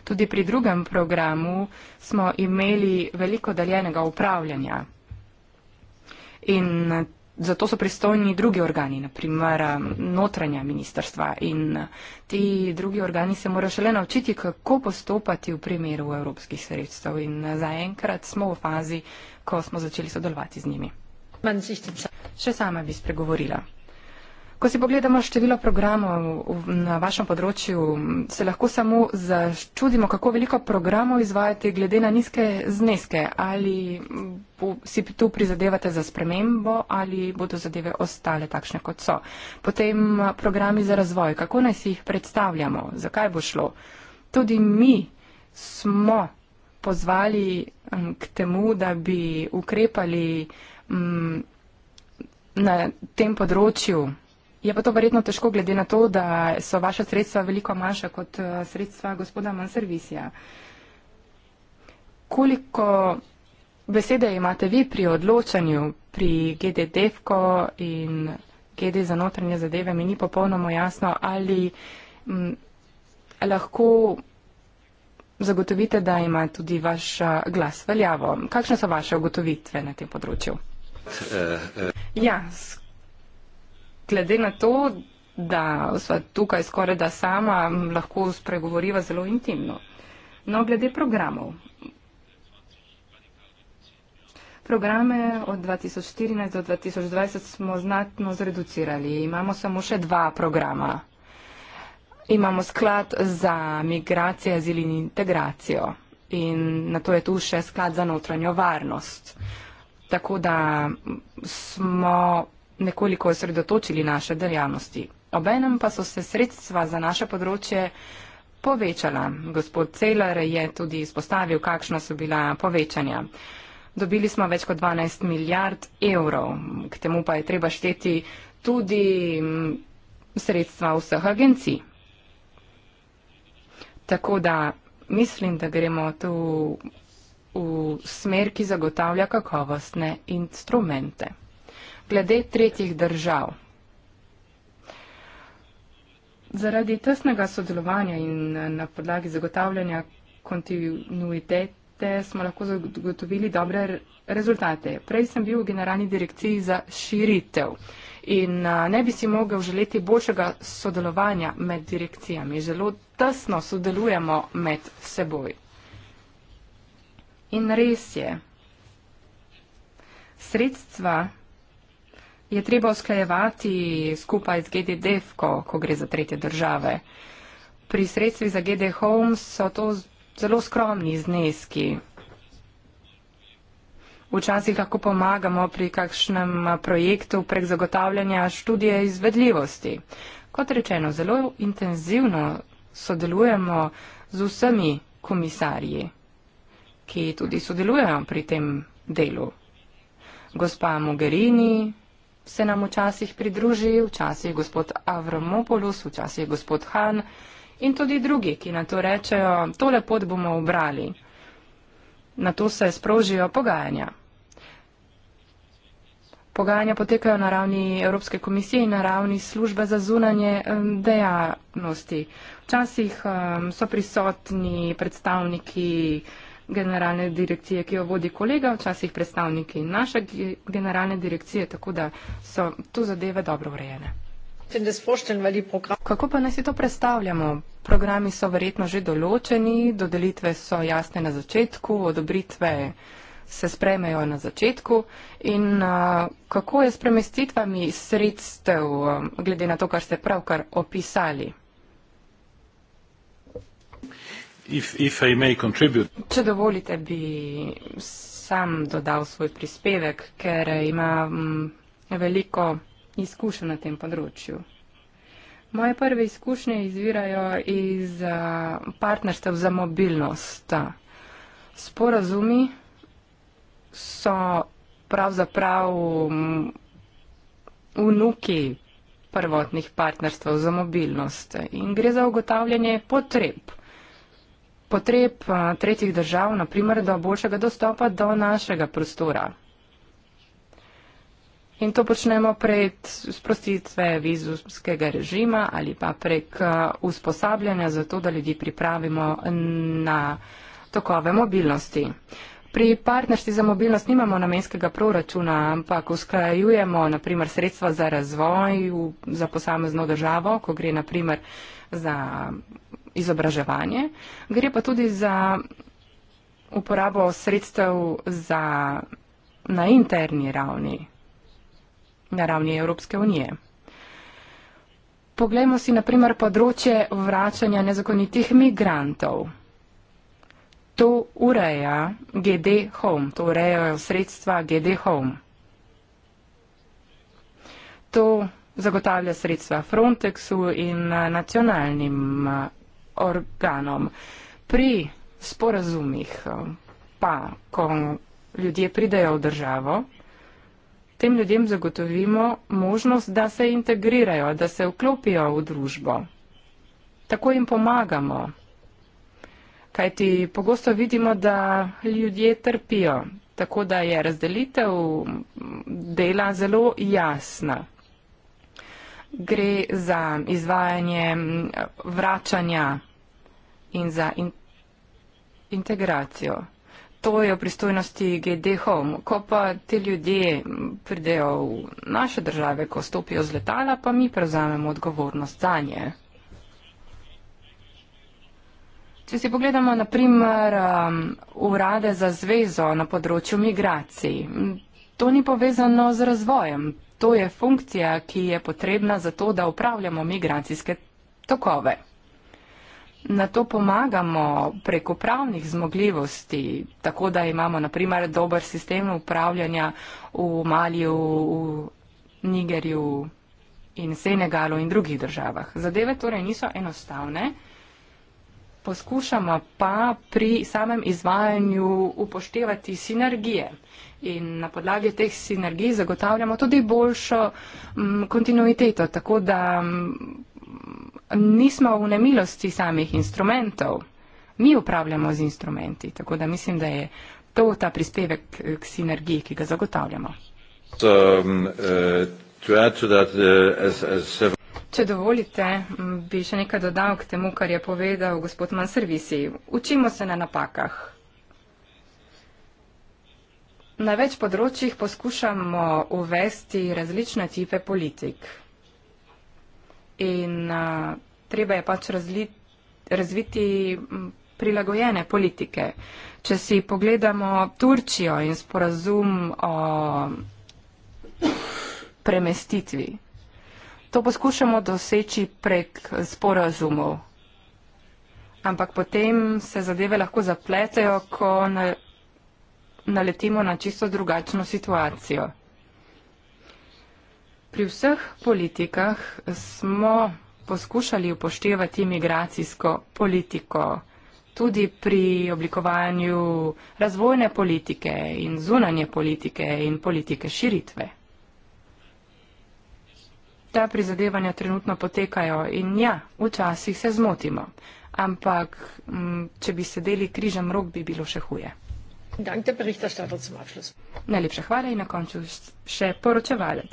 Tudi pri drugem programu smo imeli veliko deljenega upravljanja. In zato so pristojni drugi organi, naprimer um, notranja ministerstva. In ti drugi organi se morajo šele naučiti, kako postopati v primeru evropskih sredstev. In zaenkrat smo v fazi, ko smo začeli sodelovati z njimi. Še sama bi spregovorila. Ko si pogledamo število programov na vašem področju, se lahko samo začudimo, kako veliko programov izvajate glede na nizke zneske. Ali si tu prizadevate za spremembo ali bodo zadeve ostale takšne, kot so. Potem eh, programi za razvoj, kako naj si jih predstavljamo, zakaj bo šlo. Tudi mi smo pozvali hm, k temu, da bi ukrepali m, mm, na tem področju. Je pa to verjetno težko, glede na to, da so vaša sredstva veliko manjša kot eh, sredstva gospoda Manservisija. Koliko besede imate vi pri odločanju pri GD Defko in GD za notranje zadeve, mi ni popolnoma jasno, ali m, mm, lahko zagotovite, da ima tudi vaš eh, glas veljavo. Kakšne so vaše ugotovitve na tem področju? Uh, uh. Ja, glede na to, da smo tukaj skoraj da sama, lahko spregovoriva zelo intimno. No, glede programov. Programe od 2014 do 2020 smo znatno zreducirali. Imamo samo še dva programa. Imamo sklad za migracije, azil in integracijo. In na to je tu še sklad za notranjo varnost. Uh, tako da smo nekoliko osredotočili naše dejavnosti. Obenem pa so se sredstva za naše področje povečala. Gospod Celer je tudi izpostavil, kakšna so bila povečanja. Dobili smo več kot 12 milijard evrov, k temu pa je treba šteti tudi mm, sredstva vseh agencij. Tako da mislim, da gremo tu v smer, ki zagotavlja kakovostne instrumente. Glede tretjih držav. Zaradi tesnega sodelovanja in eh, na podlagi zagotavljanja kontinuitete smo lahko zagotovili dobre rezultate. Prej sem bil v generalni direkciji za širitev in eh, ne bi si mogel želeti boljšega sodelovanja med direkcijami. Zelo tesno sodelujemo med seboj. In res je. Sredstva je treba usklajevati skupaj z GD Defko, ko gre za tretje države. Pri sredstvi za GD Homes so to zelo skromni zneski. Včasih lahko pomagamo pri kakšnem projektu prek zagotavljanja študije izvedljivosti. Kot rečeno, zelo intenzivno sodelujemo z vsemi komisarji ki tudi sodelujejo pri tem delu. Gospa Mogherini se nam včasih pridruži, včasih gospod Avramopoulos, včasih gospod Han in tudi drugi, ki na to rečejo, tole pot bomo obrali. Na to se sprožijo pogajanja. Pogajanja potekajo na ravni Evropske komisije in na ravni službe za zunanje dejavnosti. Včasih so prisotni predstavniki generalne direkcije, ki jo vodi kolega, včasih predstavniki naše generalne direkcije, tako da so tu zadeve dobro urejene. Kako pa naj si to predstavljamo? Programi so verjetno že določeni, dodelitve so jasne na začetku, odobritve se spremejo na začetku in a, kako je s premestitvami sredstev, glede na to, kar ste pravkar opisali? If, if I may contribute. Če dovolite, bi sam dodal svoj prispevek, ker imam veliko izkušenj na tem področju. Moje prve izkušnje izvirajo iz eh, partnerstev za mobilnost. Sporazumi so pravzaprav mm, vnuki prvotnih partnerstev za mobilnost in gre za ugotavljanje potreb potreb eh, tretjih držav, naprimer do boljšega dostopa do našega prostora. In to počnemo pred sprostitve vizumskega režima ali pa prek eh, usposabljanja za to, da ljudi pripravimo na tokove mobilnosti. Pri partnerstvi za mobilnost nimamo namenskega proračuna, ampak usklajujemo naprimer sredstva za razvoj za posamezno državo, ko gre naprimer za izobraževanje, gre pa tudi za uporabo sredstev za na interni ravni, na ravni Evropske unije. Poglejmo si naprimer področje vračanja nezakonitih migrantov. To ureja GD Home, to urejajo sredstva GD Home. To zagotavlja sredstva Frontexu in nacionalnim organom. Pri sporazumih eh, pa, ko ljudje pridejo v državo, tem ljudem zagotovimo možnost, da se integrirajo, da se vklopijo v družbo. Tako jim pomagamo. Kajti pogosto vidimo, da ljudje trpijo, tako da je razdelitev dela zelo jasna gre za izvajanje vračanja in za in integracijo. To je v pristojnosti GD Home. Ko pa te ljudje pridejo v naše države, ko stopijo z letala, pa mi prevzamemo odgovornost za nje. Če si pogledamo naprimer um, urade za zvezo na področju migracij, to ni povezano z razvojem, To je funkcija, ki je potrebna za to, da upravljamo migracijske tokove. Na to pomagamo preko pravnih zmogljivosti, tako da imamo naprimer dober sistem upravljanja v Maliju, v Nigerju in Senegalu in drugih državah. Zadeve torej niso enostavne, poskušamo pa pri samem izvajanju upoštevati sinergije in na podlagi teh sinergij zagotavljamo tudi boljšo m, mm, kontinuiteto, tako da m, mm, nismo v nemilosti samih instrumentov, mi upravljamo z instrumenti, tako da mislim, da je to ta prispevek k, k sinergiji, ki ga zagotavljamo. So, um, uh, to that, uh, as, as... Če dovolite, mm, bi še nekaj dodal k temu, kar je povedal gospod Manservisi. Učimo se na napakah. Na več področjih poskušamo uvesti različne tipe politik. In a, treba je pač razli, razviti prilagojene politike. Če si pogledamo Turčijo in sporazum o premestitvi, to poskušamo doseči prek sporazumov. Ampak potem se zadeve lahko zapletejo, ko naletimo na čisto drugačno situacijo. Pri vseh politikah smo poskušali upoštevati migracijsko politiko, tudi pri oblikovanju razvojne politike in zunanje politike in politike širitve. Ta prizadevanja trenutno potekajo in ja, včasih se zmotimo, ampak m, mm, če bi sedeli križem rok, bi bilo še huje. Dank der Berichterstatter zum Abschluss. Najlepša hvala in na koncu še poročevalec.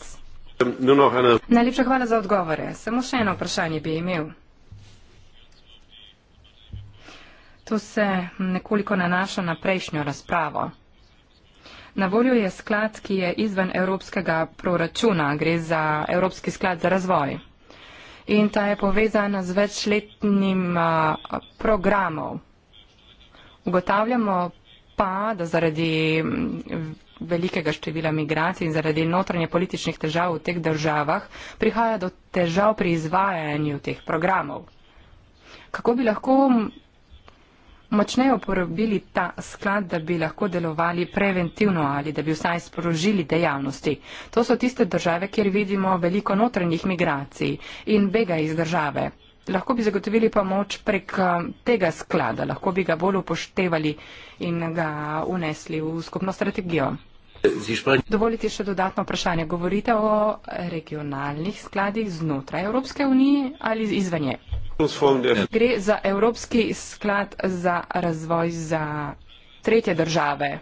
No, no, Najlepša hvala za odgovore. Samo še eno vprašanje bi imel. To se nekoliko nanaša na prejšnjo razpravo. Na voljo je sklad, ki je izven evropskega proračuna, gre za Evropski sklad za razvoj. In ta je povezana z večletnim programom. Ugotavljamo pa, da zaradi mm, velikega števila migracij in zaradi notranje političnih težav v teh državah prihaja do težav pri izvajanju teh programov. Kako bi lahko močneje uporabili ta sklad, da bi lahko delovali preventivno ali da bi vsaj sprožili dejavnosti? To so tiste države, kjer vidimo veliko notranjih migracij in bega iz države lahko bi zagotovili pomoč prek eh, tega sklada, lahko bi ga bolj upoštevali in ga unesli v skupno strategijo. Dovolite še dodatno vprašanje. Govorite o regionalnih skladih znotraj Evropske unije ali izvanje? Gre za Evropski sklad za razvoj za tretje države.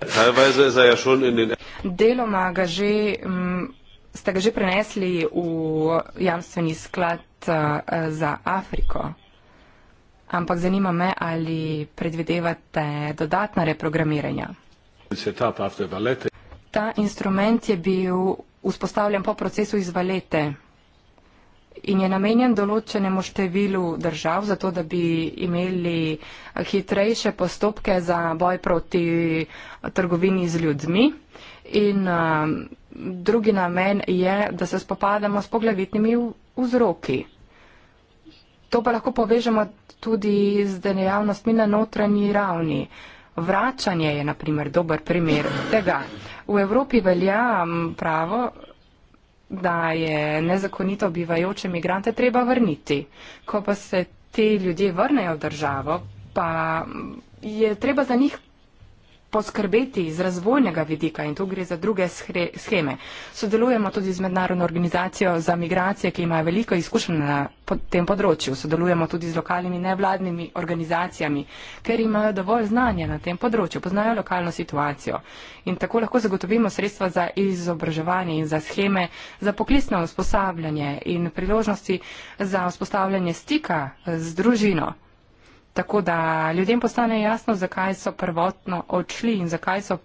Er ja Deloma ga že, mm, ste ga že prenesli v jamstveni sklad Eh, za Afriko. Ampak zanima me, ali predvidevate dodatna reprogramiranja. Ta instrument je bil vzpostavljen po procesu iz valete in je namenjen določenemu številu držav, zato da bi imeli hitrejše postopke za boj proti trgovini z ljudmi. In uh, drugi namen je, da se spopadamo s poglavitnimi vzroki. To pa lahko povežemo tudi z dejavnostmi na notranji ravni. Vračanje je naprimer dober primer tega. V Evropi velja pravo, da je nezakonito bivajoče migrante treba vrniti. Ko pa se te ljudje vrnejo v državo, pa je treba za njih poskrbeti iz razvojnega vidika in tu gre za druge scheme. Sodelujemo tudi z mednarodno organizacijo za migracije, ki ima veliko izkušenj na tem področju. Sodelujemo tudi z lokalnimi nevladnimi organizacijami, ker imajo dovolj znanja na tem področju, poznajo lokalno situacijo. In tako lahko zagotovimo sredstva za izobraževanje in za scheme, za poklicno usposabljanje in priložnosti za vzpostavljanje stika z družino. Tako da ljudem postane jasno, zakaj so prvotno odšli in zakaj so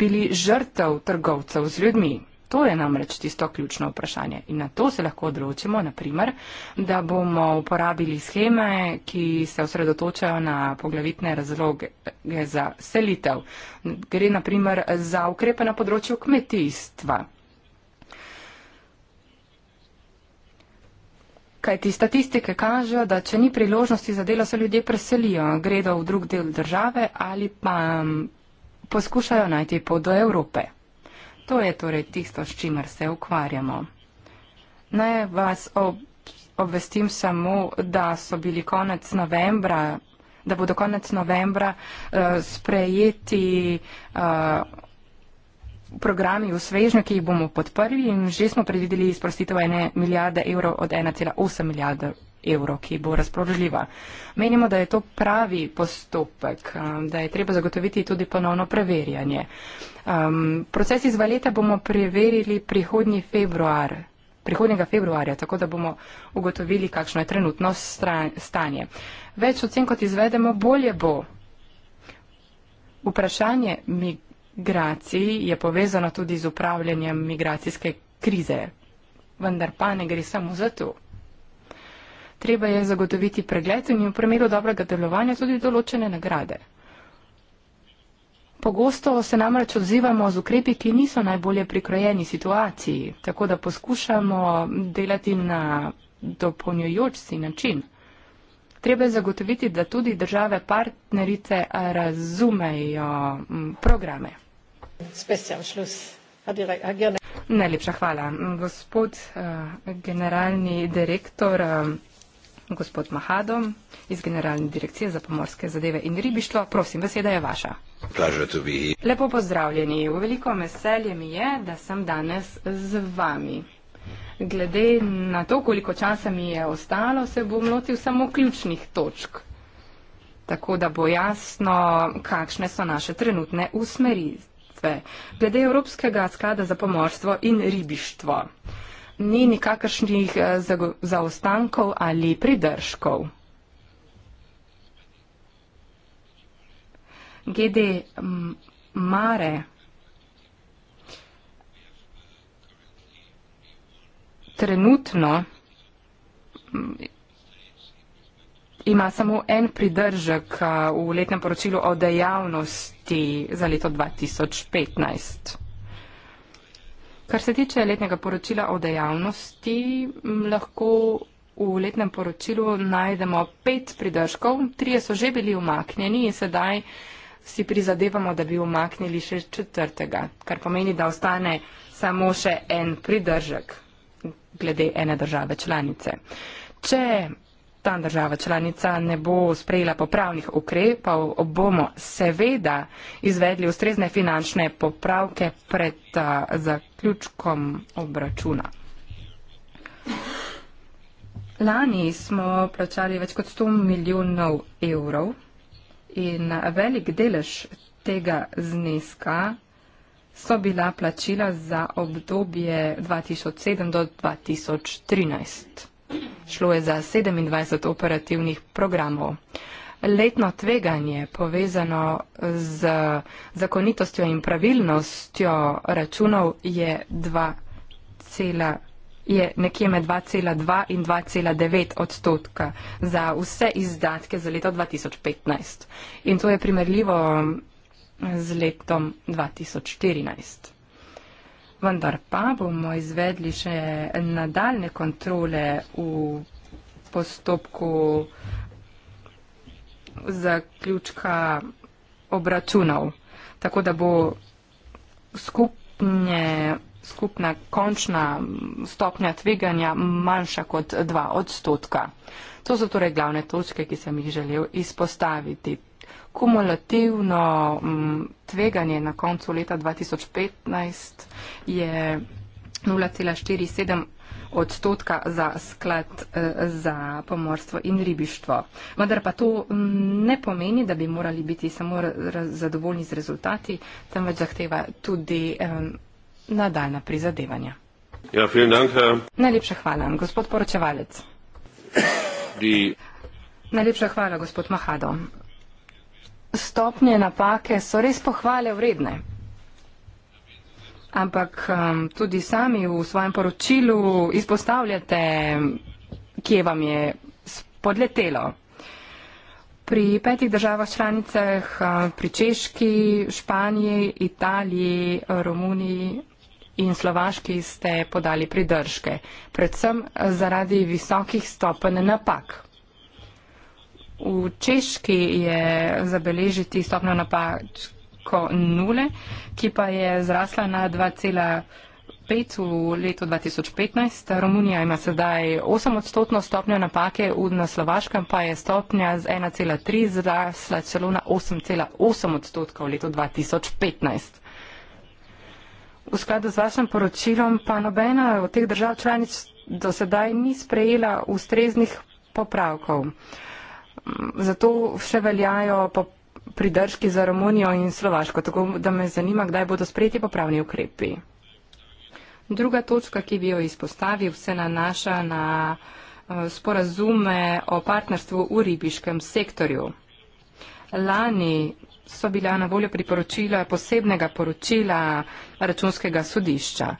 bili žrtev trgovcev z ljudmi. To je namreč tisto ključno vprašanje in na to se lahko odločimo, naprimer, da bomo uporabili scheme, ki se osredotočajo na poglavitne razloge za selitev. Gre naprimer za ukrepe na področju kmetijstva. kajti statistike kažejo, da če ni priložnosti za delo, se ljudje preselijo, gredo v drug del države ali pa um, poskušajo najti pot do Evrope. To je torej tisto, s čimer se ukvarjamo. Naj vas ob, obvestim samo, da so bili konec novembra, da bodo konec novembra uh, sprejeti. Uh, programi v svežnju, ki jih bomo podprli in že smo predvideli izprostitev 1 milijarde evrov od 1,8 milijarde evrov, ki bo razpoložljiva. Menimo, da je to pravi postopek, um, da je treba zagotoviti tudi ponovno preverjanje. Um, proces izvaleta bomo preverili prihodnji februar, prihodnjega februarja, tako da bomo ugotovili, kakšno je trenutno stran, stanje. Več ocen, kot izvedemo, bolje bo. Vprašanje mi migracij je povezana tudi z upravljanjem migracijske krize. Vendar pa ne gre samo za to. Treba je zagotoviti pregled in v primeru dobrega delovanja tudi določene nagrade. Pogosto se namreč odzivamo z ukrepi, ki niso najbolje prikrojeni situaciji, tako da poskušamo delati na dopolnjujoč si način. Treba je zagotoviti, da tudi države partnerice razumejo programe. Najlepša hvala. Gospod uh, generalni direktor, uh, gospod Mahado iz Generalne direkcije za pomorske zadeve in ribištvo, prosim, beseda je vaša. Lepo pozdravljeni. V veliko veselje mi je, da sem danes z vami. Glede na to, koliko časa mi je ostalo, se bom lotil samo ključnih točk, tako da bo jasno, kakšne so naše trenutne usmeritve rešitve glede Evropskega sklada za pomorstvo in ribištvo. Ni nikakršnih eh, zaostankov ali pridržkov. Gede Mare trenutno ima samo en pridržek v letnem poročilu o dejavnosti za leto 2015. Kar se tiče letnega poročila o dejavnosti, lahko v letnem poročilu najdemo pet pridržkov, trije so že bili umaknjeni in sedaj si prizadevamo, da bi umaknili še četrtega, kar pomeni, da ostane samo še en pridržek glede ene države članice. Če ta država članica ne bo sprejela popravnih ukrepov, bomo seveda izvedli ustrezne finančne popravke pred uh, zaključkom obračuna. Lani smo plačali več kot 100 milijonov evrov in velik delež tega zneska so bila plačila za obdobje 2007 do 2013. Šlo je za 27 operativnih programov. Letno tveganje povezano z zakonitostjo in pravilnostjo računov je, 2, je nekje med 2,2 in 2,9 odstotka za vse izdatke za leto 2015. In to je primerljivo z letom 2014 vendar pa bomo izvedli še nadaljne kontrole v postopku zaključka obračunov. Tako da bo skupnje, skupna končna stopnja tveganja manjša kot 2 odstotka. To so torej glavne točke, ki sem jih želel izpostaviti kumulativno m, mm, tveganje na koncu leta 2015 je 0,47 odstotka za sklad eh, za pomorstvo in ribištvo. Vendar pa to mm, ne pomeni, da bi morali biti samo zadovoljni z rezultati, temveč zahteva tudi eh, nadaljna prizadevanja. Ja, dank, uh... Najlepša hvala, gospod poročevalec. Die... Najlepša hvala, gospod Mahado stopnje napake so res pohvale vredne. Ampak um, tudi sami v svojem poročilu izpostavljate, kje vam je spodletelo. Pri petih državah članicah, uh, pri Češki, Španiji, Italiji, Romuniji in Slovaški ste podali pridržke, predvsem zaradi visokih stopenj napak. V Češki je zabeležiti stopno napačko nule, ki pa je zrasla na 2,5 v letu 2015. Romunija ima sedaj 8 odstotno stopnjo napake, na Slovaškem pa je stopnja z 1,3 zrasla celo na 8,8 odstotka v letu 2015. V skladu z vašim poročilom pa nobena od teh držav članic do sedaj ni sprejela ustreznih popravkov. Uh, zato še veljajo pridržki za Romunijo in Slovaško. Tako da me zanima, kdaj bodo sprejeti popravni ukrepi. Druga točka, ki bi jo izpostavil, se nanaša na eh, sporazume o partnerstvu v ribiškem sektorju. Lani so bila na voljo priporočila posebnega poročila računskega sodišča.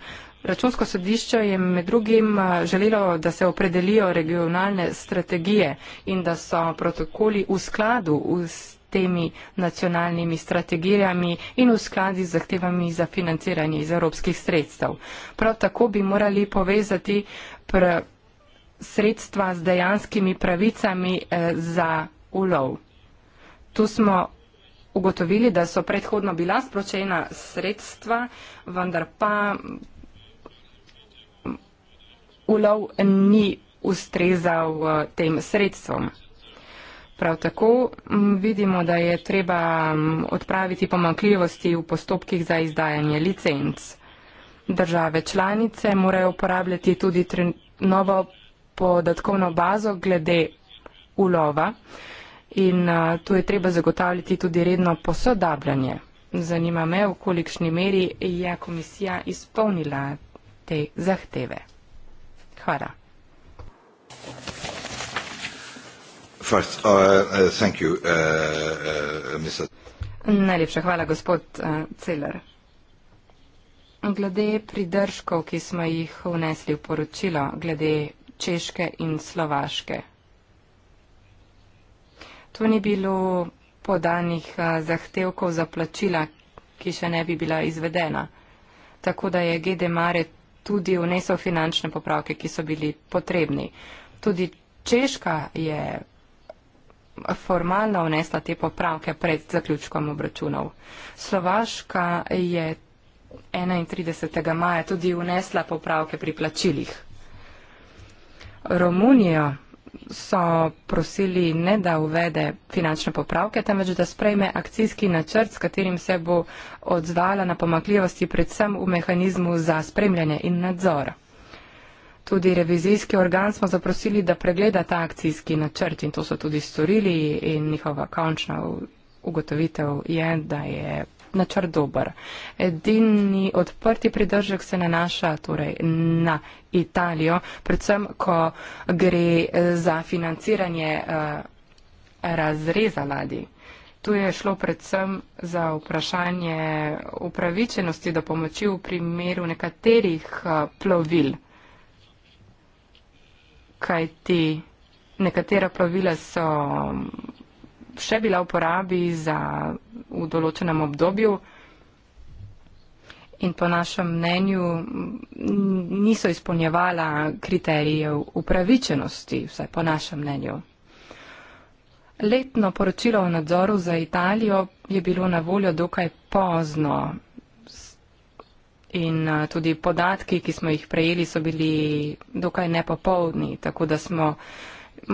Računsko sodišče je med drugim eh, želelo, da se opredelijo regionalne strategije in da so protokoli v skladu s temi nacionalnimi strategijami in v skladi z zahtevami za financiranje iz evropskih sredstev. Prav tako bi morali povezati pr sredstva z dejanskimi pravicami eh, za ulov. Tu smo ugotovili, da so predhodno bila spročena sredstva, vendar pa ulov ni ustrezal eh, tem sredstvom. Prav tako vidimo, da je treba odpraviti pomankljivosti v postopkih za izdajanje licenc. Države članice morajo uporabljati tudi novo podatkovno bazo glede ulova in eh, tu je treba zagotavljati tudi redno posodabljanje. Zanima me, v kolikšni meri je komisija izpolnila te zahteve. Hvala. First, uh, uh, thank you, uh, uh, Najlepša hvala, gospod uh, Celer. Glede pridržkov, ki smo jih vnesli v poročilo, glede češke in slovaške. To ni bilo podanih uh, zahtevkov za plačila, ki še ne bi bila izvedena. Tako da je GD Maret tudi vnesel finančne popravke, ki so bili potrebni. Tudi Češka je formalno vnesla te popravke pred zaključkom obračunov. Slovaška je 31. maja tudi vnesla popravke pri plačilih. Romunijo so prosili ne da uvede finančne popravke, temveč da sprejme akcijski načrt, s katerim se bo odzvala na pomakljivosti predvsem v mehanizmu za spremljanje in nadzor. Tudi revizijski organ smo zaprosili, da pregleda ta akcijski načrt in to so tudi storili in njihova končna ugotovitev je, da je načrt dober. Edini odprti pridržek se nanaša torej na Italijo, predvsem, ko gre eh, za financiranje eh, razreza ladi. Tu je šlo predvsem za vprašanje upravičenosti do pomoči v primeru nekaterih eh, plovil, kajti nekatera plovila so še bila v uporabi za, v določenem obdobju in po našem mnenju niso izpolnjevala kriterijev upravičenosti, vsaj po našem mnenju. Letno poročilo o nadzoru za Italijo je bilo na voljo dokaj pozno in tudi podatki, ki smo jih prejeli, so bili dokaj nepopolni, tako da smo uh,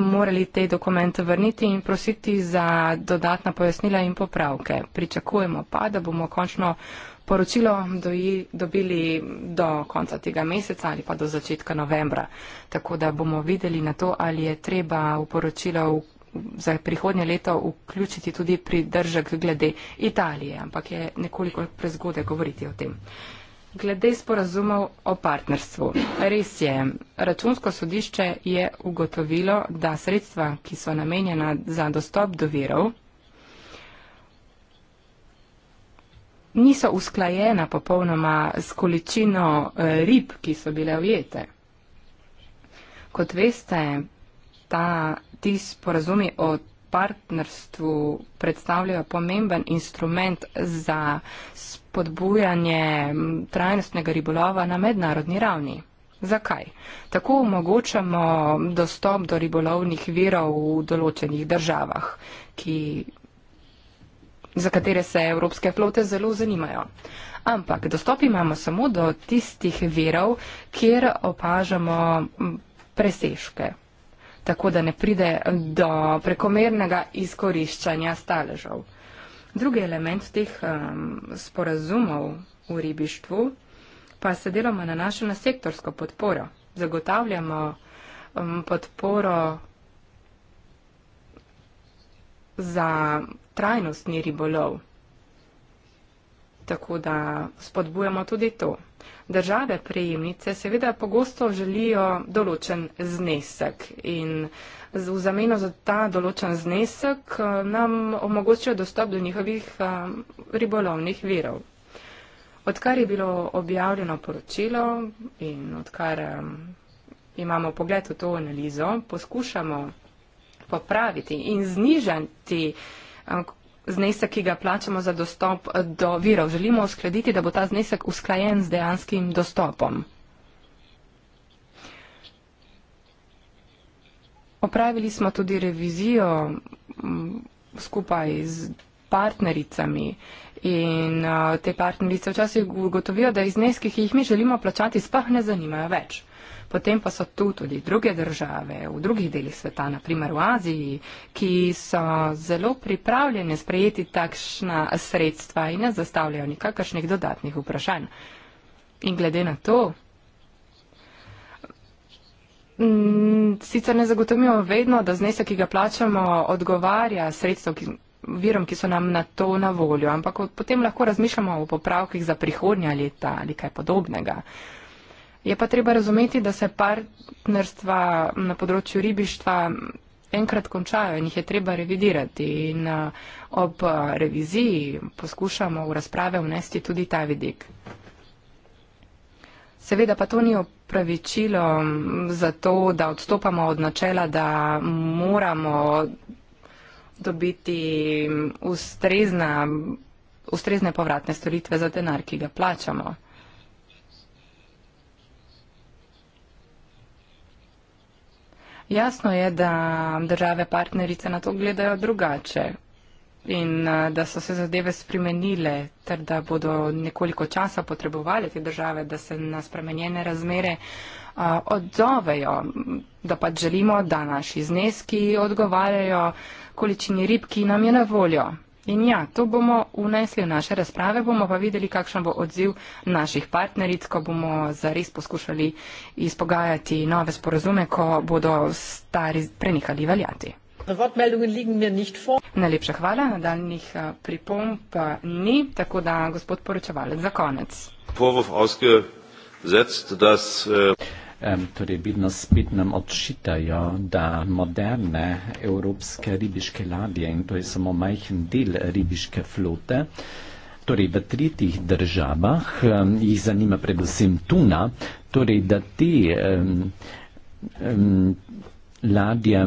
morali te dokumente vrniti in prositi za dodatna pojasnila in popravke. Pričakujemo pa, da bomo končno poročilo doji, dobili do konca tega meseca ali pa do začetka novembra. Tako da bomo videli na to, ali je treba v poročilo v, za prihodnje leto vključiti tudi pridržek glede Italije, ampak je nekoliko prezgode govoriti o tem glede sporazumov o partnerstvu. Res je, računsko sodišče je ugotovilo, da sredstva, ki so namenjena za dostop do virov, niso usklajena popolnoma s količino eh, rib, ki so bile ujete. Kot veste, ta, ti sporazumi o partnerstvu predstavljajo pomemben instrument za spodbujanje trajnostnega ribolova na mednarodni ravni. Zakaj? Tako omogočamo dostop do ribolovnih virov v določenih državah, ki, za katere se evropske flote zelo zanimajo. Ampak dostop imamo samo do tistih virov, kjer opažamo presežke tako da ne pride do prekomernega izkoriščanja staležev. Drugi element teh um, sporazumov v ribištvu pa se deloma nanaša na sektorsko podporo. Zagotavljamo um, podporo za trajnostni ribolov. Tako da spodbujamo tudi to. Države prejemnice seveda pogosto želijo določen znesek in v zameno za ta določen znesek eh, nam omogočijo dostop do njihovih eh, ribolovnih virov. Odkar je bilo objavljeno poročilo in odkar eh, imamo pogled v to analizo, poskušamo popraviti in znižati znesek, ki ga plačamo za dostop do virov. Želimo uskladiti, da bo ta znesek usklajen z dejanskim dostopom. Opravili smo tudi revizijo mm, skupaj z partnericami in te partnerice včasih ugotovijo, da izneski, ki jih mi želimo plačati, spah ne zanimajo več. Potem pa so tu tudi druge države, v drugih delih sveta, naprimer v Aziji, ki so zelo pripravljene sprejeti takšna sredstva in ne zastavljajo nikakršnih dodatnih vprašanj. In glede na to, mm, sicer ne zagotovimo vedno, da znesek, ki ga plačamo, odgovarja sredstvom, ki virom, ki so nam na to na voljo, ampak potem lahko razmišljamo o popravkih za prihodnja leta ali kaj podobnega. Uh, Je pa treba razumeti, da se partnerstva na področju ribištva enkrat končajo in jih je treba revidirati. In eh, ob eh, reviziji poskušamo v razprave vnesti tudi ta vidik. Seveda pa to ni opravičilo za to, da odstopamo od načela, da moramo dobiti ustrezna, ustrezne povratne storitve za denar, ki ga plačamo. Jasno je, da države partnerice na to gledajo drugače in eh, da so se zadeve spremenile ter da bodo nekoliko časa potrebovali te države, da se na spremenjene razmere eh, odzovejo, da pa želimo, da naši zneski odgovarjajo količini rib, ki nam je na voljo. In ja, to bomo unesli v naše razprave, bomo pa videli, kakšen bo odziv naših partneric, ko bomo zares poskušali izpogajati nove sporozume, ko bodo stari prenehali veljati. Najlepša hvala, nadaljnih eh, pripomb eh, ni, tako da gospod poročevalec za konec torej vidno spet nam odšitajo, da moderne evropske ribiške ladje, in to je samo majhen del ribiške flote, torej v tretjih državah, jih zanima predvsem tuna, torej da te um, um, ladje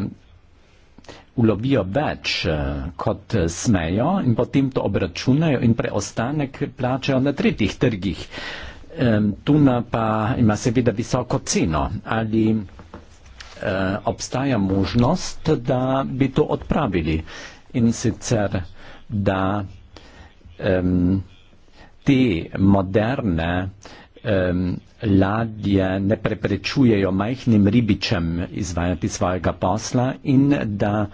ulovijo več, eh, kot eh, smejo in potem to obračunajo in preostanek plačajo na tretjih trgih tuna pa ima seveda visoko ceno. Ali eh, obstaja možnost, da bi to odpravili in sicer, da te moderne ladje ne preprečujejo majhnim ribičem izvajati svojega posla in da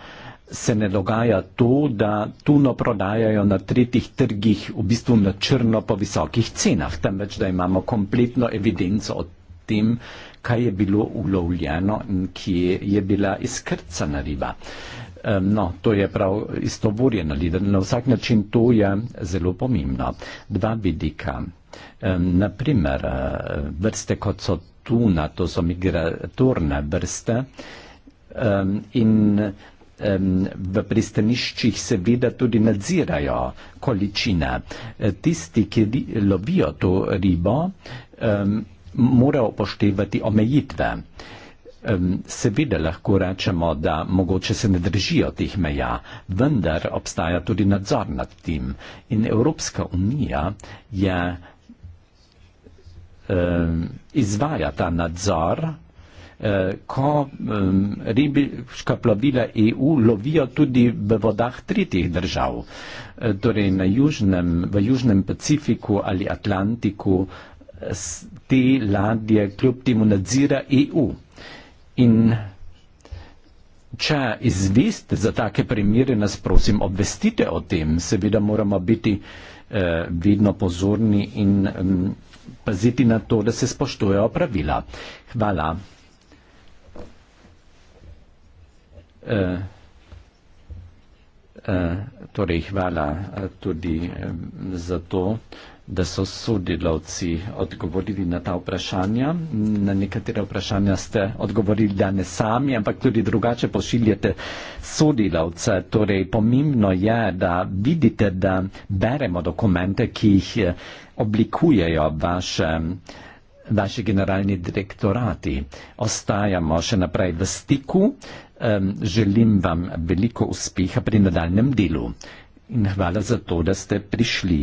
se ne dogaja to, da tuno prodajajo na tretjih trgih v bistvu na črno po visokih cenah, temveč da imamo kompletno evidenco o tem, kaj je bilo ulovljeno in kje je bila izkrcana riba. No, to je prav isto burjeno, na vsak način to je zelo pomembno. Dva vidika, naprimer eh, vrste kot so tuna, to so migratorne vrste in v pristaniščih seveda tudi nadzirajo količine. E, tisti, ki lovijo to ribo, morajo upoštevati omejitve. Seveda lahko rečemo, da mogoče se ne držijo teh meja, vendar obstaja tudi nadzor nad tem. In Evropska unija je izvaja ta nadzor Eh, ko ribiška plovila EU lovijo tudi v vodah tretjih držav, eh, torej na južnem, v južnem Pacifiku ali Atlantiku, te ladje kljub temu nadzira EU. In če izvest za take primere nas prosim obvestite o tem, seveda moramo biti eh, vedno pozorni in eh, paziti na to, da se spoštujejo pravila. Hvala. Eh, eh, torej hvala eh, tudi za to, da so sodelavci odgovorili na ta vprašanja. Na nekatere vprašanja ste odgovorili danes sami, ampak tudi drugače pošiljate sodelavce. Torej, pomembno je, da vidite, da beremo dokumente, ki jih oblikujejo vaše vaši generalni direktorati. Ostajamo še naprej v stiku. Želim vam veliko uspeha pri nadaljem delu in hvala za to, da ste prišli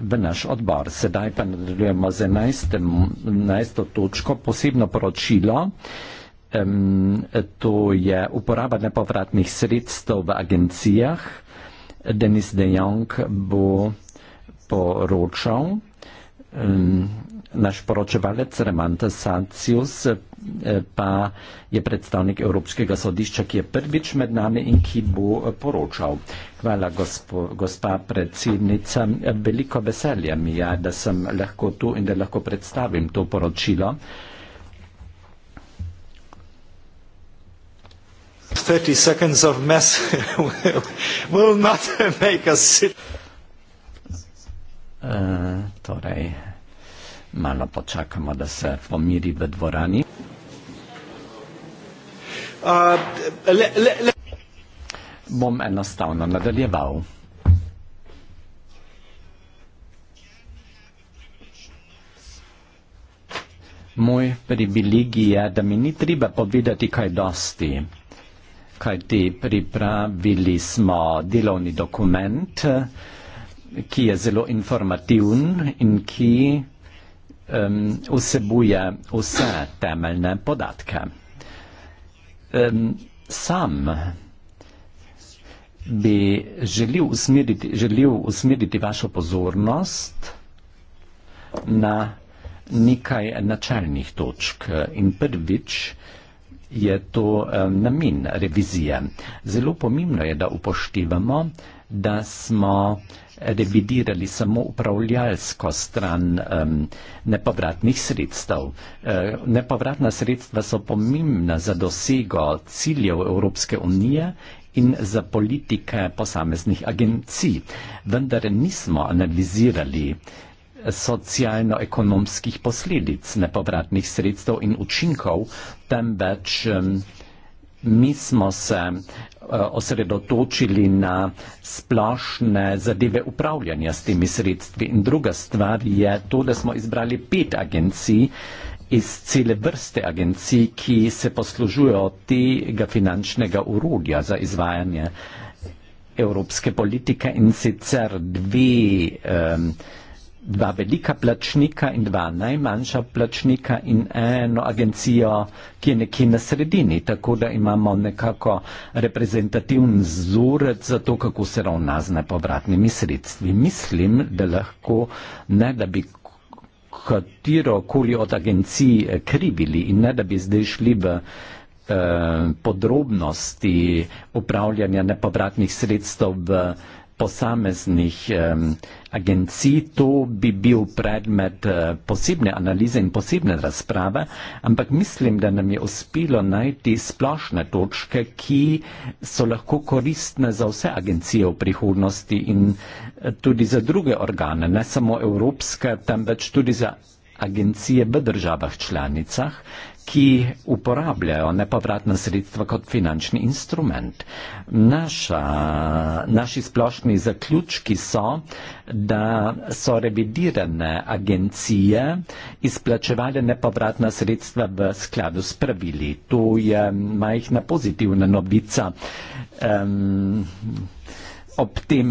v naš odbor. Sedaj pa nadaljujemo z 11. 11. točko, posebno poročilo. Um, to je uporaba nepovratnih sredstev v agencijah. Denis De Jong bo poročal. Um, naš poročevalec Remante Sancius eh, pa je predstavnik Evropskega sodišča, ki je prvič med nami in ki bo eh, poročal. Hvala, gospo, gospa predsednica. Veliko veselje mi je, da sem lahko tu in da lahko predstavim to poročilo. 30 seconds of mess will not make us sit. Uh, torej, malo počakamo, da se pomiri v dvorani. Uh, le, le, le. Bom enostavno nadaljeval. Moj privilegij je, da mi ni treba povedati kaj dosti, kaj ti pripravili smo delovni dokument, ki je zelo informativen in ki um, vsebuje vse temeljne podatke. Um, sam bi želil usmeriti, želil usmeriti vašo pozornost na nekaj načelnih točk. In prvič je to namen revizije. Zelo pomembno je, da upoštevamo, da smo revidirali samo upravljalsko stran um, nepovratnih sredstev. Uh, nepovratna sredstva so pomembna za dosego ciljev Evropske unije in za politike posameznih agencij, vendar nismo analizirali socialno-ekonomskih posledic nepovratnih sredstev in učinkov, temveč um, mi smo se Eh, osredotočili na splošne zadeve upravljanja s temi sredstvi. In druga stvar je to, da smo izbrali pet agencij iz cele vrste agencij, ki se poslužujejo tega finančnega urodja za izvajanje evropske politike in sicer dve. Um, dva velika plačnika in dva najmanjša plačnika in eno agencijo, ki je nekje na sredini. Tako da imamo nekako reprezentativen vzorec za to, kako se ravna z nepovratnimi sredstvi. Mislim, da lahko ne, da bi katero koli od agencij eh, krivili in ne, da bi zdaj šli v eh, podrobnosti upravljanja nepovratnih sredstev v posameznih um, agencij, to bi bil predmet uh, posebne analize in posebne razprave, ampak mislim, da nam je uspelo najti splošne točke, ki so lahko koristne za vse agencije v prihodnosti in uh, tudi za druge organe, ne samo evropske, temveč tudi za agencije v državah članicah, ki uporabljajo nepovratna sredstva kot finančni instrument. Naša, naši splošni zaključki so, da so revidirane agencije izplačevali nepovratna sredstva v skladu s pravili. To je majhna pozitivna novica. Um, ob tem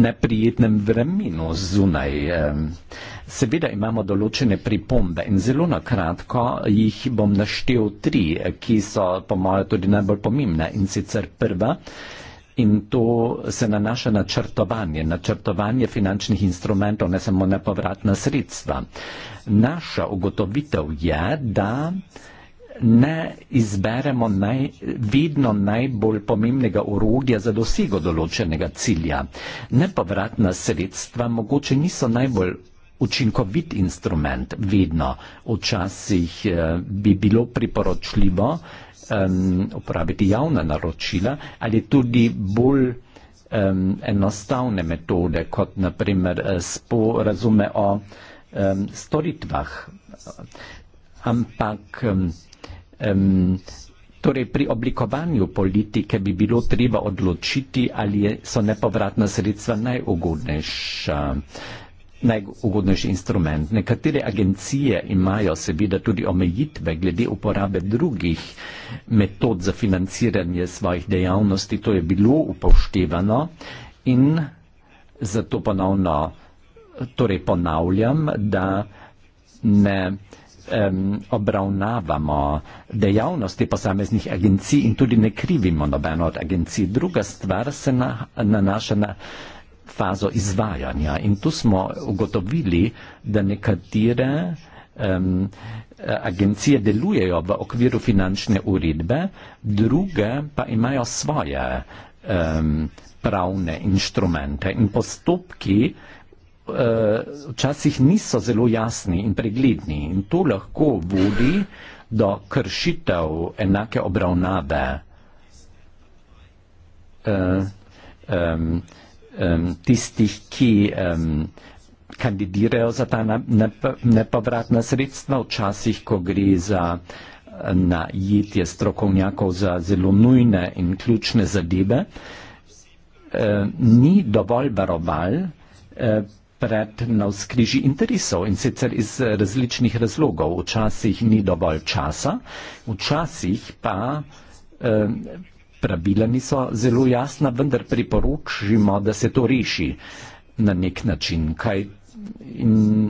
neprijetnem vremenu zunaj. Seveda imamo določene pripombe in zelo na kratko jih bom naštel tri, ki so po mojem tudi najbolj pomembne in sicer prva. In to se nanaša na načrtovanje, načrtovanje finančnih instrumentov, ne samo na povratna sredstva. Naša ugotovitev je, da ne izberemo naj, vidno najbolj pomembnega urodja za dosego določenega cilja. Nepovratna sredstva mogoče niso najbolj učinkovit instrument vidno. Včasih eh, bi bilo priporočljivo um, uporabiti javna naročila ali tudi bolj um, enostavne metode, kot naprimer eh, sporazume o um, storitvah. Ampak um, Um, torej pri oblikovanju politike bi bilo treba odločiti, ali so nepovratna sredstva najugodnejša najugodnejši instrument. Nekatere agencije imajo seveda tudi omejitve glede uporabe drugih metod za financiranje svojih dejavnosti, to je bilo upoštevano in zato ponovno torej ponavljam, da ne um, obravnavamo dejavnosti posameznih agencij in tudi ne krivimo nobeno od agencij. Druga stvar se na, nanaša na fazo izvajanja in tu smo ugotovili, da nekatere um, agencije delujejo v okviru finančne uredbe, druge pa imajo svoje um, pravne inštrumente in postopki, Eh, včasih niso zelo jasni in pregledni in to lahko vodi do kršitev enake obravnave. Um, um, tistih, ki um, kandidirajo za ta nepovratna sredstva, včasih, ko gre za najetje strokovnjakov za zelo nujne in ključne zadebe, um, eh, ni dovolj baroval, um, pred navskriži interesov in sicer iz različnih razlogov. Včasih ni dovolj časa, včasih pa pravila niso zelo jasna, vendar priporočimo, da se to reši na nek način. Kaj, in,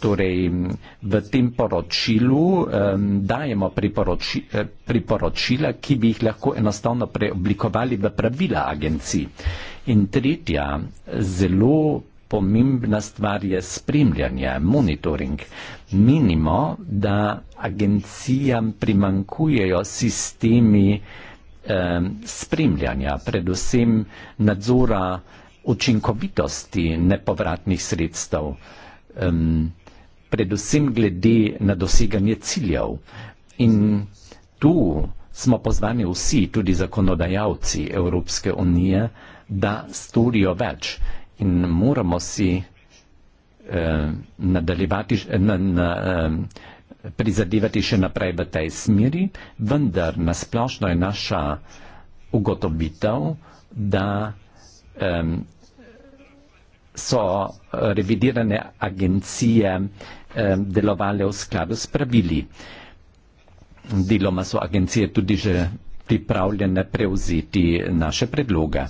torej, v tem poročilu dajemo priporoči, eh, priporočila, ki bi jih lahko enostavno preoblikovali v pravila agencij. In tretja, zelo pomembna stvar je spremljanje, monitoring. Menimo, da agencijam primankujejo sistemi eh, spremljanja, predvsem nadzora učinkovitosti nepovratnih sredstev um, predvsem glede na doseganje ciljev. In tu smo pozvani vsi, tudi zakonodajalci Evropske unije, da storijo več in moramo si um, nadaljevati. Na, na, um, prizadevati še naprej v tej smeri, vendar nasplošno je naša ugotovitev, da um, so eh, revidirane agencije eh, delovale v skladu s pravili. Deloma so agencije tudi že pripravljene prevzeti naše predloge.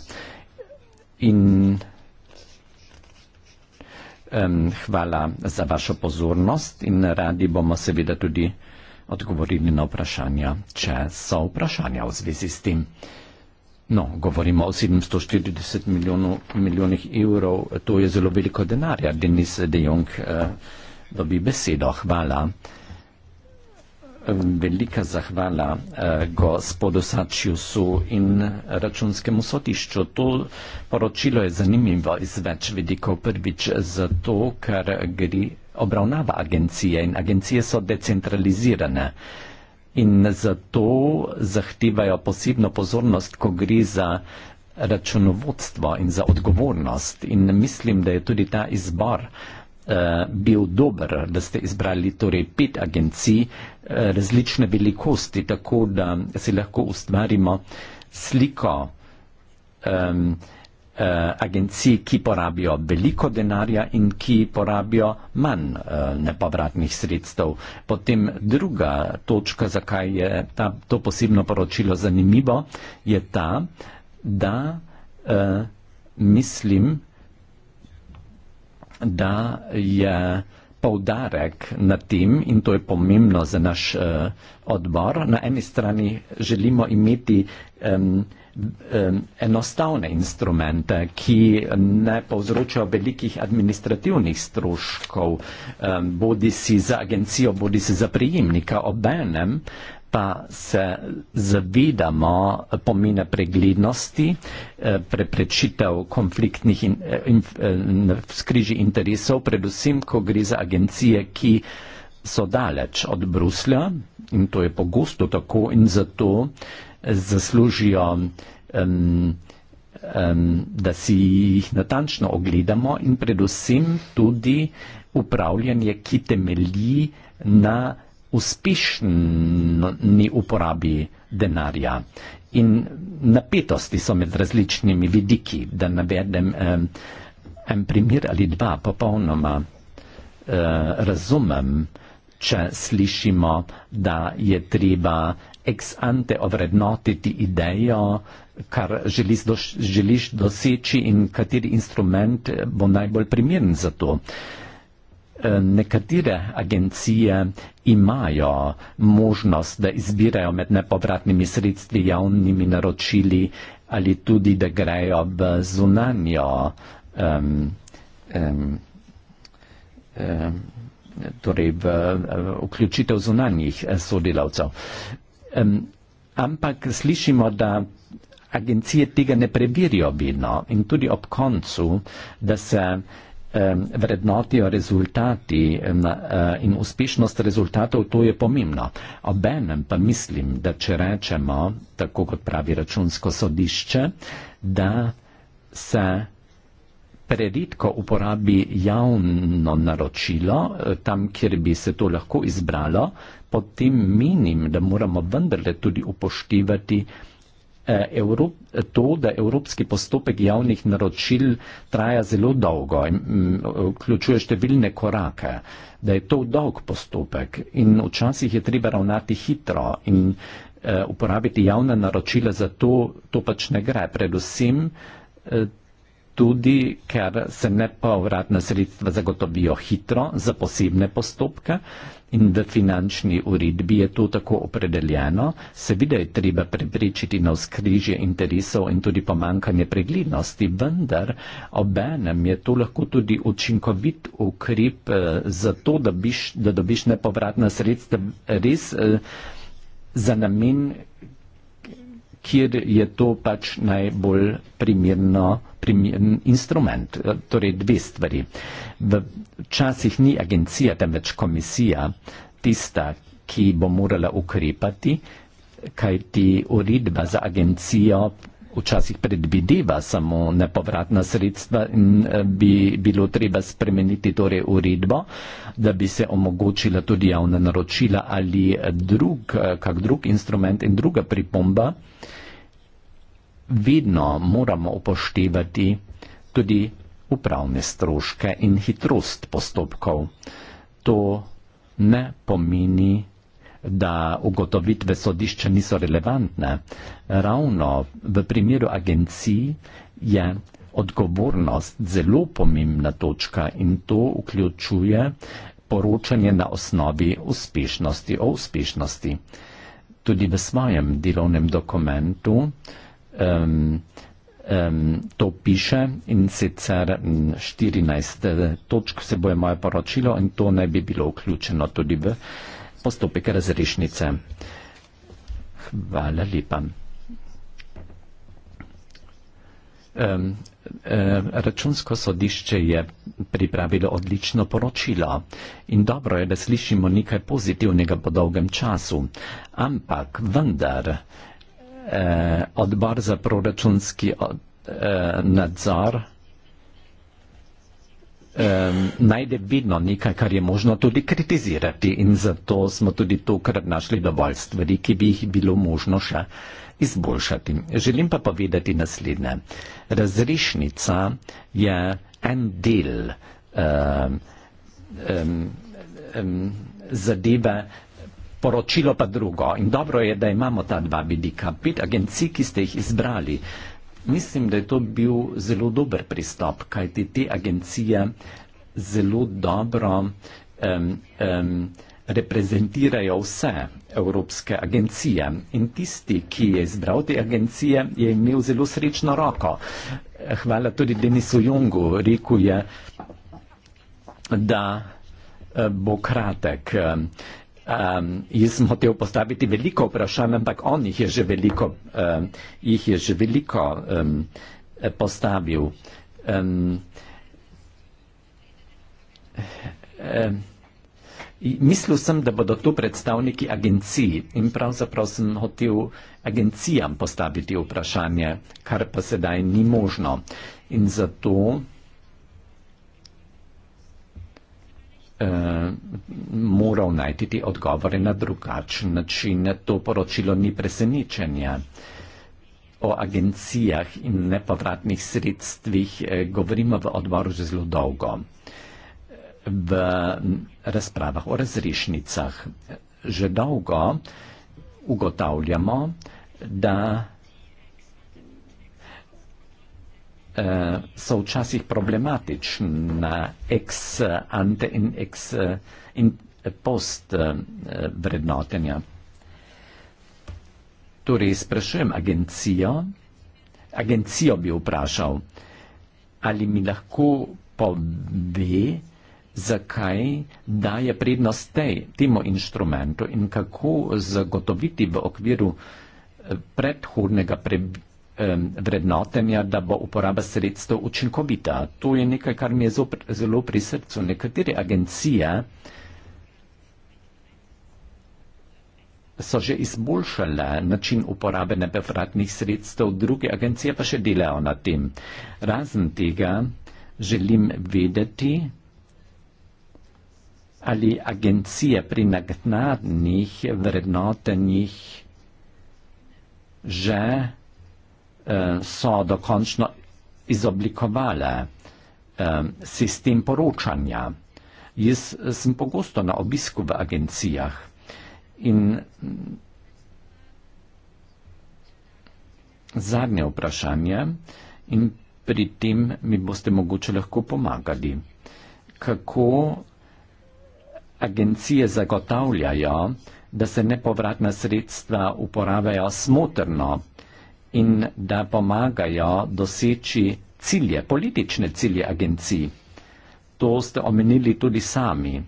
In hvala za vašo pozornost in radi bomo seveda tudi odgovorili na vprašanja, če so vprašanja v zvezi s tem. No, govorimo o 740 milijonov, milijonih evrov, to je zelo veliko denarja. Denis De Jong eh, dobi besedo. Hvala. Velika zahvala eh, gospodu Sačiusu in računskemu sodišču. To poročilo je zanimivo iz več vidikov. Prvič zato, ker gre obravnava agencije in agencije so decentralizirane. Eh, in zato zahtevajo posebno pozornost, ko gre za računovodstvo in za odgovornost. In mislim, da je tudi ta izbor eh, bil dober, da ste izbrali torej pet agencij eh, različne velikosti, tako da si lahko ustvarimo sliko. Um, uh, agencij, ki porabijo veliko denarja in ki porabijo manj uh, nepovratnih sredstev. Potem druga točka, zakaj je ta, to posebno poročilo zanimivo, je ta, da uh, mislim, da je Poudarek na tem, in to je pomembno za naš uh, odbor, na eni strani želimo imeti um, enostavne instrumente, ki ne povzročajo velikih administrativnih stroškov, bodi si za agencijo, bodi si za prijemnika, obenem pa se zavidamo pomene preglednosti, eh, preprečitev konfliktnih in, eh, in, in eh, skriži interesov, predvsem, ko gre za agencije, ki so daleč od Bruslja in to je pogosto tako in zato zaslužijo, um, um, da si jih natančno ogledamo in predvsem tudi upravljanje, ki temelji na uspešni uporabi denarja. In napetosti so med različnimi vidiki, da navedem um, en primer ali dva, popolnoma uh, razumem, če slišimo, da je treba ex ante ovrednotiti idejo, kar želiš, doš, želiš doseči in kateri instrument eh, bo najbolj primeren za to. Eh, nekatere agencije imajo možnost, da izbirajo med nepovratnimi sredstvi javnimi naročili ali tudi, da grejo v zunanjo. Um, um, um, torej v, v eh, vključitev zunanjih sodelavcev. Um, ampak slišimo, da agencije tega ne preverijo vedno in tudi ob koncu, da se um, vrednotijo rezultati um, uh, in uspešnost rezultatov, to je pomembno. Obenem pa mislim, da če rečemo, tako kot pravi računsko sodišče, da se preredko uporabi javno naročilo, eh, tam, kjer bi se to lahko izbralo, potem menim, da moramo vendarle tudi upoštevati eh, to, da evropski postopek javnih naročil traja zelo dolgo in mm, vključuje številne korake, da je to dolg postopek in včasih je treba ravnati hitro in eh, uporabiti javna naročila za to, to pač ne gre. Predvsem tudi, ker se nepovratna sredstva zagotovijo hitro za posebne postopke in v finančni uredbi je to tako opredeljeno, seveda je treba preprečiti na vzkrižje interesov in tudi pomankanje preglednosti, vendar obenem je to lahko tudi učinkovit ukrep eh, za to, da, biš, da dobiš nepovratna sredstva res eh, za namen, kjer je to pač najbolj primirno, primern instrument. Eh, torej dve stvari. Včasih ni agencija, temveč komisija tista, ki bo morala ukrepati, kaj ti uredba za agencijo včasih predvideva samo nepovratna sredstva in eh, bi bilo treba spremeniti torej uredbo, da bi se omogočila tudi javna naročila ali eh, drug, kak drug instrument in druga pripomba. Uh, vedno moramo upoštevati tudi upravne stroške in hitrost postopkov. To ne pomeni, da ugotovitve sodišča niso relevantne. Ravno v primeru agencij je odgovornost zelo pomembna točka in to vključuje poročanje na osnovi uspešnosti o uspešnosti. Tudi v svojem delovnem dokumentu um, um, to piše in sicer 14 e, točk se bo je moje poročilo in to ne bi bilo vključeno tudi v postopek razrešnice. Hvala lepa. Um, um, računsko sodišče je pripravilo odlično poročilo in dobro je, da slišimo nekaj pozitivnega po dolgem času, ampak vendar eh, odbor za proračunski od, eh, nadzor eh, najde vidno nekaj, kar je možno tudi kritizirati in zato smo tudi tokrat našli dovolj stvari, ki bi jih bilo možno še izboljšati. Želim pa povedati naslednje. Razrešnica je en del eh, eh, eh, zadeve, poročilo pa drugo. In dobro je, da imamo ta dva vidika, pet agencij, ki ste jih izbrali. Mislim, da je to bil zelo dober pristop, kajti te agencije zelo dobro um, um, reprezentirajo vse evropske agencije. In tisti, ki je izbral te agencije, je imel zelo srečno roko. Hvala tudi Denisu Jungu, rekel je, da eh, bo kratek. Um, Um, jaz sem hotel postaviti veliko vprašanj, ampak on jih je že veliko, um, jih je že veliko um, postavil. Um, um, mislil sem, da bodo tu predstavniki agencij in pravzaprav sem hotel agencijam postaviti vprašanje, kar pa sedaj ni možno. In zato. Eh, moral najti ti odgovore na drugačen način. To poročilo ni presenečenja. O agencijah in nepovratnih sredstvih eh, govorimo v odboru že zelo dolgo. V razpravah o razrešnicah že dolgo ugotavljamo, da Eh, so včasih problematična ex ante in ex eh, in post eh, vrednotenja. Torej, sprašujem agencijo, agencijo bi vprašal, ali mi lahko pove, zakaj daje prednost tej, temu inštrumentu in kako zagotoviti v okviru predhodnega prebivanja vrednotenja, da bo uporaba sredstev učinkovita. To je nekaj, kar mi je zopet zelo pri srcu. Nekatere agencije so že izboljšale način uporabe nepovratnih sredstev, druge agencije pa še delajo na tem. Razen tega želim vedeti, ali agencije pri nagnadnih vrednotenjih že Eh, so dokončno izoblikovale eh, sistem poročanja. Jaz eh, sem pogosto na obisku v agencijah in zadnje vprašanje in pri tem mi boste mogoče lahko pomagali. Kako agencije zagotavljajo, da se nepovratna sredstva uporabljajo smotrno, in da pomagajo doseči cilje, politične cilje agencij. To ste omenili tudi sami.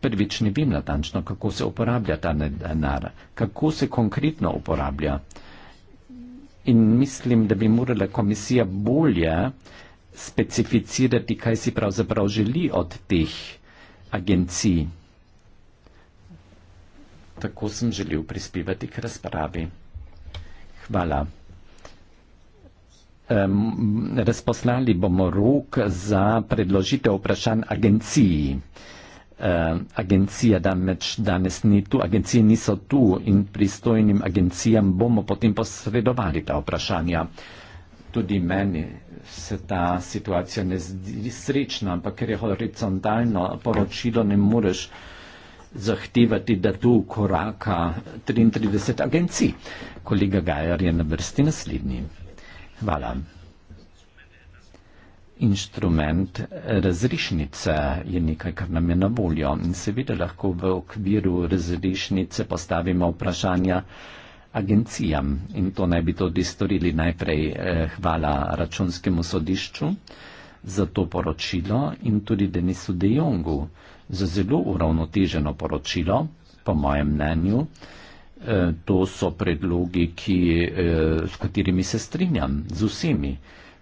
Prvič ne vem natančno, kako se uporablja ta denar, kako se konkretno uporablja. In mislim, da bi morala komisija bolje specificirati, kaj si pravzaprav želi od teh agencij. Tako sem želel prispevati k razpravi. Hvala razposlali bomo rok za predložitev vprašanj agenciji. Agencija namreč danes ni tu, agencije niso tu in pristojnim agencijam bomo potem posredovali ta vprašanja. Tudi meni se ta situacija ne zdi srečna, ampak ker je horizontalno poročilo, ne moreš zahtevati, da tu koraka 33 agencij. Kolega Gajar je na vrsti naslednji. Hvala. Inštrument razrišnice je nekaj, kar nam je na voljo in seveda lahko v okviru razrišnice postavimo vprašanja agencijam in to naj bi tudi storili najprej. Eh, hvala računskemu sodišču za to poročilo in tudi Denisu Dejongu za zelo uravnoteženo poročilo, po mojem mnenju. Eh, to so predlogi, ki, eh, s katerimi se strinjam, z vsemi.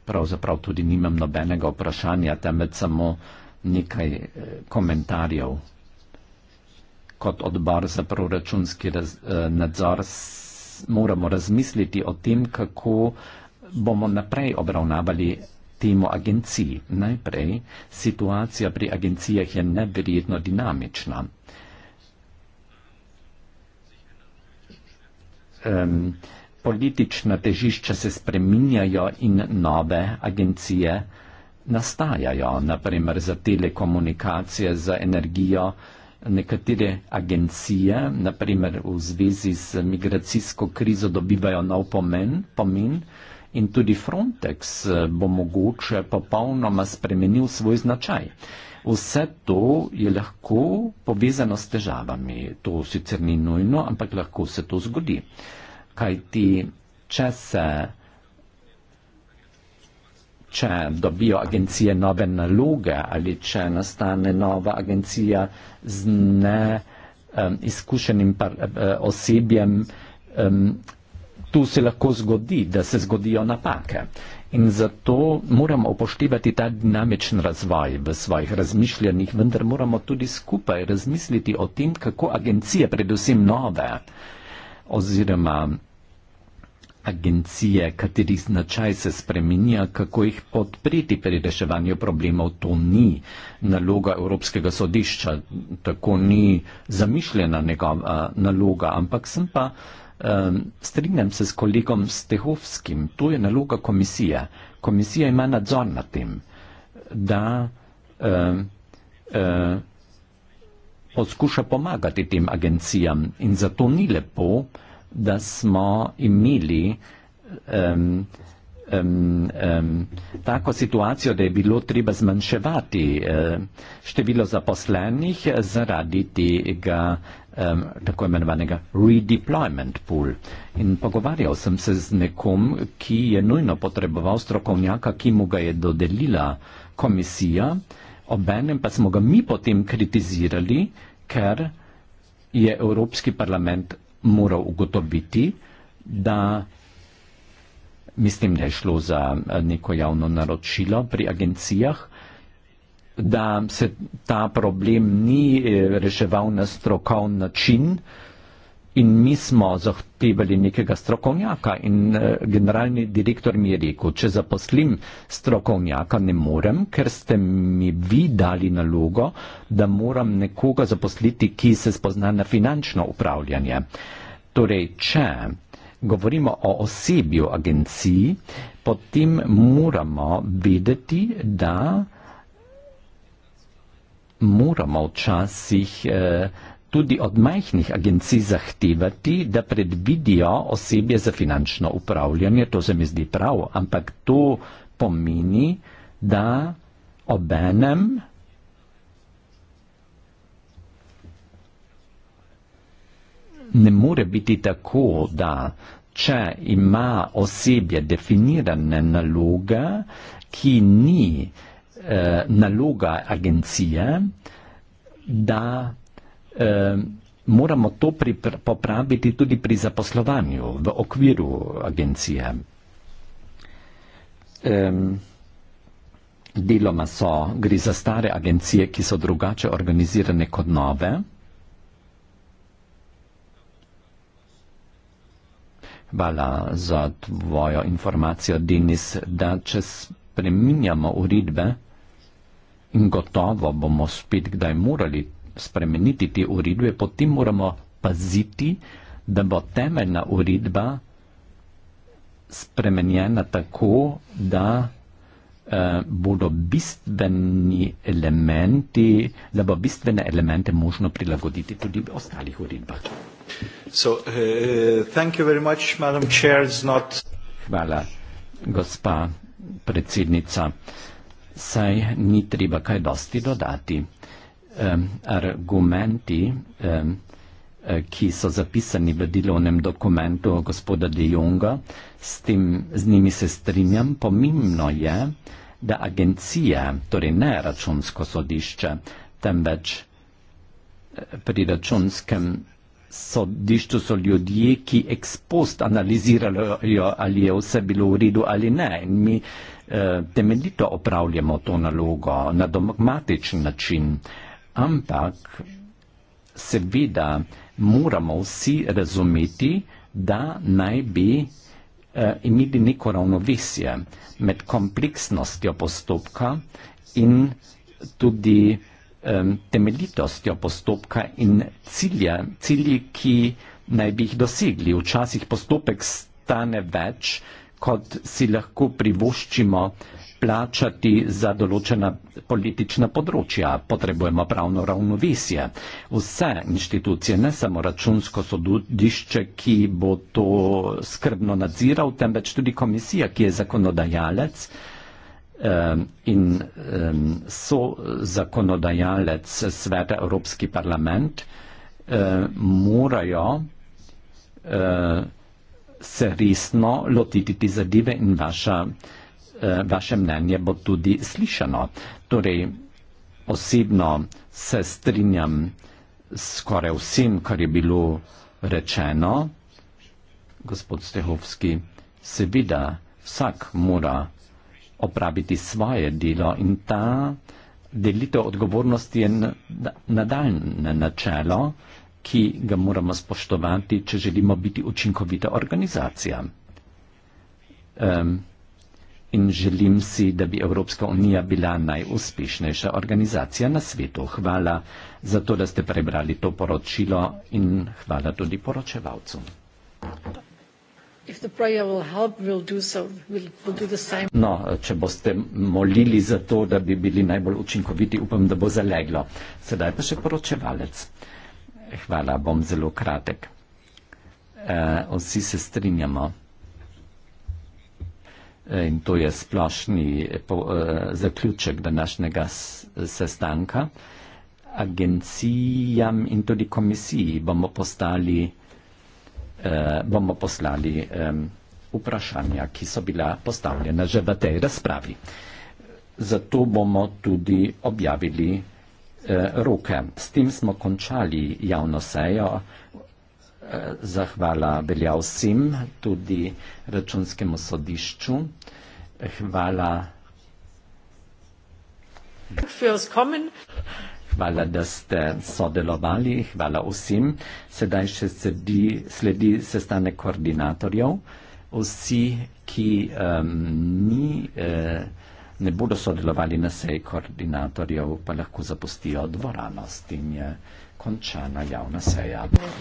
Pravzaprav tudi nimam nobenega vprašanja, temveč samo nekaj eh, komentarjev. Kot odbor za proračunski raz, nadzor moramo razmisliti o tem, kako bomo naprej obravnavali temo agenciji. Najprej, situacija pri agencijah je neverjetno dinamična. um, politična težišča se spreminjajo in nove agencije nastajajo, naprimer za telekomunikacije, za energijo. Nekatere agencije, naprimer v zvezi z migracijsko krizo, dobivajo nov pomen, pomen in tudi Frontex eh, bo mogoče popolnoma spremenil svoj značaj. Vse to je lahko povezano s težavami. To sicer ni nujno, ampak lahko se to zgodi. Kaj ti, če se, če dobijo agencije nove naloge ali če nastane nova agencija z ne um, izkušenim par, um, osebjem, um, tu se lahko zgodi, da se zgodijo napake. In zato moramo upoštevati ta dinamičen razvoj v svojih razmišljanjih, vendar moramo tudi skupaj razmisliti o tem, kako agencije, predvsem nove, oziroma agencije, katerih značaj se spremenja, kako jih podpreti pri reševanju problemov. To ni naloga Evropskega sodišča, tako ni zamišljena njegova eh, naloga, ampak sem pa. Uh, Um, strinjam se s kolegom Stehovskim, to je naloga komisije. Komisija ima nadzor nad tem, da um, um, poskuša pomagati tem agencijam in zato ni lepo, da smo imeli um, um, um, tako situacijo, da je bilo treba zmanjševati um, število zaposlenih eh, zaradi tega um, tako imenovanega redeployment pool. In pogovarjal sem se z nekom, ki je nujno potreboval strokovnjaka, ki mu ga je dodelila komisija, obenem pa smo ga mi potem kritizirali, ker je Evropski parlament moral ugotoviti, da mislim, da je šlo za eh, neko javno naročilo pri agencijah, da se ta problem ni eh, reševal na strokovni način in mi smo zahtevali nekega strokovnjaka in eh, generalni direktor mi je rekel, če zaposlim strokovnjaka, ne morem, ker ste mi vi dali nalogo, da moram nekoga zaposliti, ki se spozna na finančno upravljanje. Torej, če govorimo o osebju agenciji, potem moramo vedeti, da moramo včasih eh, tudi od majhnih agencij zahtevati, da predvidijo osebje za finančno upravljanje, to se mi zdi prav, ampak to pomeni, da obenem ne more biti tako, da če ima osebje definirane naloge, ki ni eh, naloga agencije, da eh, moramo to pri, popraviti tudi pri zaposlovanju v okviru agencije. Um, deloma so, gre za stare agencije, ki so drugače organizirane kot nove. Hvala za tvojo informacijo, Denis, da če spreminjamo uredbe, gotovo bomo spet kdaj morali spremeniti te uredbe, potem moramo paziti, da bo temeljna uredba spremenjena tako, da eh, bodo bistveni elementi, da bo bistvene elemente možno prilagoditi tudi v ostalih uredbah. So, uh, much, chair, not... Hvala, gospa predsednica. Uh, saj ni treba kaj dosti dodati. Argumenti, eh, ki so zapisani v delovnem dokumentu gospoda De Jonga, s, tem, z njimi se strinjam, pomembno je, da agencije, torej ne računsko sodišče, temveč eh, pri računskem sodišču so ljudje, ki ekspost analizirajo, ali je vse bilo v redu ali ne. In mi uh, temeljito opravljamo to nalogo na dogmatičen način, ampak seveda moramo vsi razumeti, da naj bi eh, imeli neko ravnovesje med kompleksnostjo postopka in tudi eh, temeljitostjo postopka in cilje, cilji, ki naj bi jih dosegli. Včasih postopek stane več, kot si lahko privoščimo plačati za določena politična področja. Potrebujemo pravno ravnovesje. Vse inštitucije, ne samo računsko sodišče, ki bo to skrbno nadziral, temveč tudi komisija, ki je zakonodajalec in so zakonodajalec Sveta Evropski parlament, morajo se resno lotiti te zadeve in vaša, eh, vaše mnenje bo tudi slišano. Torej, osebno se strinjam skoraj vsem, kar je bilo rečeno, gospod Stehovski, seveda vsak mora opraviti svoje delo in ta delitev odgovornosti je nadaljne načelo. Na ki ga moramo spoštovati, če želimo biti učinkovita organizacija. Um, in želim si, da bi Evropska unija bila najuspešnejša organizacija na svetu. Hvala za to, da ste prebrali to poročilo in hvala tudi poročevalcu. Help, we'll so. we'll, we'll no, če boste molili za to, da bi bili najbolj učinkoviti, upam, da bo zaleglo. Sedaj pa še poročevalec. Hvala, bom zelo kratek. Uh, vsi se strinjamo. E, in to je splošni e, po, uh, zaključek današnjega s, sestanka. Agencijam in tudi komisiji bomo, postali, uh, bomo poslali um, vprašanja, ki so bila postavljena že v tej razpravi. Zato bomo tudi objavili Eh, roke. S tem smo končali javno sejo. Eh, zahvala velja vsem, tudi računskemu sodišču. Hvala. Hvala, da ste sodelovali. Hvala vsem. Sedaj še sedi, sledi sestanek koordinatorjev. Vsi, ki um, ni. Uh, ne bodo sodelovali na seji koordinatorjev, pa lahko zapustijo dvorano, s tem je končana javna seja.